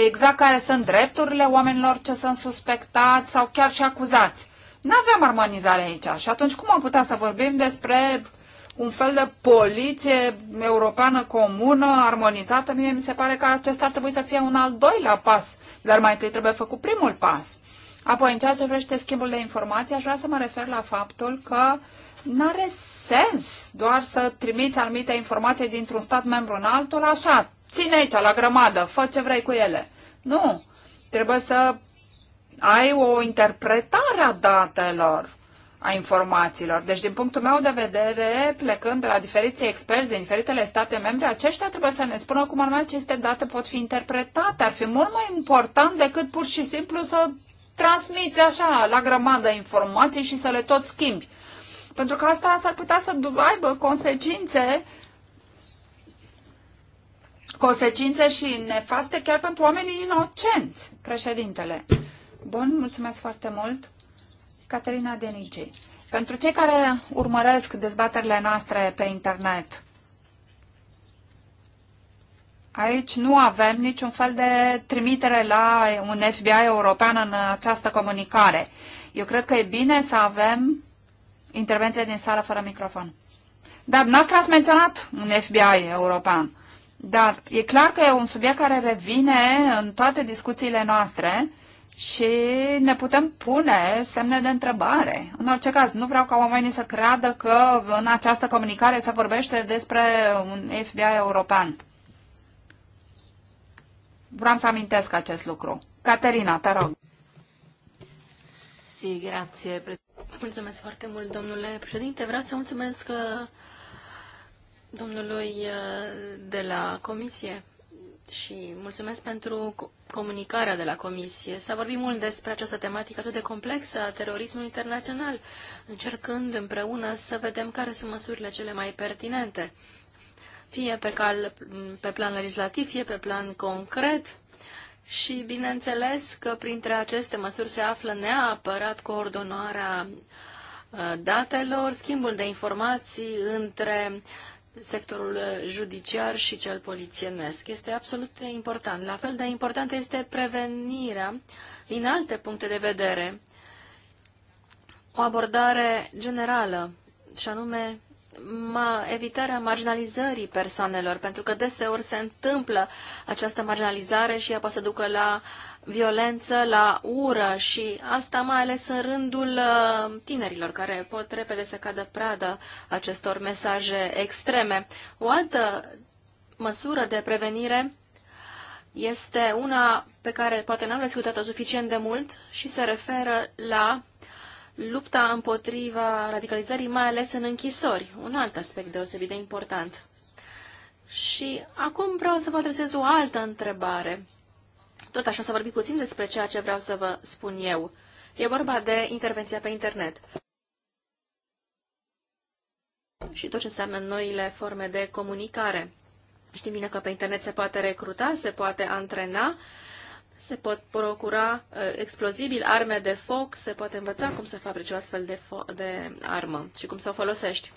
exact care sunt drepturile oamenilor ce sunt suspectați sau chiar și acuzați. Nu avem armonizare aici și atunci cum am putea să vorbim despre un fel de poliție europeană comună, armonizată, mie mi se pare că acesta ar trebui să fie un al doilea pas, dar mai întâi trebuie făcut primul pas. Apoi, în ceea ce vrește schimbul de informații, aș vrea să mă refer la faptul că nu are sens doar să trimiți anumite informații dintr-un stat membru în altul, așa, ține aici, la grămadă, fă ce vrei cu ele. Nu, trebuie să ai o interpretare a datelor a informațiilor. Deci, din punctul meu de vedere, plecând de la diferiții experți din diferitele state membre, aceștia trebuie să ne spună cum anume aceste date pot fi interpretate. Ar fi mult mai important decât pur și simplu să transmiți așa la grămadă informații și să le tot schimbi. Pentru că asta s-ar putea să aibă consecințe consecințe și nefaste chiar pentru oamenii inocenți, președintele. Bun, mulțumesc foarte mult. Caterina Denici. Pentru cei care urmăresc dezbaterile noastre pe internet, aici nu avem niciun fel de trimitere la un FBI european în această comunicare. Eu cred că e bine să avem intervenție din sală fără microfon. Dar noastră ați menționat un FBI european. Dar e clar că e un subiect care revine în toate discuțiile noastre și ne putem pune semne de întrebare. În orice caz, nu vreau ca oamenii să creadă că în această comunicare se vorbește despre un FBI european. Vreau să amintesc acest lucru. Caterina, te rog. Si, grație. Mulțumesc foarte mult, domnule președinte. Vreau să mulțumesc uh, domnului uh, de la comisie și mulțumesc pentru comunicarea de la Comisie. S-a vorbit mult despre această tematică atât de complexă a terorismului internațional, încercând împreună să vedem care sunt măsurile cele mai pertinente, fie pe, cal, pe plan legislativ, fie pe plan concret. Și bineînțeles că printre aceste măsuri se află neapărat coordonarea uh, datelor, schimbul de informații între uh, sectorul judiciar și cel polițienesc. Este absolut important. La fel de important este prevenirea din alte puncte de vedere, o abordare generală, și anume ma, evitarea marginalizării persoanelor, pentru că deseori se întâmplă această marginalizare și ea poate să ducă la uh, violență, la ură și asta mai ales în rândul uh, tinerilor care pot repede să cadă pradă acestor mesaje extreme. O altă măsură de prevenire este una pe care poate n-am discutat-o suficient de mult și se referă la lupta împotriva radicalizării, mai ales în închisori, un alt aspect deosebit de important. Și acum vreau să vă adresez o altă întrebare. Tot așa să vorbim puțin despre ceea ce vreau să vă spun eu. E vorba de intervenția pe internet și tot ce înseamnă noile forme de comunicare. Știm bine că pe internet se poate recruta, se poate antrena, se pot procura uh, explozibili, arme de foc, se poate învăța cum să fabrici o astfel de, de armă și cum să o folosești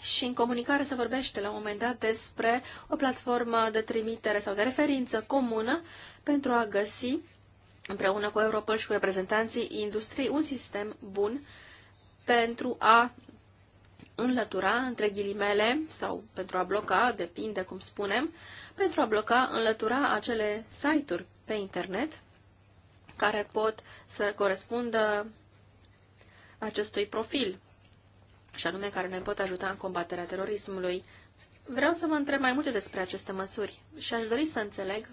și în comunicare se vorbește la un moment dat despre o platformă de trimitere sau de referință comună pentru a găsi, împreună cu Europol și cu reprezentanții industriei, un sistem bun pentru a înlătura, între ghilimele, sau pentru a bloca, depinde cum spunem, pentru a bloca, înlătura acele site-uri pe internet care pot să corespundă acestui profil și anume care ne pot ajuta în combaterea terorismului. Vreau să vă întreb mai multe despre aceste măsuri și aș dori să înțeleg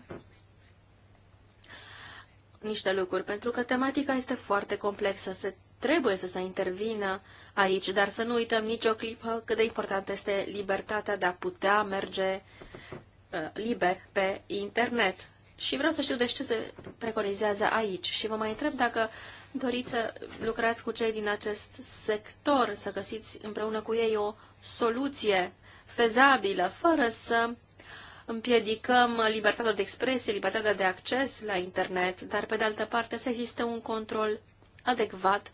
niște lucruri, pentru că tematica este foarte complexă, se trebuie să se intervină aici, dar să nu uităm nicio clipă cât de importantă este libertatea de a putea merge uh, liber pe internet. Și vreau să știu de ce se preconizează aici. Și vă mai întreb dacă doriți să lucrați cu cei din acest sector, să găsiți împreună cu ei o soluție fezabilă, fără să împiedicăm libertatea de expresie, libertatea de acces la internet, dar pe de altă parte să existe un control adecvat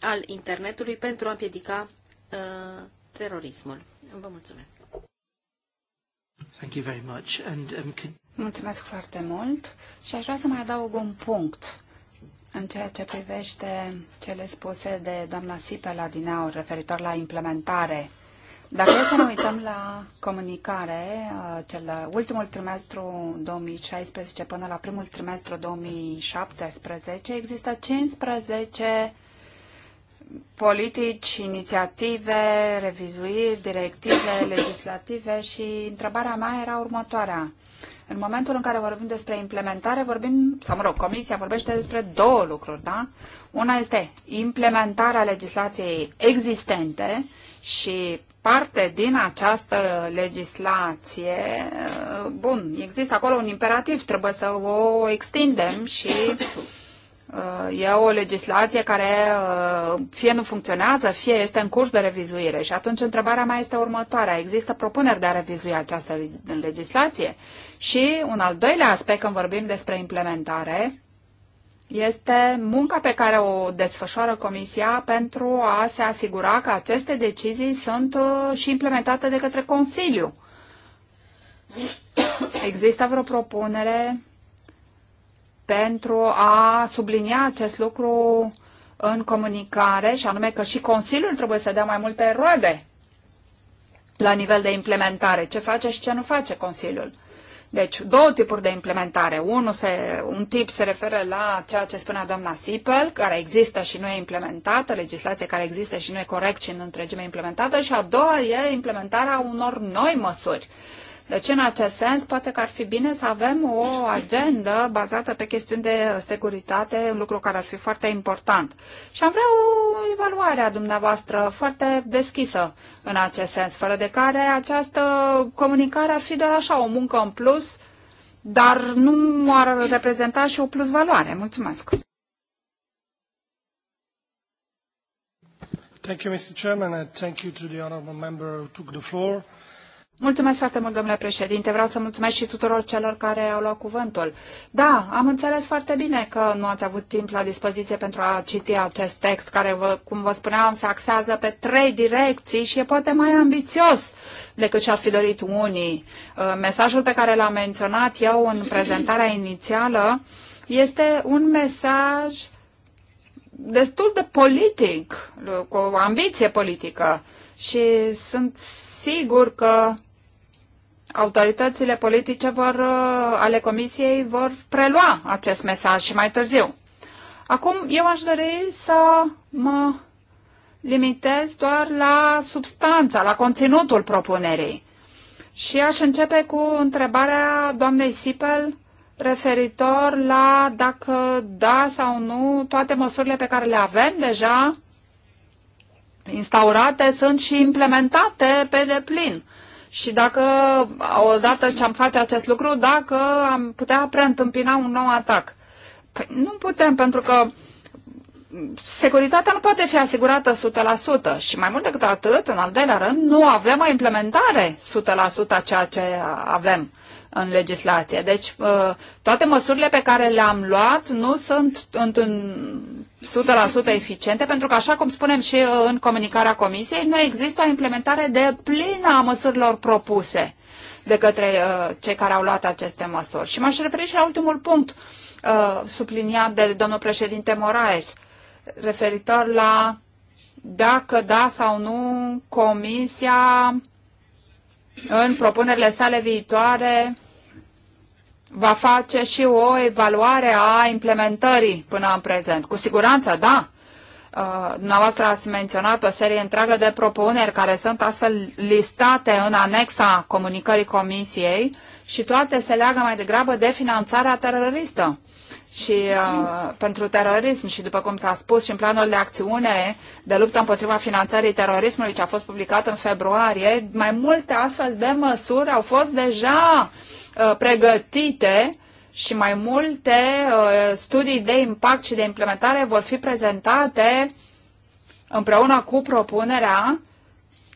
al internetului pentru a împiedica uh, terorismul. Vă mulțumesc. Thank you very much. And, um, could... Mulțumesc foarte mult și aș vrea să mai adaug un punct în ceea ce privește cele spuse de doamna sipe la aur referitor la implementare, dacă e să ne uităm la comunicare, uh, cel ultimul trimestru 2016 până la primul trimestru 2017, există 15 politici, inițiative, revizuiri, directive legislative și întrebarea mea era următoarea. În momentul în care vorbim despre implementare, vorbim, sau mă rog, Comisia vorbește despre două lucruri, da? Una este implementarea legislației existente și parte din această legislație, bun, există acolo un imperativ, trebuie să o extindem și uh, e o legislație care uh, fie nu funcționează, fie este în curs de revizuire. Și atunci întrebarea mea este următoarea. Există propuneri de a revizui această legislație? Și un al doilea aspect când vorbim despre implementare este munca pe care o desfășoară Comisia pentru a se asigura că aceste decizii sunt uh, și implementate de către Consiliu. Există vreo propunere pentru a sublinia acest lucru în comunicare și anume că și Consiliul trebuie să dea mai multe roade la nivel de implementare, ce face și ce nu face Consiliul. Deci, două tipuri de implementare. Unul se, un tip se referă la ceea ce spunea doamna Sipel, care există și nu e implementată, legislație care există și nu e corect și în întregime implementată, și a doua e implementarea unor noi măsuri deci, în acest sens, poate că ar fi bine să avem o agendă bazată pe chestiuni de securitate, un lucru care ar fi foarte important. Și am vrea o evaluare a dumneavoastră foarte deschisă în acest sens, fără de care această comunicare ar fi doar așa, o muncă în plus, dar nu ar reprezenta și o plus valoare. Mulțumesc! Thank you, Mr. Chairman, and thank you to the honorable member who took the floor. Mulțumesc foarte mult, domnule președinte. Vreau să mulțumesc și tuturor celor care au luat cuvântul. Da, am înțeles foarte bine că nu ați avut timp la dispoziție pentru a citi acest text care, vă, cum vă spuneam, se axează pe trei direcții și e poate mai ambițios decât ce-ar fi dorit unii. Uh, mesajul pe care l-am menționat eu în prezentarea inițială este un mesaj destul de politic, cu o ambiție politică și sunt sigur că autoritățile politice vor, uh, ale Comisiei vor prelua acest mesaj și mai târziu. Acum eu aș dori să mă limitez doar la substanța, la conținutul propunerii. Și aș începe cu întrebarea doamnei Sipel referitor la dacă da sau nu toate măsurile pe care le avem deja instaurate sunt și implementate pe deplin și dacă, odată ce am face acest lucru, dacă am putea preîntâmpina un nou atac. Păi nu putem, pentru că securitatea nu poate fi asigurată 100% și mai mult decât atât, în al doilea rând, nu avem o implementare 100% a ceea ce avem în legislație. Deci uh, toate măsurile pe care le-am luat nu sunt în 100% eficiente, pentru că, așa cum spunem și uh, în comunicarea Comisiei, nu există o implementare de plină a măsurilor propuse de către uh, cei care au luat aceste măsuri. Și m-aș referi și la ultimul punct uh, subliniat de domnul președinte Moraes, referitor la dacă da sau nu Comisia în propunerile sale viitoare va face și o evaluare a implementării până în prezent. Cu siguranță, da. Uh, dumneavoastră ați menționat o serie întreagă de propuneri care sunt astfel listate în anexa comunicării Comisiei și toate se leagă mai degrabă de finanțarea teroristă și uh, pentru terorism și după cum s-a spus și în planul de acțiune de luptă împotriva finanțării terorismului ce a fost publicat în februarie, mai multe astfel de măsuri au fost deja uh, pregătite și mai multe uh, studii de impact și de implementare vor fi prezentate împreună cu propunerea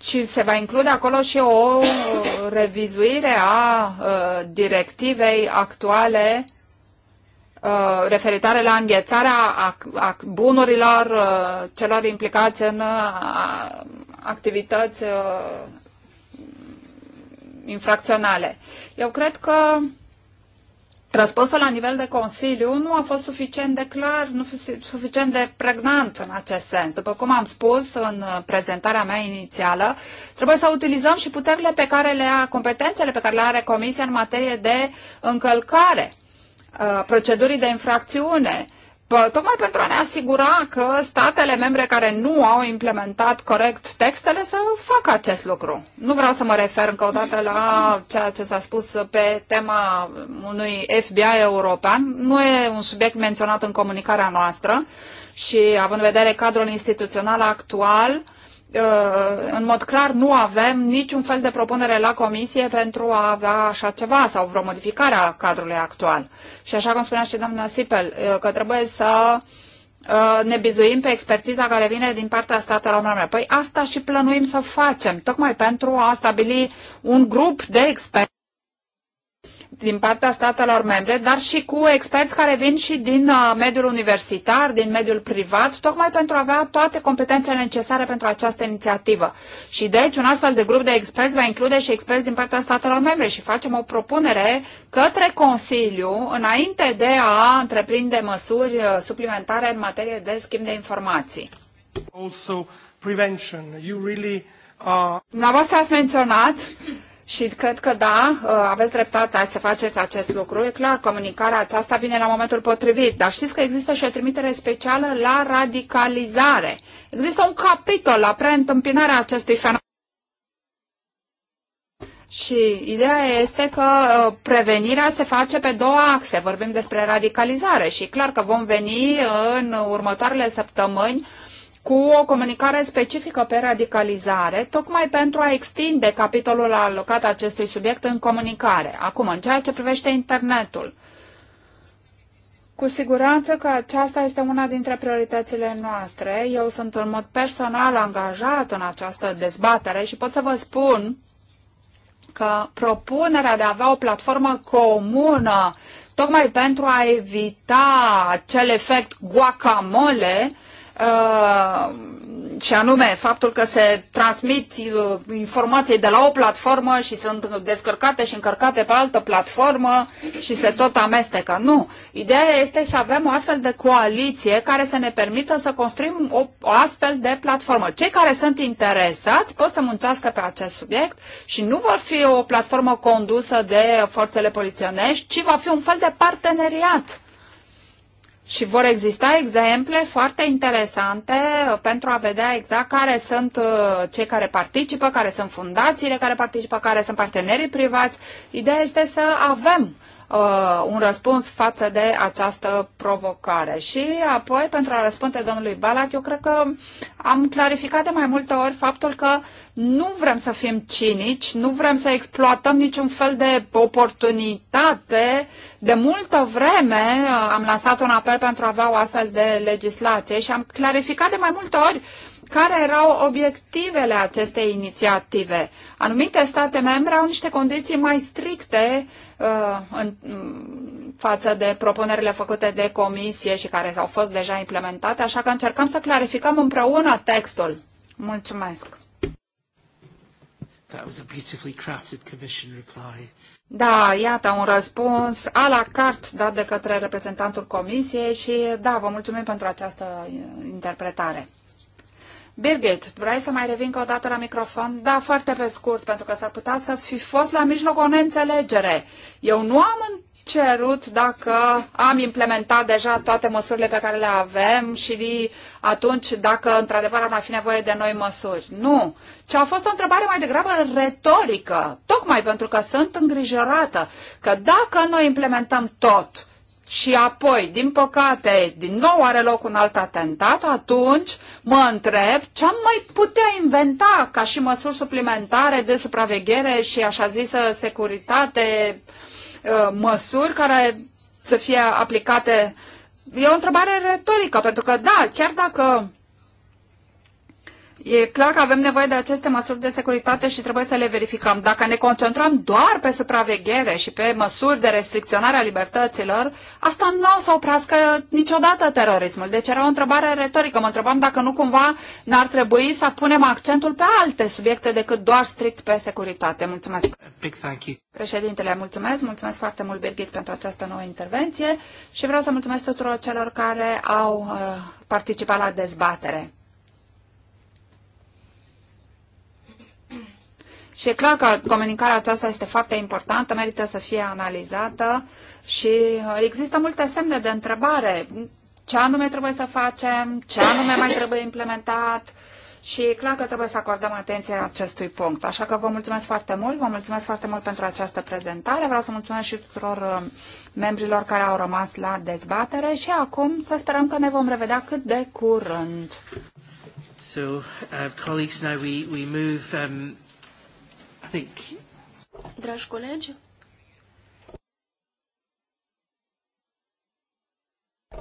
și se va include acolo și o revizuire a uh, directivei actuale Uh, referitoare la înghețarea bunurilor uh, celor implicați în uh, activități infracționale. Eu cred că răspunsul la nivel de Consiliu nu a fost suficient de clar, nu suficient de pregnant în acest sens. După cum am spus în prezentarea mea inițială, trebuie să utilizăm și puterile pe care le a, competențele pe care le are Comisia în materie de încălcare Uh, procedurii de infracțiune, tocmai pentru a ne asigura că statele membre care nu au implementat corect textele să facă acest lucru. Nu vreau să mă refer încă o dată la ceea ce s-a spus pe tema unui FBI european. Nu e un subiect menționat în comunicarea noastră și având în vedere cadrul instituțional actual, Uh, în mod clar nu avem niciun fel de propunere la comisie pentru a avea așa ceva sau vreo modificare a cadrului actual. Și așa cum spunea și doamna Sipel, uh, că trebuie să uh, ne bizuim pe expertiza care vine din partea statelor membre. Păi asta și plănuim să facem, tocmai pentru a stabili un grup de experți din partea statelor membre, dar și cu experți care vin și din uh, mediul universitar, din mediul privat, tocmai pentru a avea toate competențele necesare pentru această inițiativă. Și deci un astfel de grup de experți va include și experți din partea statelor membre și facem o propunere către Consiliu înainte de a întreprinde măsuri uh, suplimentare în materie de schimb de informații. Also, prevention. You really uh... Dumneavoastră ați menționat și cred că da, uh, aveți dreptate să faceți acest lucru. E clar, comunicarea aceasta vine la momentul potrivit, dar știți că există și o trimitere specială la radicalizare. Există un capitol la preîntâmpinarea acestui fenomen. Și ideea este că uh, prevenirea se face pe două axe. Vorbim despre radicalizare și clar că vom veni în următoarele săptămâni cu o comunicare specifică pe radicalizare, tocmai pentru a extinde capitolul alocat acestui subiect în comunicare. Acum, în ceea ce privește internetul, cu siguranță că aceasta este una dintre prioritățile noastre. Eu sunt în mod personal angajat în această dezbatere și pot să vă spun că propunerea de a avea o platformă comună tocmai pentru a evita acel efect guacamole Uh, și anume faptul că se transmit uh, informații de la o platformă și sunt descărcate și încărcate pe altă platformă și se tot amestecă. Nu. Ideea este să avem o astfel de coaliție care să ne permită să construim o, o astfel de platformă. Cei care sunt interesați pot să muncească pe acest subiect și nu vor fi o platformă condusă de forțele polițienești, ci va fi un fel de parteneriat și vor exista exemple foarte interesante uh, pentru a vedea exact care sunt uh, cei care participă, care sunt fundațiile care participă, care sunt partenerii privați. Ideea este să avem uh, un răspuns față de această provocare. Și apoi, pentru a răspunde domnului Balat, eu cred că am clarificat de mai multe ori faptul că uh, nu vrem să fim cinici, nu vrem să exploatăm niciun fel de oportunitate. De multă vreme uh, am lansat un apel pentru a avea o astfel de legislație și am clarificat de mai multe ori care erau obiectivele acestei inițiative. Anumite state membre au niște condiții mai stricte uh, în, mm, față de propunerile făcute de comisie și care au fost deja implementate, așa că încercăm să clarificăm împreună textul. Mulțumesc! That was a beautifully crafted commission reply. Da, iată un răspuns a la carte dat de către reprezentantul comisiei și da, vă mulțumim pentru această uh, interpretare. Birgit, vrei să mai revin o dată la microfon? Da, foarte pe scurt, pentru că s-ar putea să fi fost la mijloc o neînțelegere. Eu nu am cerut dacă am implementat deja toate măsurile pe care le avem și atunci dacă într-adevăr ar mai fi nevoie de noi măsuri. Nu, Ce a fost o întrebare mai degrabă retorică, tocmai pentru că sunt îngrijorată că dacă noi implementăm tot și apoi, din păcate, din nou are loc un alt atentat, atunci mă întreb ce am mai putea inventa ca și măsuri suplimentare de supraveghere și așa zisă securitate uh, Uh, măsuri care să fie aplicate. E o întrebare retorică, pentru că, da, chiar dacă E clar că avem nevoie de aceste măsuri de securitate și trebuie să le verificăm. Dacă ne concentrăm doar pe supraveghere și pe măsuri de restricționare a libertăților, asta nu o să oprească niciodată terorismul. Deci era o întrebare retorică. Mă întrebam dacă nu cumva n-ar trebui să punem accentul pe alte subiecte decât doar strict pe securitate. Mulțumesc. Big thank you. Președintele, mulțumesc. Mulțumesc foarte mult, Birgit, pentru această nouă intervenție și vreau să mulțumesc tuturor celor care au uh, participat la dezbatere. Și e clar că comunicarea aceasta este foarte importantă, merită să fie analizată și uh, există multe semne de întrebare. Ce anume trebuie să facem, ce anume mai trebuie implementat și e clar că trebuie să acordăm atenție acestui punct. Așa că vă mulțumesc foarte mult, vă mulțumesc foarte mult pentru această prezentare. Vreau să mulțumesc și tuturor uh, membrilor care au rămas la dezbatere și acum să sperăm că ne vom revedea cât de curând. So, uh, colleagues, now we, we move um, think... Dragi colegi,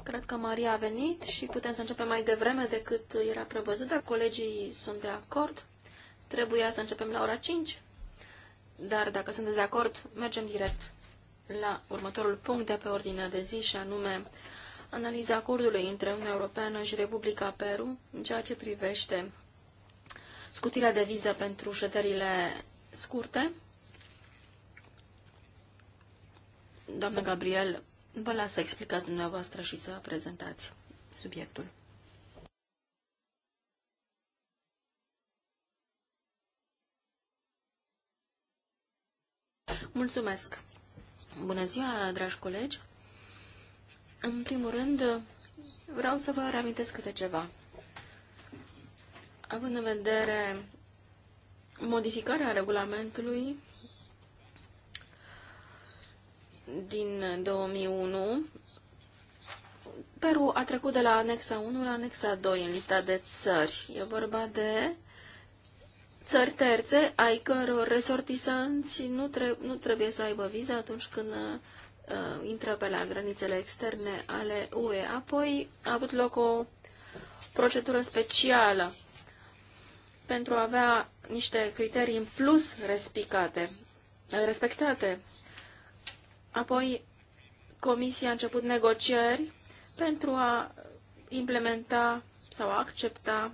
cred că Maria a venit și putem să începem mai devreme decât era prevăzut, dar colegii sunt de acord. Trebuia să începem la ora 5, dar dacă sunteți de acord, mergem direct la următorul punct de pe ordinea de zi și anume analiza acordului între Uniunea Europeană și Republica Peru în ceea ce privește scutirea de viză pentru șederile scurte. Doamna Gabriel, vă las să explicați dumneavoastră și să prezentați subiectul. Mulțumesc! Bună ziua, dragi colegi! În primul rând, vreau să vă reamintesc câte ceva având în vedere modificarea regulamentului din 2001, Peru a trecut de la anexa 1 la anexa 2 în lista de țări. E vorba de țări terțe ai căror resortisanți nu, tre- nu trebuie să aibă viză atunci când uh, intră pe la granițele externe ale UE. Apoi a avut loc o procedură specială pentru a avea niște criterii în plus respicate, respectate. Apoi, Comisia a început negocieri pentru a implementa sau a accepta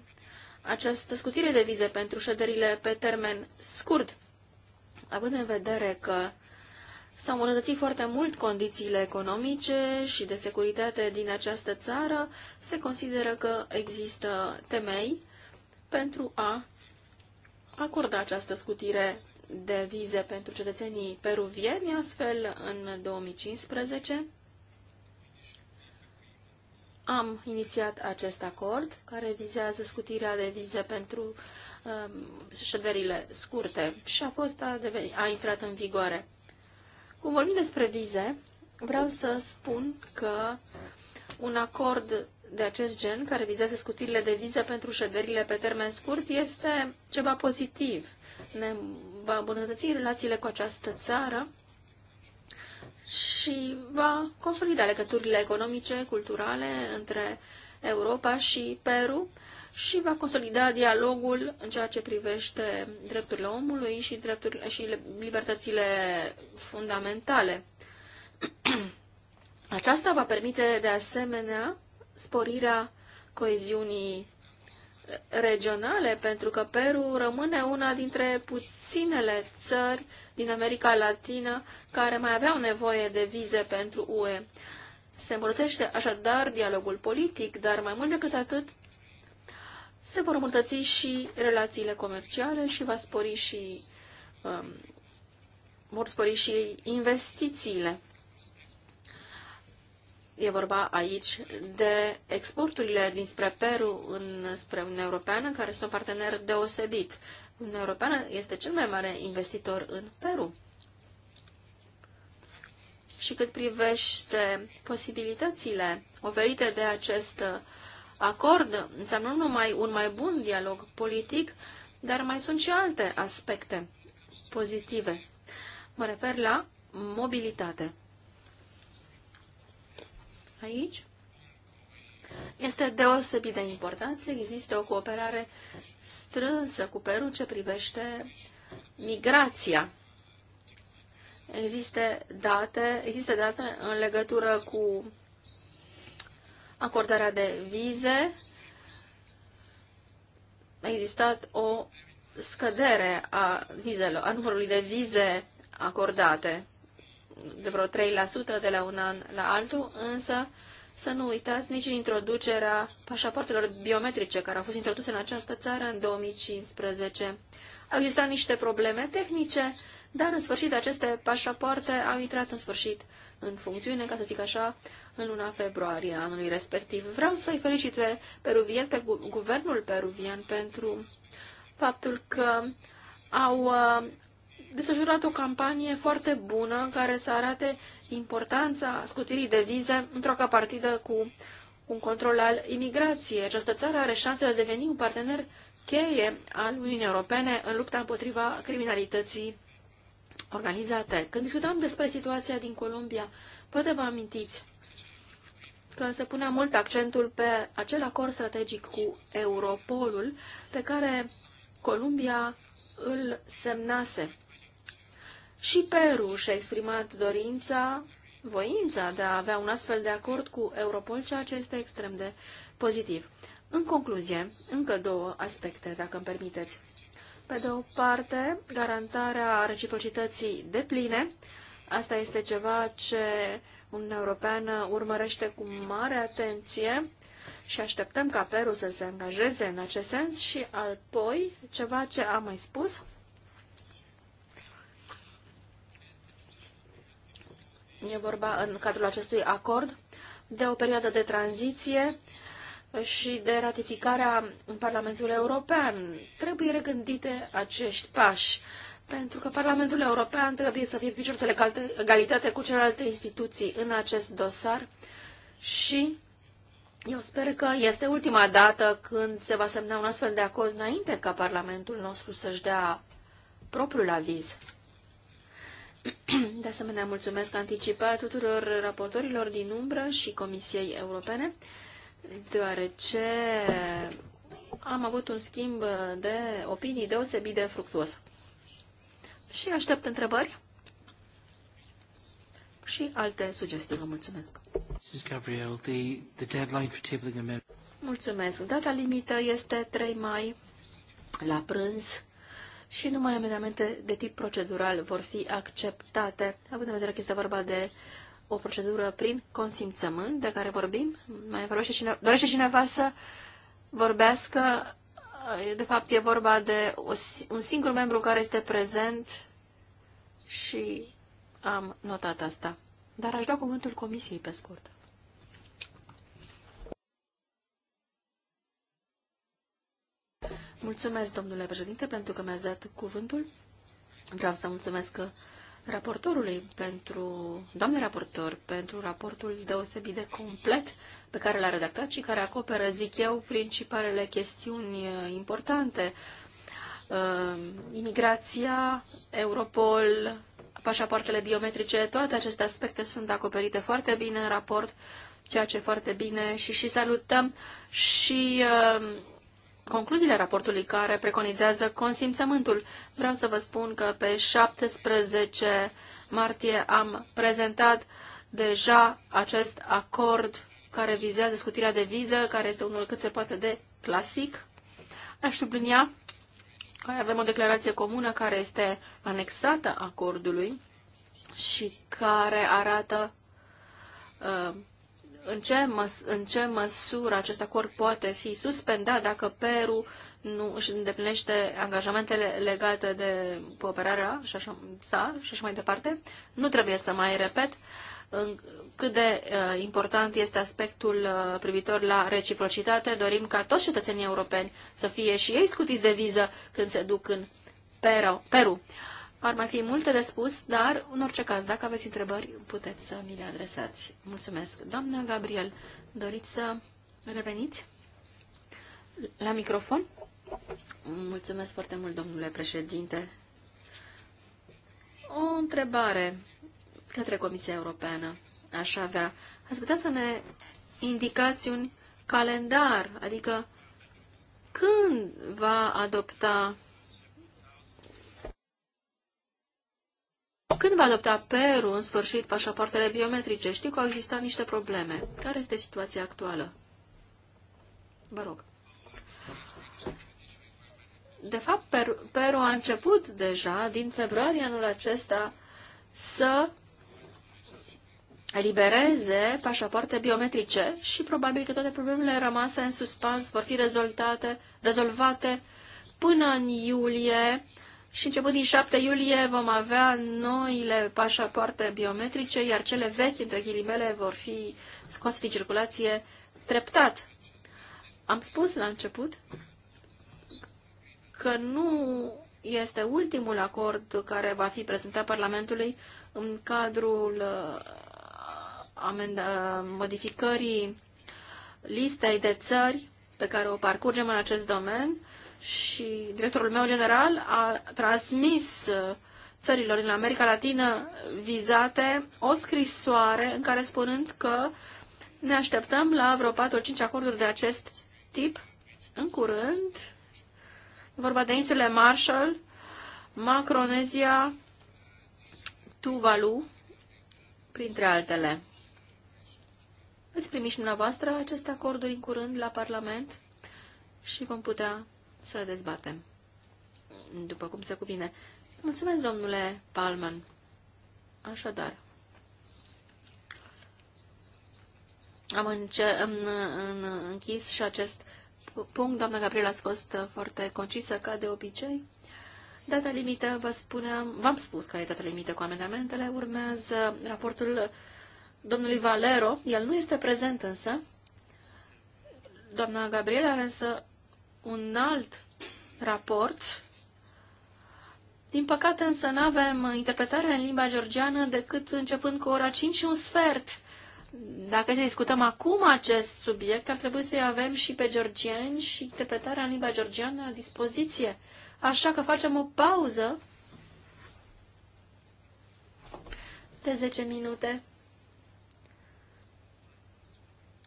această scutire de vize pentru șederile pe termen scurt, având în vedere că s-au îmbunătățit foarte mult condițiile economice și de securitate din această țară, se consideră că există temei pentru a acorda această scutire de vize pentru cetățenii peruvieni, astfel în 2015 am inițiat acest acord care vizează scutirea de vize pentru um, șederile scurte și a fost a, deveni, a intrat în vigoare. Cum vorbim despre vize, vreau să spun că un acord de acest gen, care vizează scutirile de viză pentru șederile pe termen scurt, este ceva pozitiv. Ne va îmbunătăți relațiile cu această țară și va consolida legăturile economice, culturale între Europa și Peru și va consolida dialogul în ceea ce privește drepturile omului și, drepturile, și libertățile fundamentale. (clears throat) Aceasta va permite de asemenea sporirea coeziunii regionale, pentru că Peru rămâne una dintre puținele țări din America Latină care mai aveau nevoie de vize pentru UE. Se îmbunătățește așadar dialogul politic, dar mai mult decât atât se vor îmbunătăți și relațiile comerciale și va spori și, um, vor spori și investițiile. E vorba aici de exporturile dinspre Peru în, spre Uniunea Europeană, care este un partener deosebit. Uniunea Europeană este cel mai mare investitor în Peru. Și cât privește posibilitățile oferite de acest acord, înseamnă nu numai un mai bun dialog politic, dar mai sunt și alte aspecte pozitive. Mă refer la mobilitate aici. Este deosebit de important să existe o cooperare strânsă cu Peru ce privește migrația. Există date, există date în legătură cu acordarea de vize. A existat o scădere a vizelor, a numărului de vize acordate de vreo 3% de la un an la altul, însă să nu uitați nici introducerea pașapoartelor biometrice care au fost introduse în această țară în 2015. Au existat niște probleme tehnice, dar în sfârșit aceste pașapoarte au intrat în sfârșit în funcțiune, ca să zic așa, în luna februarie anului respectiv. Vreau să-i felicit pe peruvien, pe guvernul peruvian pentru faptul că au uh, desfășurat o campanie foarte bună în care să arate importanța scutirii de vize într-o capartidă cu un control al imigrației. Această țară are șanse de a deveni un partener cheie al Uniunii Europene în lupta împotriva criminalității organizate. Când discutam despre situația din Columbia, poate vă amintiți că se punea mult accentul pe acel acord strategic cu Europolul pe care Columbia îl semnase. Și Peru și-a exprimat dorința, voința de a avea un astfel de acord cu Europol, ceea ce este extrem de pozitiv. În concluzie, încă două aspecte, dacă îmi permiteți. Pe de o parte, garantarea reciprocității de pline. Asta este ceva ce Uniunea Europeană urmărește cu mare atenție și așteptăm ca Peru să se angajeze în acest sens și apoi ceva ce am mai spus, E vorba în cadrul acestui acord de o perioadă de tranziție și de ratificarea în Parlamentul European. Trebuie regândite acești pași, pentru că Parlamentul European trebuie să fie picior de egalitate cu celelalte instituții în acest dosar și eu sper că este ultima dată când se va semna un astfel de acord înainte ca Parlamentul nostru să-și dea propriul aviz. De asemenea, mulțumesc anticipat tuturor raportorilor din umbră și Comisiei Europene, deoarece am avut un schimb de opinii deosebit de fructuos. Și aștept întrebări și alte sugestii. Vă mulțumesc. Mrs. Gabriel, the, the deadline for tabling a Mulțumesc. Data limită este 3 mai la prânz și numai amendamente de tip procedural vor fi acceptate, având în vedere că este vorba de o procedură prin consimțământ de care vorbim. Mai vorbește cineva, dorește cineva să vorbească. De fapt, e vorba de o, un singur membru care este prezent și am notat asta. Dar aș da cuvântul comisiei pe scurt. Mulțumesc, domnule președinte, pentru că mi-ați dat cuvântul. Vreau să mulțumesc raportorului pentru, doamne raportor, pentru raportul deosebit de complet pe care l-a redactat și care acoperă, zic eu, principalele chestiuni uh, importante. Uh, imigrația, Europol, pașapoartele biometrice, toate aceste aspecte sunt acoperite foarte bine în raport, ceea ce foarte bine și și salutăm și uh, concluziile raportului care preconizează consimțământul. Vreau să vă spun că pe 17 martie am prezentat deja acest acord care vizează scutirea de viză, care este unul cât se poate de clasic. Aș sublinia că avem o declarație comună care este anexată acordului și care arată uh, în ce, măs- în ce măsură acest acord poate fi suspendat dacă Peru nu își îndeplinește angajamentele legate de cooperarea și așa, sa, și așa mai departe. Nu trebuie să mai repet cât de uh, important este aspectul uh, privitor la reciprocitate. Dorim ca toți cetățenii europeni să fie și ei scutiți de viză când se duc în Peru. Peru. Uh, ar mai fi multe de spus, dar, în orice caz, dacă aveți întrebări, puteți să mi le adresați. Mulțumesc. Doamna Gabriel, doriți să reveniți la microfon? Mulțumesc foarte mult, domnule președinte. O întrebare către Comisia Europeană. Aș avea. Ați putea să ne indicați un calendar, adică când va adopta Când va adopta Peru în sfârșit pașapoartele biometrice? Știu că au existat niște probleme. Care este situația actuală? Vă rog. De fapt, Peru, Peru a început deja, din februarie anul acesta, să elibereze pașapoarte biometrice și probabil că toate problemele rămase în suspans vor fi rezolvate, rezolvate până în iulie și început din 7 iulie vom avea noile pașapoarte biometrice, iar cele vechi, între ghilimele, vor fi scoase din circulație treptat. Am spus la început că nu este ultimul acord care va fi prezentat Parlamentului în cadrul uh, modificării listei de țări pe care o parcurgem în acest domeniu și directorul meu general a transmis uh, țărilor din America Latină vizate o scrisoare în care spunând că ne așteptăm la vreo 4-5 acorduri de acest tip în curând. E vorba de insulele Marshall, Macronezia, Tuvalu, printre altele. Veți primi și dumneavoastră aceste acorduri în curând la Parlament și vom putea să dezbatem, după cum se cuvine. Mulțumesc, domnule Palman. Așadar, am, înce- am în, în, închis și acest punct. Doamna Gabriel, a fost foarte concisă, ca de obicei. Data limită, vă spuneam, v-am spus care e data limită cu amendamentele. Urmează raportul domnului Valero. El nu este prezent însă. Doamna Gabriela are însă un alt raport. Din păcate însă nu avem interpretarea în limba georgiană decât începând cu ora 5 și un sfert. Dacă discutăm acum acest subiect, ar trebui să-i avem și pe georgieni și interpretarea în limba georgiană la dispoziție. Așa că facem o pauză de 10 minute.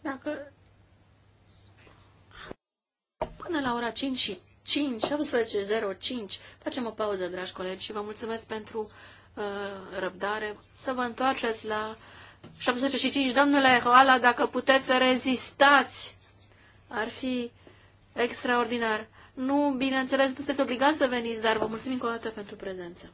Dacă Până la ora 5 și 5, 18.05, facem o pauză, dragi colegi, și vă mulțumesc pentru uh, răbdare. Să vă întoarceți la 75, domnule Hoala, dacă puteți să rezistați. Ar fi extraordinar. Nu, bineînțeles, nu sunteți obligați să veniți, dar vă mulțumim încă o dată pentru prezență.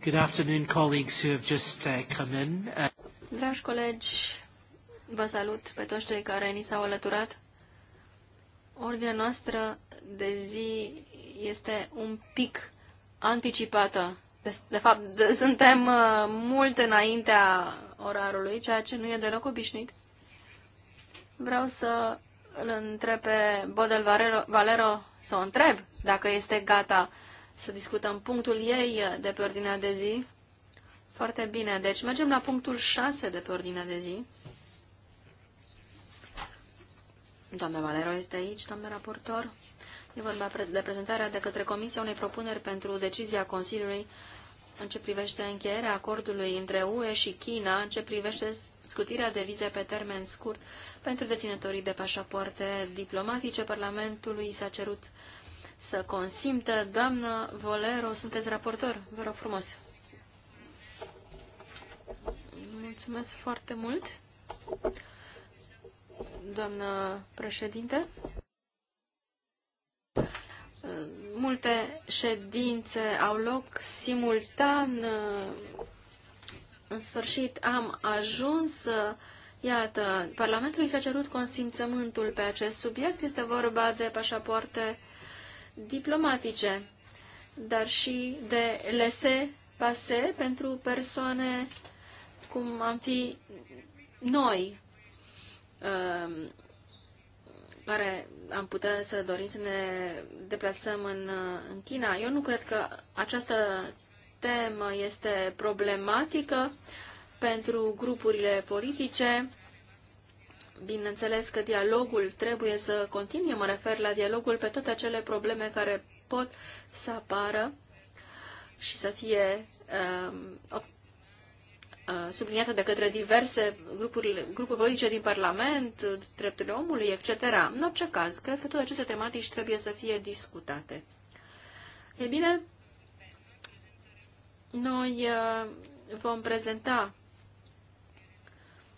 Good afternoon, colleagues who have just uh, come in. Uh, Dragi colegi, vă salut pe toți cei care ni s-au alăturat. Ordinea noastră de zi este un pic anticipată. De, de fapt, de, suntem uh, mult înaintea orarului, ceea ce nu e deloc obișnuit. Vreau să îl întreb pe Bodel Valero, Valero să o întreb dacă este gata uh, să discutăm punctul ei de pe ordinea de zi. Foarte bine. Deci mergem la punctul 6 de pe ordinea de zi. Doamne Valero este aici, doamne raportor. E vorba de prezentarea de către Comisia unei propuneri pentru decizia Consiliului în ce privește încheierea acordului între UE și China, în ce privește scutirea de vize pe termen scurt pentru deținătorii de pașapoarte diplomatice. Parlamentului s-a cerut uh, să consimtă. Doamnă Volero, sunteți raportor. Vă rog frumos. Mulțumesc foarte mult, doamnă președinte. Multe ședințe au loc simultan. În sfârșit am ajuns Iată, Parlamentul și-a cerut consimțământul pe acest subiect. Este vorba de pașapoarte diplomatice, dar și de lese pase pentru persoane cum am fi noi, um, care am putea să dorim să ne deplasăm în, uh, în China. Eu nu cred că această temă este problematică pentru grupurile politice Bineînțeles că dialogul trebuie să continue, mă refer la dialogul pe toate acele probleme care pot să apară și să fie um, uh, subliniată de către diverse grupuri, grupuri politice din Parlament, drepturile omului, etc. În orice caz, cred că toate aceste tematici trebuie să fie discutate. E bine, noi uh, vom prezenta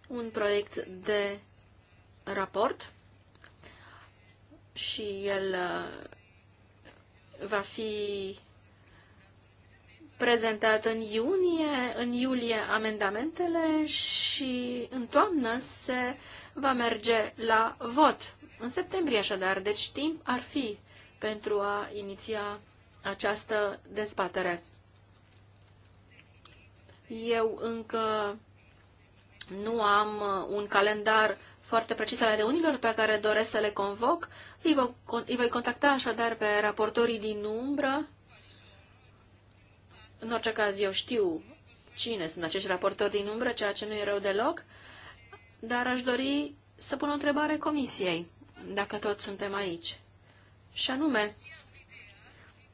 un proiect de raport și el uh, va fi prezentat în iunie, în iulie amendamentele și în toamnă se va merge la vot. În septembrie așadar, deci timp ar fi pentru a iniția această dezbatere. Eu încă nu am uh, un calendar foarte precis ale reunilor pe care doresc să le convoc. Îi voi, îi voi contacta așadar pe raportorii din umbră. În orice caz, eu știu cine sunt acești raportori din umbră, ceea ce nu e rău deloc, dar aș dori să pun o întrebare comisiei, dacă toți suntem aici. Și anume,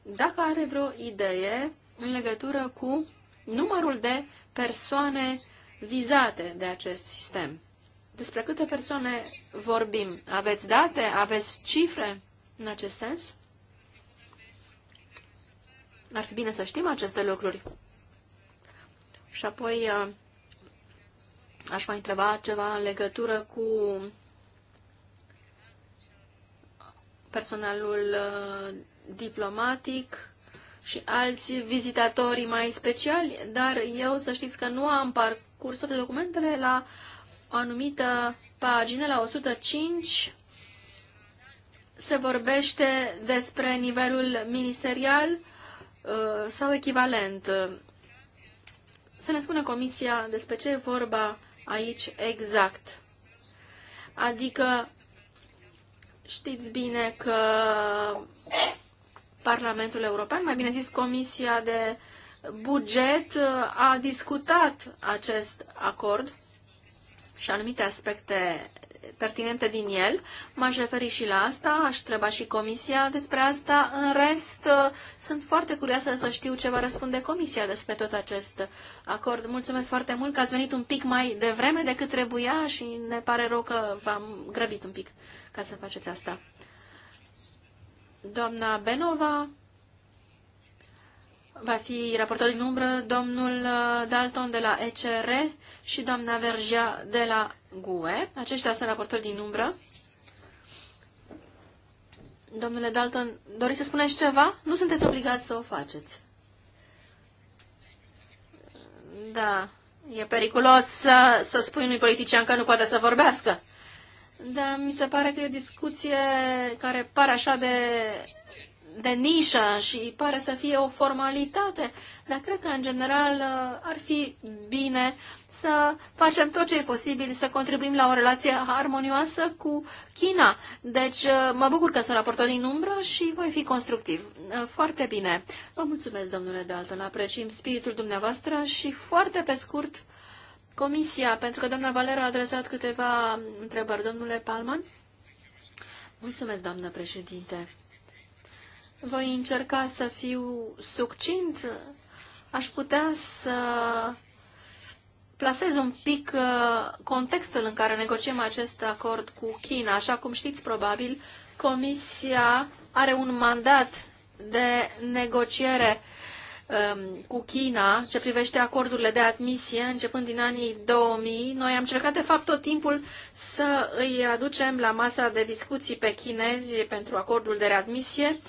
dacă are vreo idee în legătură cu numărul de persoane vizate de acest sistem. Despre câte persoane vorbim? Aveți date? Aveți cifre în acest sens? Ar fi bine să știm aceste lucruri. Și apoi uh, aș mai întreba ceva în legătură cu personalul uh, diplomatic și alți vizitatori mai speciali, dar eu să știți că nu am parcurs toate documentele la uh, o anumită pagină, la 105, se vorbește despre nivelul ministerial uh, sau echivalent. Să ne spună Comisia despre ce e vorba aici exact. Adică știți bine că Parlamentul European, mai bine zis Comisia de Buget, uh, a discutat acest acord și anumite aspecte pertinente din el. M-aș referi și la asta, aș treba și comisia despre asta. În rest, sunt foarte curioasă să știu ce va răspunde comisia despre tot acest acord. Mulțumesc foarte mult că ați venit un pic mai devreme decât trebuia și ne pare rău că v-am grăbit un pic ca să faceți asta. Doamna Benova, va fi raportat din umbră domnul uh, Dalton de la ECR și doamna Vergea de la GUE. Aceștia sunt raportori din umbră. Domnule Dalton, doriți să spuneți ceva? Nu sunteți obligați să o faceți. Da, e periculos să, să spui unui politician că nu poate să vorbească. Da, mi se pare că e o discuție care pare așa de de nișă și pare să fie o formalitate, dar cred că, în general, uh, ar fi bine să facem tot ce e posibil să contribuim la o relație armonioasă cu China. Deci, uh, mă bucur că sunt raportor din umbră și voi fi constructiv. Uh, foarte bine. Vă mulțumesc, domnule Dalton. Apreciem spiritul dumneavoastră și, foarte pe scurt, Comisia, pentru că doamna Valera a adresat câteva întrebări. Domnule Palman? Mulțumesc, doamnă președinte. Voi încerca să fiu succint. Aș putea să plasez un pic uh, contextul în care negociem acest acord cu China. Așa cum știți, probabil, Comisia are un mandat de negociere um, cu China ce privește acordurile de admisie începând din anii 2000. Noi am încercat de fapt tot timpul să îi aducem la masa de discuții pe chinezi pentru acordul de readmisie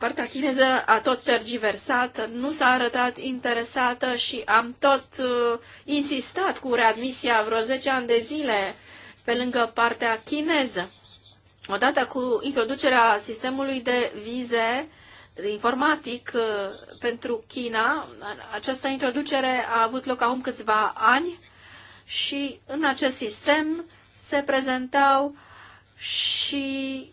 partea chineză a tot sergiversat, nu s-a arătat interesată și am tot uh, insistat cu readmisia vreo 10 ani de zile pe lângă partea chineză. Odată cu introducerea sistemului de vize informatic uh, pentru China, această introducere a avut loc acum câțiva ani și în acest sistem se prezentau și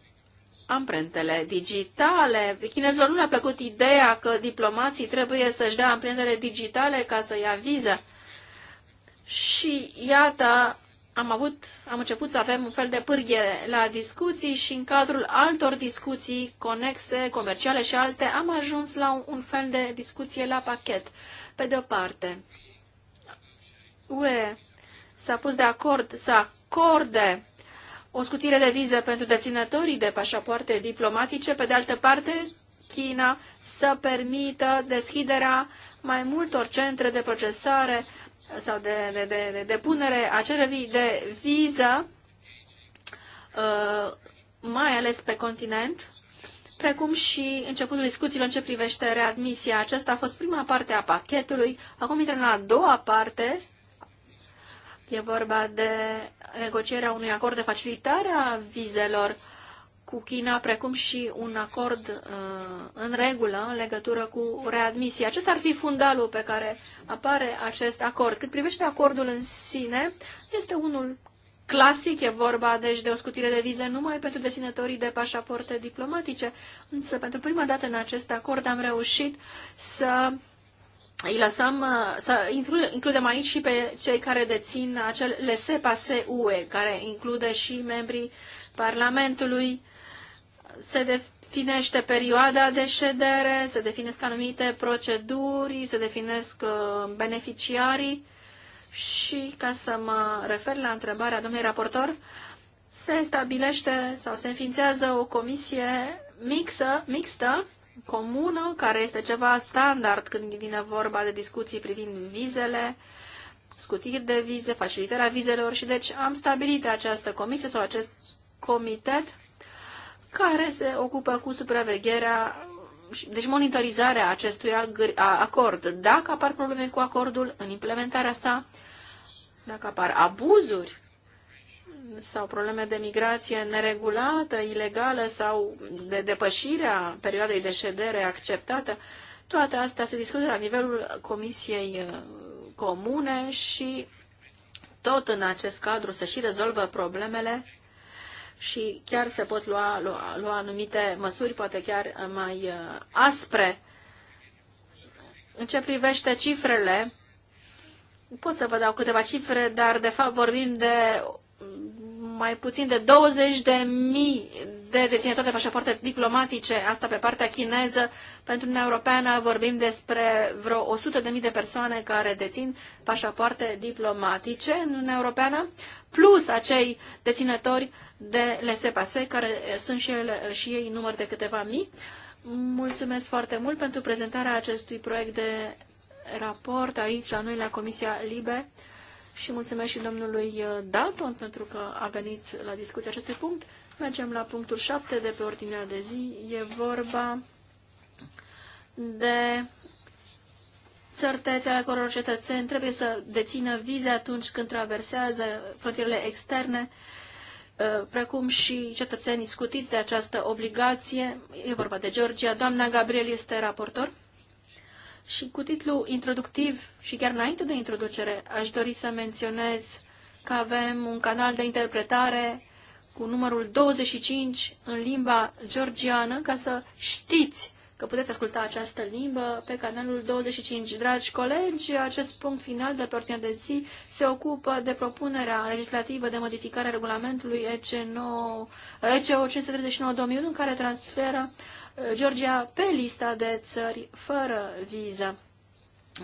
amprentele digitale. Chinezilor nu le-a plăcut ideea că diplomații trebuie să-și dea amprentele digitale ca să i viză. Și iată, am, avut, am început să avem un fel de pârghie la discuții și în cadrul altor discuții conexe, comerciale și alte, am ajuns la un fel de discuție la pachet. Pe de-o parte, UE s-a pus de acord să acorde o scutire de viză pentru deținătorii de pașapoarte diplomatice, pe de altă parte China să permită deschiderea mai multor centre de procesare sau de, de, de, de depunere a cererii de viză, uh, mai ales pe continent, precum și începutul discuțiilor în ce privește readmisia. Aceasta a fost prima parte a pachetului. Acum intrăm la a doua parte. E vorba de negocierea unui acord de facilitare a vizelor cu China, precum și un acord uh, în regulă în legătură cu readmisia. Acesta ar fi fundalul pe care apare acest acord. Cât privește acordul în sine, este unul clasic, e vorba deci de o scutire de vize numai pentru deținătorii de pașaporte diplomatice, însă pentru prima dată în acest acord am reușit să îi lăsăm uh, să includem aici și pe cei care dețin acel lese UE, care include și membrii Parlamentului. Se definește perioada de ședere, se definesc anumite proceduri, se definesc uh, beneficiarii și, ca să mă refer la întrebarea domnului raportor, se stabilește sau se înființează o comisie mixă, mixtă comună, care este ceva standard când vine vorba de discuții privind vizele, scutiri de vize, facilitarea vizelor și deci am stabilit această comisie sau acest comitet care se ocupă cu supravegherea deci monitorizarea acestui acord, dacă apar probleme cu acordul în implementarea sa, dacă apar abuzuri sau probleme de migrație neregulată, ilegală sau de depășirea perioadei de ședere acceptată, toate astea se discută la nivelul Comisiei uh, Comune și tot în acest cadru se și rezolvă problemele și chiar se pot lua, lua, lua anumite măsuri, poate chiar mai uh, aspre. În ce privește cifrele, pot să vă dau câteva cifre, dar de fapt vorbim de mai puțin de 20 de mii de deținători de pașapoarte diplomatice, asta pe partea chineză. Pentru Uniunea Europeană vorbim despre vreo 100 de mii de persoane care dețin pașapoarte diplomatice în Uniunea Europeană, plus acei deținători de lesepase, care sunt și, ele, și ei număr de câteva mii. Mulțumesc foarte mult pentru prezentarea acestui proiect de raport aici la noi la Comisia Libe și mulțumesc și domnului uh, Dalton pentru că a venit la discuția acestui punct. Mergem la punctul 7 de pe ordinea de zi. E vorba de țărtețe ale căror cetățeni trebuie să dețină vize atunci când traversează frontierele externe, uh, precum și cetățenii scutiți de această obligație. E vorba de Georgia. Doamna Gabriel este raportor. Și cu titlu introductiv și chiar înainte de introducere, aș dori să menționez că avem un canal de interpretare cu numărul 25 în limba georgiană, ca să știți că puteți asculta această limbă pe canalul 25. Dragi colegi, acest punct final de pe ordinea de zi se ocupă de propunerea legislativă de modificare a regulamentului ECO 539-2001, care transferă uh, Georgia pe lista de țări fără viză.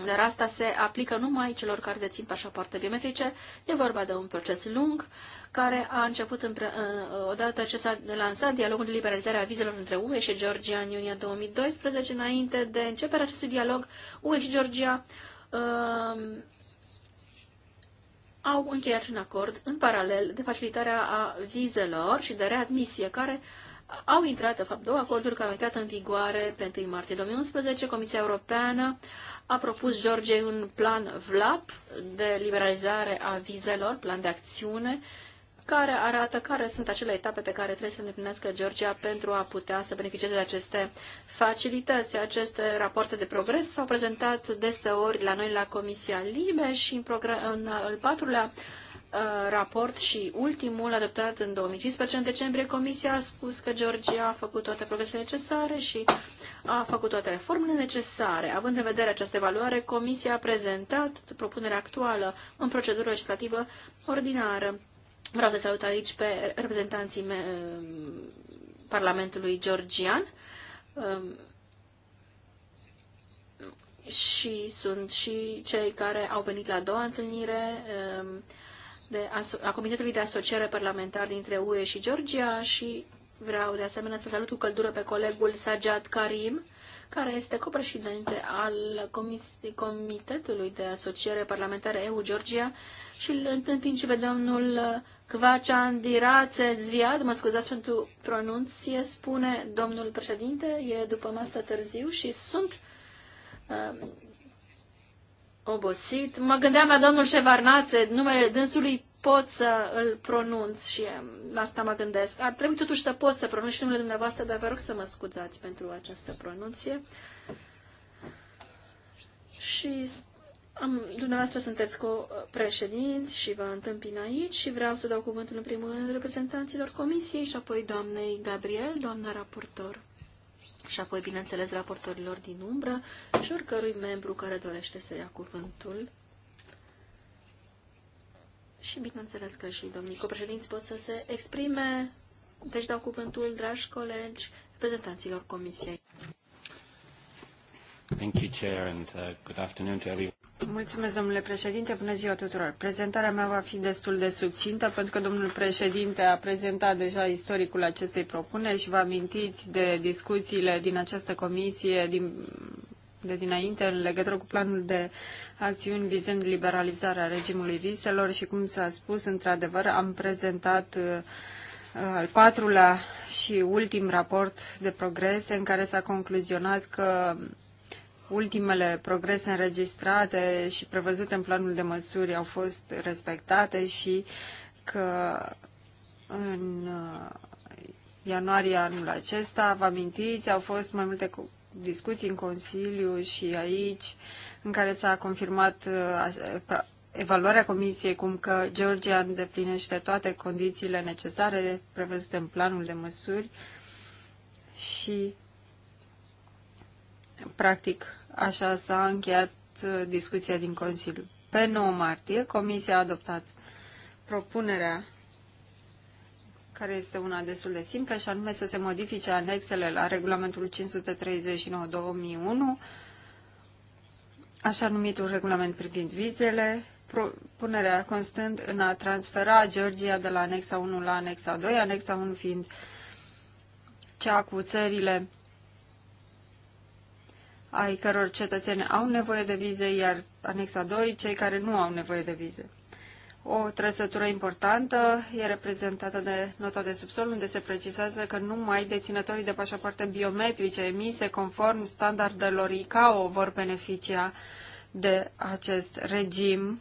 Dar asta se aplică numai celor care dețin pașapoarte biometrice. E vorba de un proces lung care a început împre... Uh, odată ce s-a lansat dialogul de liberalizare a vizelor între UE și Georgia în iunie 2012. Înainte de începerea acestui dialog, UE și Georgia uh, au încheiat un acord în paralel de facilitarea a vizelor și de readmisie care uh, au intrat, de fapt, două acorduri care au intrat în vigoare pe 1 martie 2011. Comisia Europeană a propus Georgiei un plan VLAP de liberalizare a vizelor, plan de acțiune, care arată care sunt acele etape pe care trebuie să îndeplinească Georgia pentru a putea să beneficieze de aceste facilități. Aceste rapoarte de progres s-au prezentat deseori la noi la Comisia Libe și în, în al patrulea Uh, raport și ultimul adoptat în 2015, în decembrie, Comisia a spus că Georgia a făcut toate progresele necesare și a făcut toate reformele necesare. Având în vedere această evaluare, Comisia a prezentat propunerea actuală în procedură legislativă ordinară. Vreau să salut aici pe reprezentanții uh, Parlamentului georgian um, și sunt și cei care au venit la a doua întâlnire um, de, a Comitetului de Asociere Parlamentar dintre UE și Georgia și vreau de asemenea să salut cu căldură pe colegul Sajad Karim, care este copreședinte al Comitetului de Asociere Parlamentară EU-Georgia și îl întâmpin și pe domnul Kvacian Dirațe Zviad, mă scuzați pentru pronunție, spune domnul președinte, e după masă târziu și sunt uh, obosit. Mă gândeam la domnul Șevarnațe, numele dânsului pot să îl pronunț și eh, la asta mă gândesc. Ar trebui totuși să pot să pronunț și numele dumneavoastră, dar vă rog să mă scuzați pentru această pronunție. Și am, dumneavoastră sunteți cu președinți și vă întâmpin aici și vreau să dau cuvântul în primul rând reprezentanților comisiei și apoi doamnei Gabriel, doamna raportor și apoi, bineînțeles, raportorilor din umbră și oricărui membru care dorește să ia cuvântul. Și, bineînțeles, că și domnii copreședinți pot să se exprime. Deci dau cuvântul, dragi colegi, reprezentanților Comisiei. Thank you, Chair, and uh, good afternoon to everyone. Mulțumesc, domnule președinte. Bună ziua tuturor. Prezentarea mea va fi destul de succintă, pentru că domnul președinte a prezentat deja istoricul acestei propuneri și vă amintiți de discuțiile din această comisie din, de dinainte în legătură cu planul de acțiuni vizând liberalizarea regimului viselor și, cum s-a spus, într-adevăr, am prezentat uh, al patrulea și ultim raport de progrese în care s-a concluzionat că ultimele progrese înregistrate și prevăzute în planul de măsuri au fost respectate și că în uh, ianuarie anul acesta, vă amintiți, au fost mai multe discuții în Consiliu și aici, în care s-a confirmat uh, evaluarea Comisiei cum că Georgia îndeplinește toate condițiile necesare prevăzute în planul de măsuri și practic Așa s-a încheiat uh, discuția din Consiliu. Pe 9 martie, Comisia a adoptat propunerea care este una destul de simplă și anume să se modifice anexele la regulamentul 539-2001, așa numitul regulament privind vizele, propunerea constând în a transfera Georgia de la anexa 1 la anexa 2, anexa 1 fiind cea cu țările ai căror cetățeni au nevoie de vize, iar anexa 2, cei care nu au nevoie de vize. O trăsătură importantă e reprezentată de nota de subsol, unde se precizează că numai deținătorii de pașapoarte biometrice emise conform standardelor ICAO vor beneficia de acest regim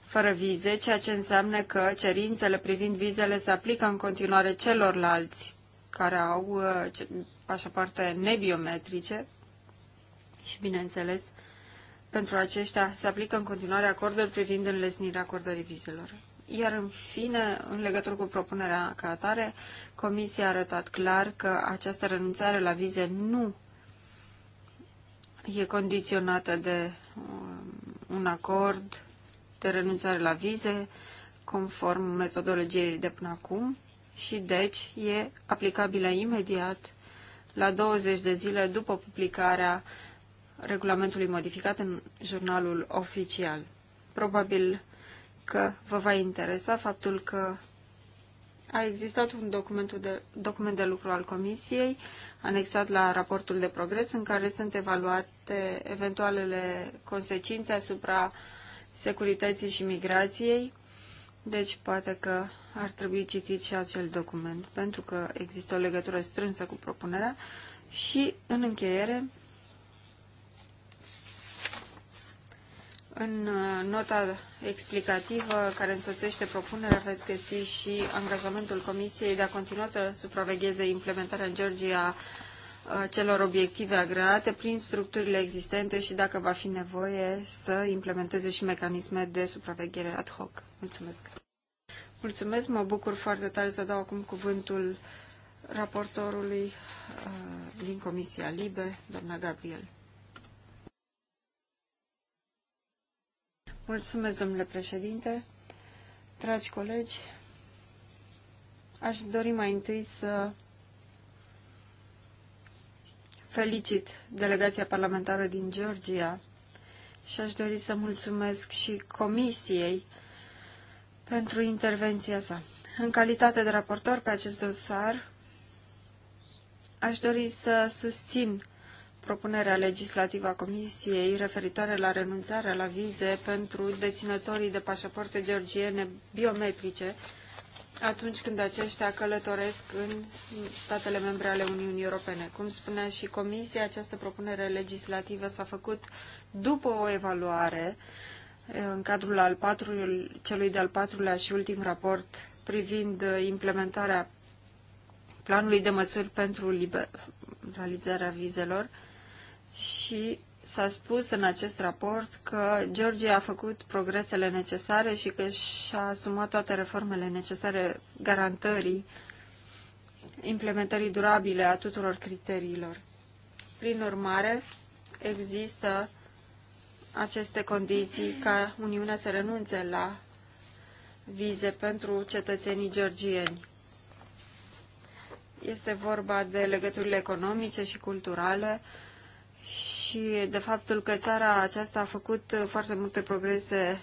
fără vize, ceea ce înseamnă că cerințele privind vizele se aplică în continuare celorlalți care au uh, pașapoarte nebiometrice și, bineînțeles, pentru aceștia se aplică în continuare acordul privind înlesnirea acordării vizelor. Iar, în fine, în legătură cu propunerea ca atare, Comisia a arătat clar că această renunțare la vize nu e condiționată de um, un acord de renunțare la vize, conform metodologiei de până acum, și deci e aplicabilă imediat la 20 de zile după publicarea regulamentului modificat în jurnalul oficial. Probabil că vă va interesa faptul că a existat un document de, document de lucru al Comisiei anexat la raportul de progres în care sunt evaluate eventualele consecințe asupra securității și migrației deci poate că ar trebui citit și acel document, pentru că există o legătură strânsă cu propunerea. Și, în încheiere, În nota explicativă care însoțește propunerea veți găsi și angajamentul Comisiei de a continua să supravegheze implementarea în Georgia celor obiective agreate prin structurile existente și, dacă va fi nevoie, să implementeze și mecanisme de supraveghere ad hoc. Mulțumesc! Mulțumesc, mă bucur foarte tare să dau acum cuvântul raportorului uh, din Comisia Libe, doamna Gabriel. Mulțumesc, domnule președinte, dragi colegi, aș dori mai întâi să felicit delegația parlamentară din Georgia și aș dori să mulțumesc și Comisiei pentru intervenția sa. În calitate de raportor pe acest dosar, aș dori să susțin propunerea legislativă a Comisiei referitoare la renunțarea la vize pentru deținătorii de pașapoarte georgiene biometrice atunci când aceștia călătoresc în statele membre ale Uniunii Europene. Cum spunea și Comisia, această propunere legislativă s-a făcut după o evaluare eh, în cadrul al patrulea, celui de-al patrulea și ultim raport privind eh, implementarea planului de măsuri pentru liberalizarea vizelor și S-a spus în acest raport că Georgia a făcut progresele necesare și că și-a asumat toate reformele necesare garantării implementării durabile a tuturor criteriilor. Prin urmare, există aceste condiții ca Uniunea să renunțe la vize pentru cetățenii georgieni. Este vorba de legăturile economice și culturale și și de faptul că țara aceasta a făcut foarte multe progrese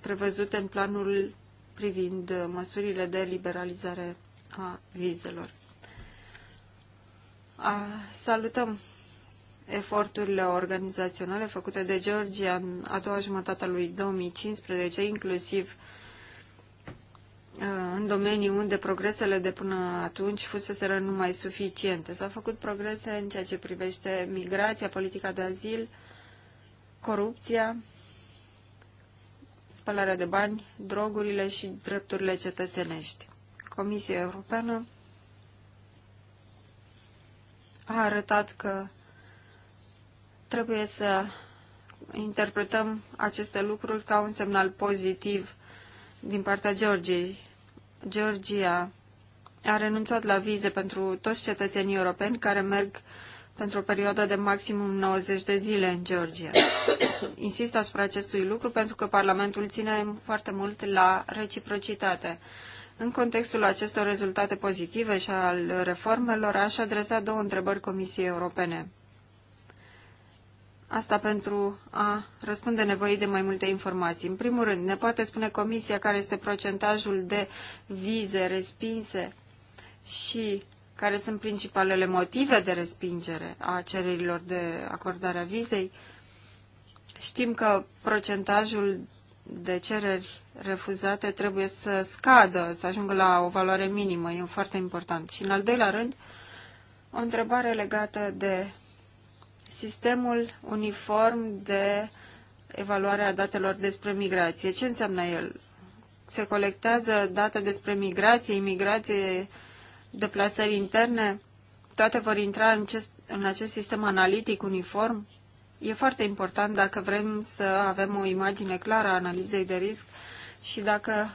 prevăzute în planul privind măsurile de liberalizare a vizelor. salutăm eforturile organizaționale făcute de Georgia în a doua jumătate a lui 2015, inclusiv Uh, în domenii unde progresele de până atunci fuseseră numai suficiente. S-au făcut progrese în ceea ce privește migrația, politica de azil, corupția, spălarea de bani, drogurile și drepturile cetățenești. Comisia Europeană a arătat că trebuie să interpretăm aceste lucruri ca un semnal pozitiv din partea Georgiei. Georgia a renunțat la vize pentru toți cetățenii europeni care merg pentru o perioadă de maximum 90 de zile în Georgia. (coughs) Insist asupra acestui lucru pentru că Parlamentul ține foarte mult la reciprocitate. În contextul acestor rezultate pozitive și al reformelor, aș adresa două întrebări Comisiei Europene. Asta pentru a răspunde nevoii de mai multe informații. În primul rând, ne poate spune Comisia care este procentajul de vize respinse și care sunt principalele motive de respingere a cererilor de acordare a vizei. Știm că procentajul de cereri refuzate trebuie să scadă, să ajungă la o valoare minimă. E foarte important. Și în al doilea rând, o întrebare legată de sistemul uniform de evaluare a datelor despre migrație. Ce înseamnă el? Se colectează date despre migrație, imigrație, deplasări interne? Toate vor intra în acest, în acest sistem analitic uniform? E foarte important dacă vrem să avem o imagine clară a analizei de risc și dacă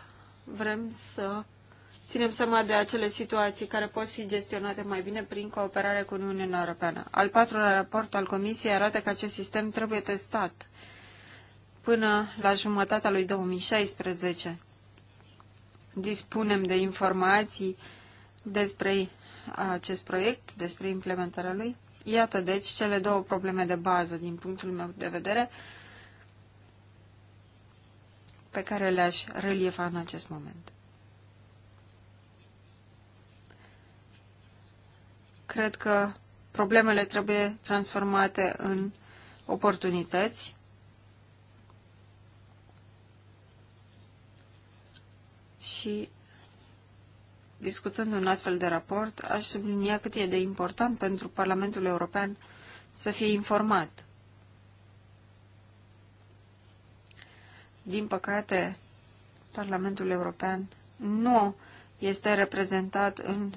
vrem să ținem seama de acele situații care pot fi gestionate mai bine prin cooperare cu Uniunea Europeană. Al patrulea raport al Comisiei arată că acest sistem trebuie testat până la jumătatea lui 2016. Dispunem de informații despre acest proiect, despre implementarea lui. Iată, deci, cele două probleme de bază, din punctul meu de vedere, pe care le-aș reliefa în acest moment. Cred că problemele trebuie transformate în oportunități. Și discutând un astfel de raport, aș sublinia cât e de important pentru Parlamentul European să fie informat. Din păcate, Parlamentul European nu este reprezentat în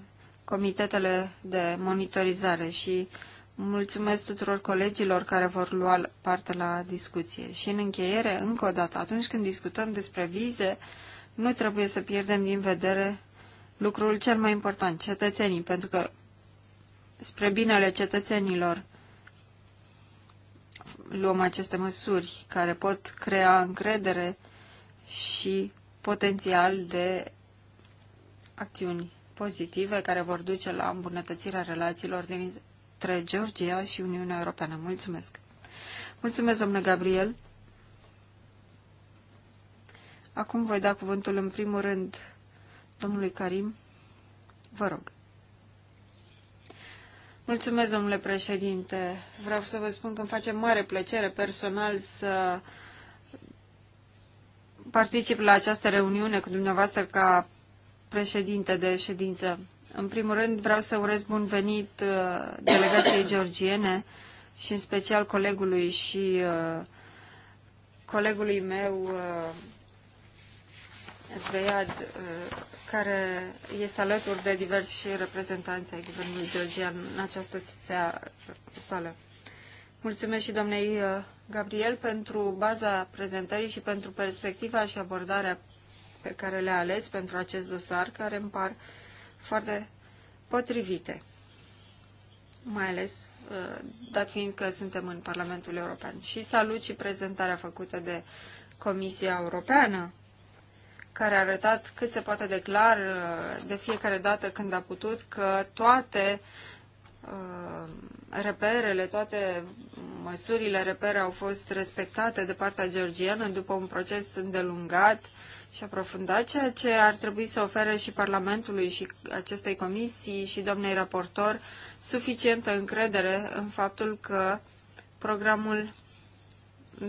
comitetele de monitorizare și mulțumesc tuturor colegilor care vor lua parte la discuție. Și în încheiere, încă o dată, atunci când discutăm despre vize, nu trebuie să pierdem din vedere lucrul cel mai important, cetățenii, pentru că spre binele cetățenilor luăm aceste măsuri care pot crea încredere și potențial de acțiuni pozitive care vor duce la îmbunătățirea relațiilor dintre Georgia și Uniunea Europeană. Mulțumesc! Mulțumesc, domnule Gabriel! Acum voi da cuvântul în primul rând domnului Karim. Vă rog. Mulțumesc, domnule președinte. Vreau să vă spun că îmi face mare plăcere personal să particip la această reuniune cu dumneavoastră ca președinte de ședință. În primul rând vreau să urez bun venit uh, delegației georgiene și în special colegului și uh, colegului meu Zveiad, uh, care este alături de diversi reprezentanți ai Guvernului Georgian în această sală. Mulțumesc și domnei Gabriel pentru baza prezentării și pentru perspectiva și abordarea pe care le-a ales pentru acest dosar, care îmi par foarte potrivite, mai ales uh, dat fiind că suntem în Parlamentul European. Și salut și prezentarea făcută de Comisia Europeană, care a arătat cât se poate declar uh, de fiecare dată când a putut că toate uh, reperele, toate măsurile repere au fost respectate de partea georgiană după un proces îndelungat uh, și aprofundat, ceea ce ar trebui să ofere și Parlamentului și acestei comisii și domnei raportor suficientă încredere în faptul că programul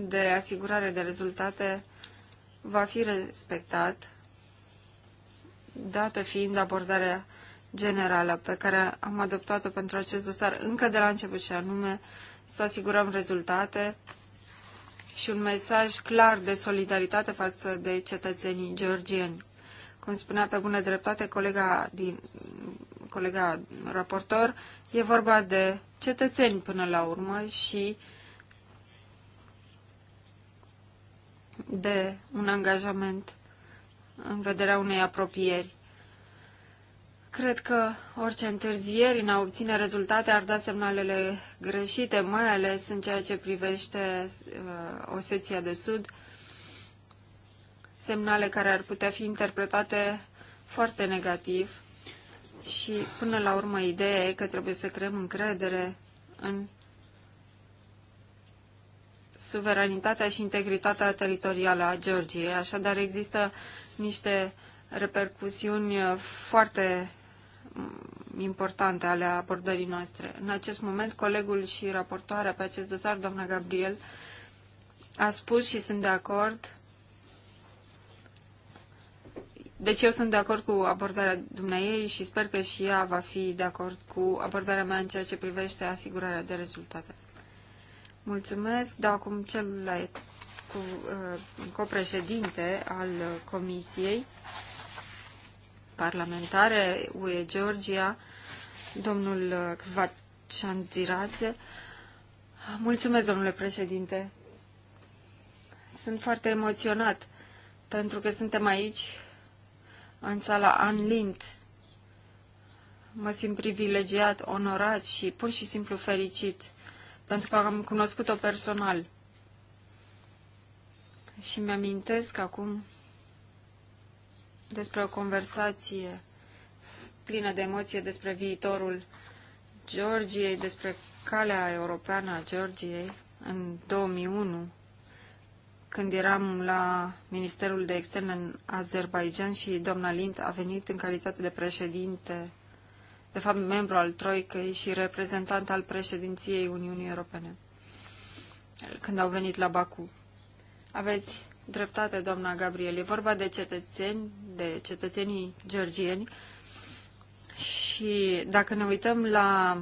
de asigurare de rezultate va fi respectat, dată fiind abordarea generală pe care am adoptat-o pentru acest dosar încă de la început și anume să asigurăm rezultate și un mesaj clar de solidaritate față de cetățenii georgieni. Cum spunea pe bună dreptate colega, din, colega raportor, e vorba de cetățeni până la urmă și de un angajament în vederea unei apropieri. Cred că orice întârzieri în a obține rezultate ar da semnalele greșite, mai ales în ceea ce privește uh, Oseția de Sud, semnale care ar putea fi interpretate foarte negativ și, până la urmă, ideea e că trebuie să creăm încredere în suveranitatea și integritatea teritorială a Georgiei. Așadar, există niște repercusiuni foarte importante ale abordării noastre. În acest moment, colegul și raportoarea pe acest dosar, doamna Gabriel, a spus și sunt de acord. Deci eu sunt de acord cu abordarea dumneiei și sper că și ea va fi de acord cu abordarea mea în ceea ce privește asigurarea de rezultate. Mulțumesc. Dau acum celălalt cu, uh, președinte al uh, comisiei, parlamentare UE Georgia, domnul uh, Kvachandiraze. Mulțumesc, domnule președinte. Sunt foarte emoționat pentru că suntem aici, în sala Anlint. Mă simt privilegiat, onorat și pur și simplu fericit pentru că am cunoscut-o personal. Și mi-amintesc acum despre o conversație plină de emoție despre viitorul Georgiei, despre calea europeană a Georgiei în 2001, când eram la Ministerul de Externe în Azerbaijan și doamna Lind a venit în calitate de președinte, de fapt membru al Troicăi și reprezentant al președinției Uniunii Europene, când au venit la Baku. Aveți dreptate, doamna Gabriel. E vorba de cetățeni, de cetățenii georgieni și dacă ne uităm la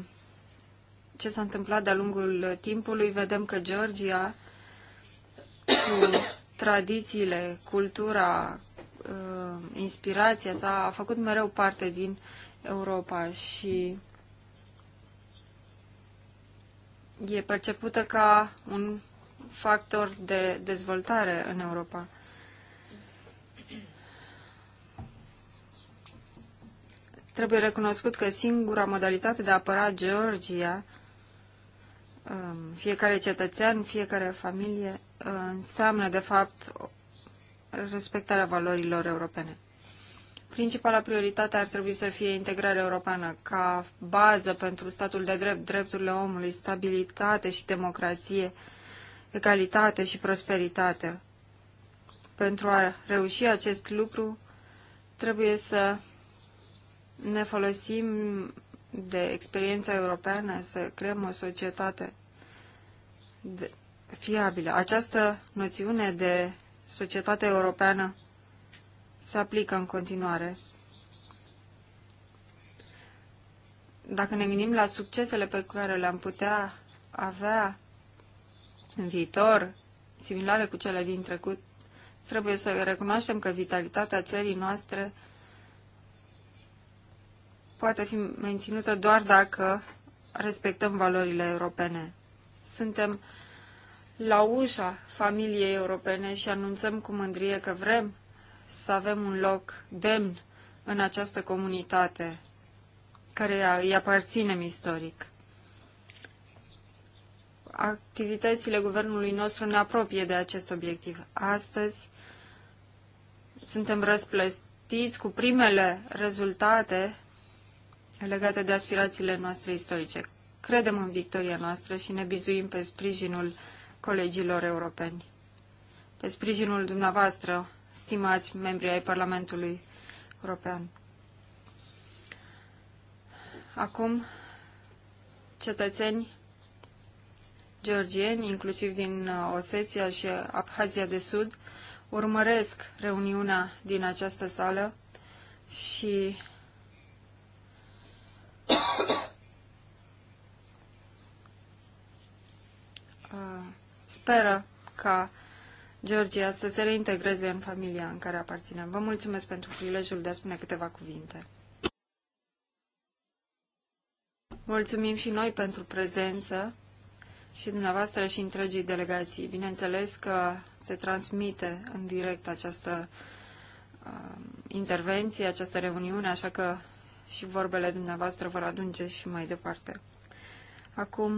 ce s-a întâmplat de-a lungul timpului, vedem că Georgia, cu tradițiile, cultura, uh, inspirația sa, a făcut mereu parte din Europa și e percepută ca un factor de dezvoltare în Europa. Trebuie recunoscut că singura modalitate de a apăra Georgia, um, fiecare cetățean, fiecare familie, uh, înseamnă, de fapt, respectarea valorilor europene. Principala prioritate ar trebui să fie integrarea europeană ca bază pentru statul de drept, drepturile omului, stabilitate și democrație egalitate și prosperitate. Pentru a reuși acest lucru, trebuie să ne folosim de experiența europeană, să creăm o societate fiabilă. Această noțiune de societate europeană se aplică în continuare. Dacă ne gândim la succesele pe care le-am putea avea în viitor, similare cu cele din trecut, trebuie să recunoaștem că vitalitatea țării noastre poate fi menținută doar dacă respectăm valorile europene. Suntem la ușa familiei europene și anunțăm cu mândrie că vrem să avem un loc demn în această comunitate care îi aparținem istoric activitățile guvernului nostru ne apropie de acest obiectiv. Astăzi suntem răsplătiți cu primele rezultate legate de aspirațiile noastre istorice. Credem în victoria noastră și ne bizuim pe sprijinul colegilor europeni, pe sprijinul dumneavoastră, stimați membri ai Parlamentului European. Acum, cetățeni georgieni, inclusiv din uh, Osetia și Abhazia de Sud, urmăresc reuniunea din această sală și (coughs) uh, speră ca Georgia să se reintegreze în familia în care aparține. Vă mulțumesc pentru prilejul de a spune câteva cuvinte. Mulțumim și noi pentru prezență și dumneavoastră și întregii delegații. Bineînțeles că se transmite în direct această uh, intervenție, această reuniune, așa că și vorbele dumneavoastră vor aduce și mai departe. Acum,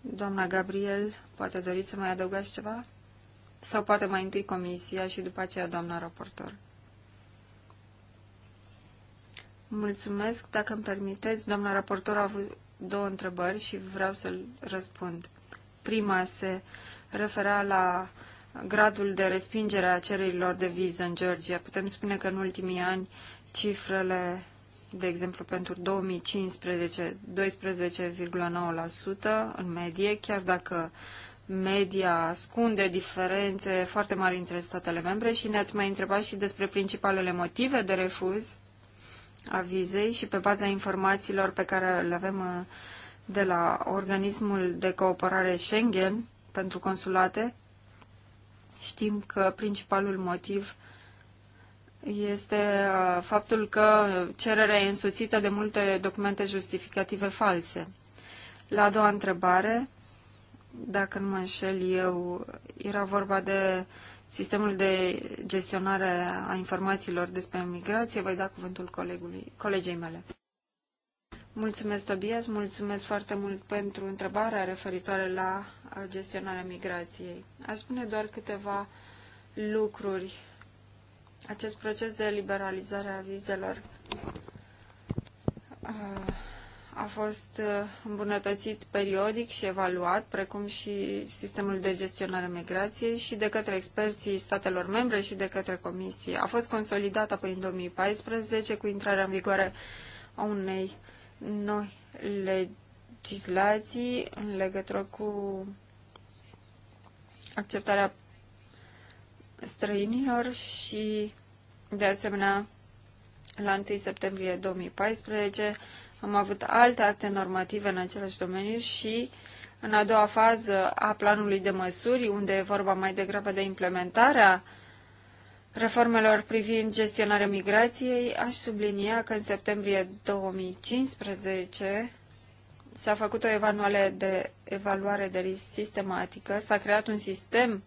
doamna Gabriel, poate doriți să mai adăugați ceva? Sau poate mai întâi comisia și după aceea doamna raportor. Mulțumesc. Dacă îmi permiteți, doamna raportor a avut două întrebări și vreau să răspund. Prima se refera la gradul de respingere a cererilor de viză în Georgia. Putem spune că în ultimii ani cifrele, de exemplu, pentru 2015, 12,9% în medie, chiar dacă media ascunde diferențe foarte mari între statele membre și ne-ați mai întrebat și despre principalele motive de refuz avizei și pe baza informațiilor pe care le avem uh, de la organismul de cooperare Schengen pentru consulate, știm că principalul motiv este uh, faptul că cererea e însuțită de multe documente justificative false. La a doua întrebare, dacă nu mă înșel eu, era vorba de sistemul de gestionare a informațiilor despre migrație, voi da cuvântul colegului, colegei mele. Mulțumesc, Tobias, mulțumesc foarte mult pentru întrebarea referitoare la gestionarea migrației. Aș spune doar câteva lucruri. Acest proces de liberalizare a vizelor a fost uh, îmbunătățit periodic și evaluat, precum și sistemul de gestionare migrației și de către experții statelor membre și de către comisie. A fost consolidat apoi în 2014 cu intrarea în vigoare a unei noi legislații în legătură cu acceptarea străinilor și, de asemenea, la 1 septembrie 2014 am avut alte acte normative în același domeniu și în a doua fază a planului de măsuri, unde e vorba mai degrabă de implementarea reformelor privind gestionarea migrației, aș sublinia că în septembrie 2015 s-a făcut o evaluare de, evaluare de risc sistematică, s-a creat un sistem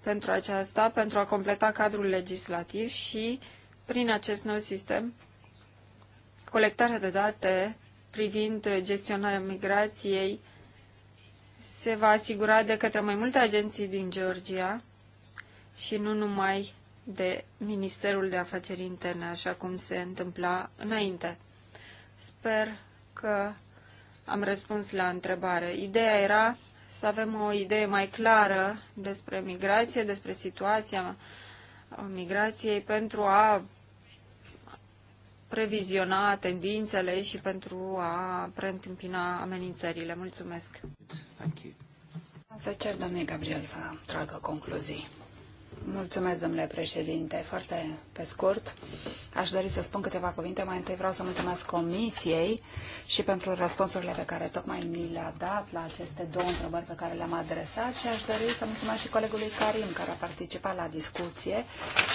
pentru aceasta, pentru a completa cadrul legislativ și, prin acest nou sistem, colectarea de date privind gestionarea migrației se va asigura de către mai multe agenții din Georgia și nu numai de Ministerul de Afaceri Interne, așa cum se întâmpla înainte. Sper că am răspuns la întrebare. Ideea era să avem o idee mai clară despre migrație, despre situația migrației, pentru a previziona tendințele și pentru a preîntâmpina amenințările. Mulțumesc! Să cer doamne Gabriel să tragă concluzii. Mulțumesc, domnule președinte. Foarte pe scurt, aș dori să spun câteva cuvinte. Mai întâi vreau să mulțumesc Comisiei și pentru răspunsurile pe care tocmai mi le-a dat la aceste două întrebări pe care le-am adresat și aș dori să mulțumesc și colegului Karim care a participat la discuție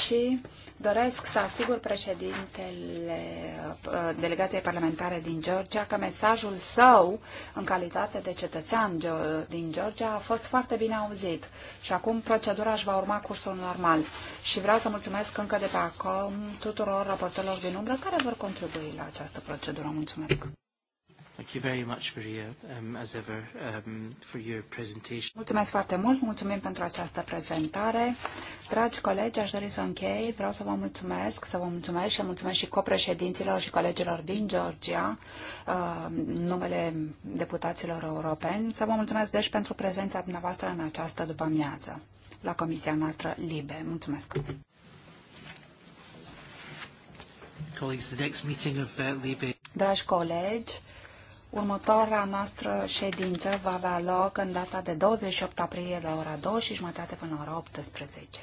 și doresc să asigur președintele uh, delegației parlamentare din Georgia că mesajul său în calitate de cetățean din Georgia a fost foarte bine auzit și acum procedura își va urma cursul normal. Și vreau să mulțumesc încă de pe acum tuturor raportelor din umbră care vor contribui la această procedură. Mulțumesc! Thank you very much, Maria, um, as ever, um, for your presentation. Mulțumesc foarte mult, mulțumim pentru această prezentare. Dragi colegi, aș dori să închei. Vreau să vă mulțumesc, să vă mulțumesc și mulțumesc și copreședinților și colegilor din Georgia, uh, numele deputaților europeni. Să vă mulțumesc, deci, pentru prezența dumneavoastră în această după-amiază la comisia noastră LIBE. Mulțumesc! Uh, Dragi colegi, următoarea noastră ședință va avea loc în data de 28 aprilie la ora 2 și jumătate până la ora 18.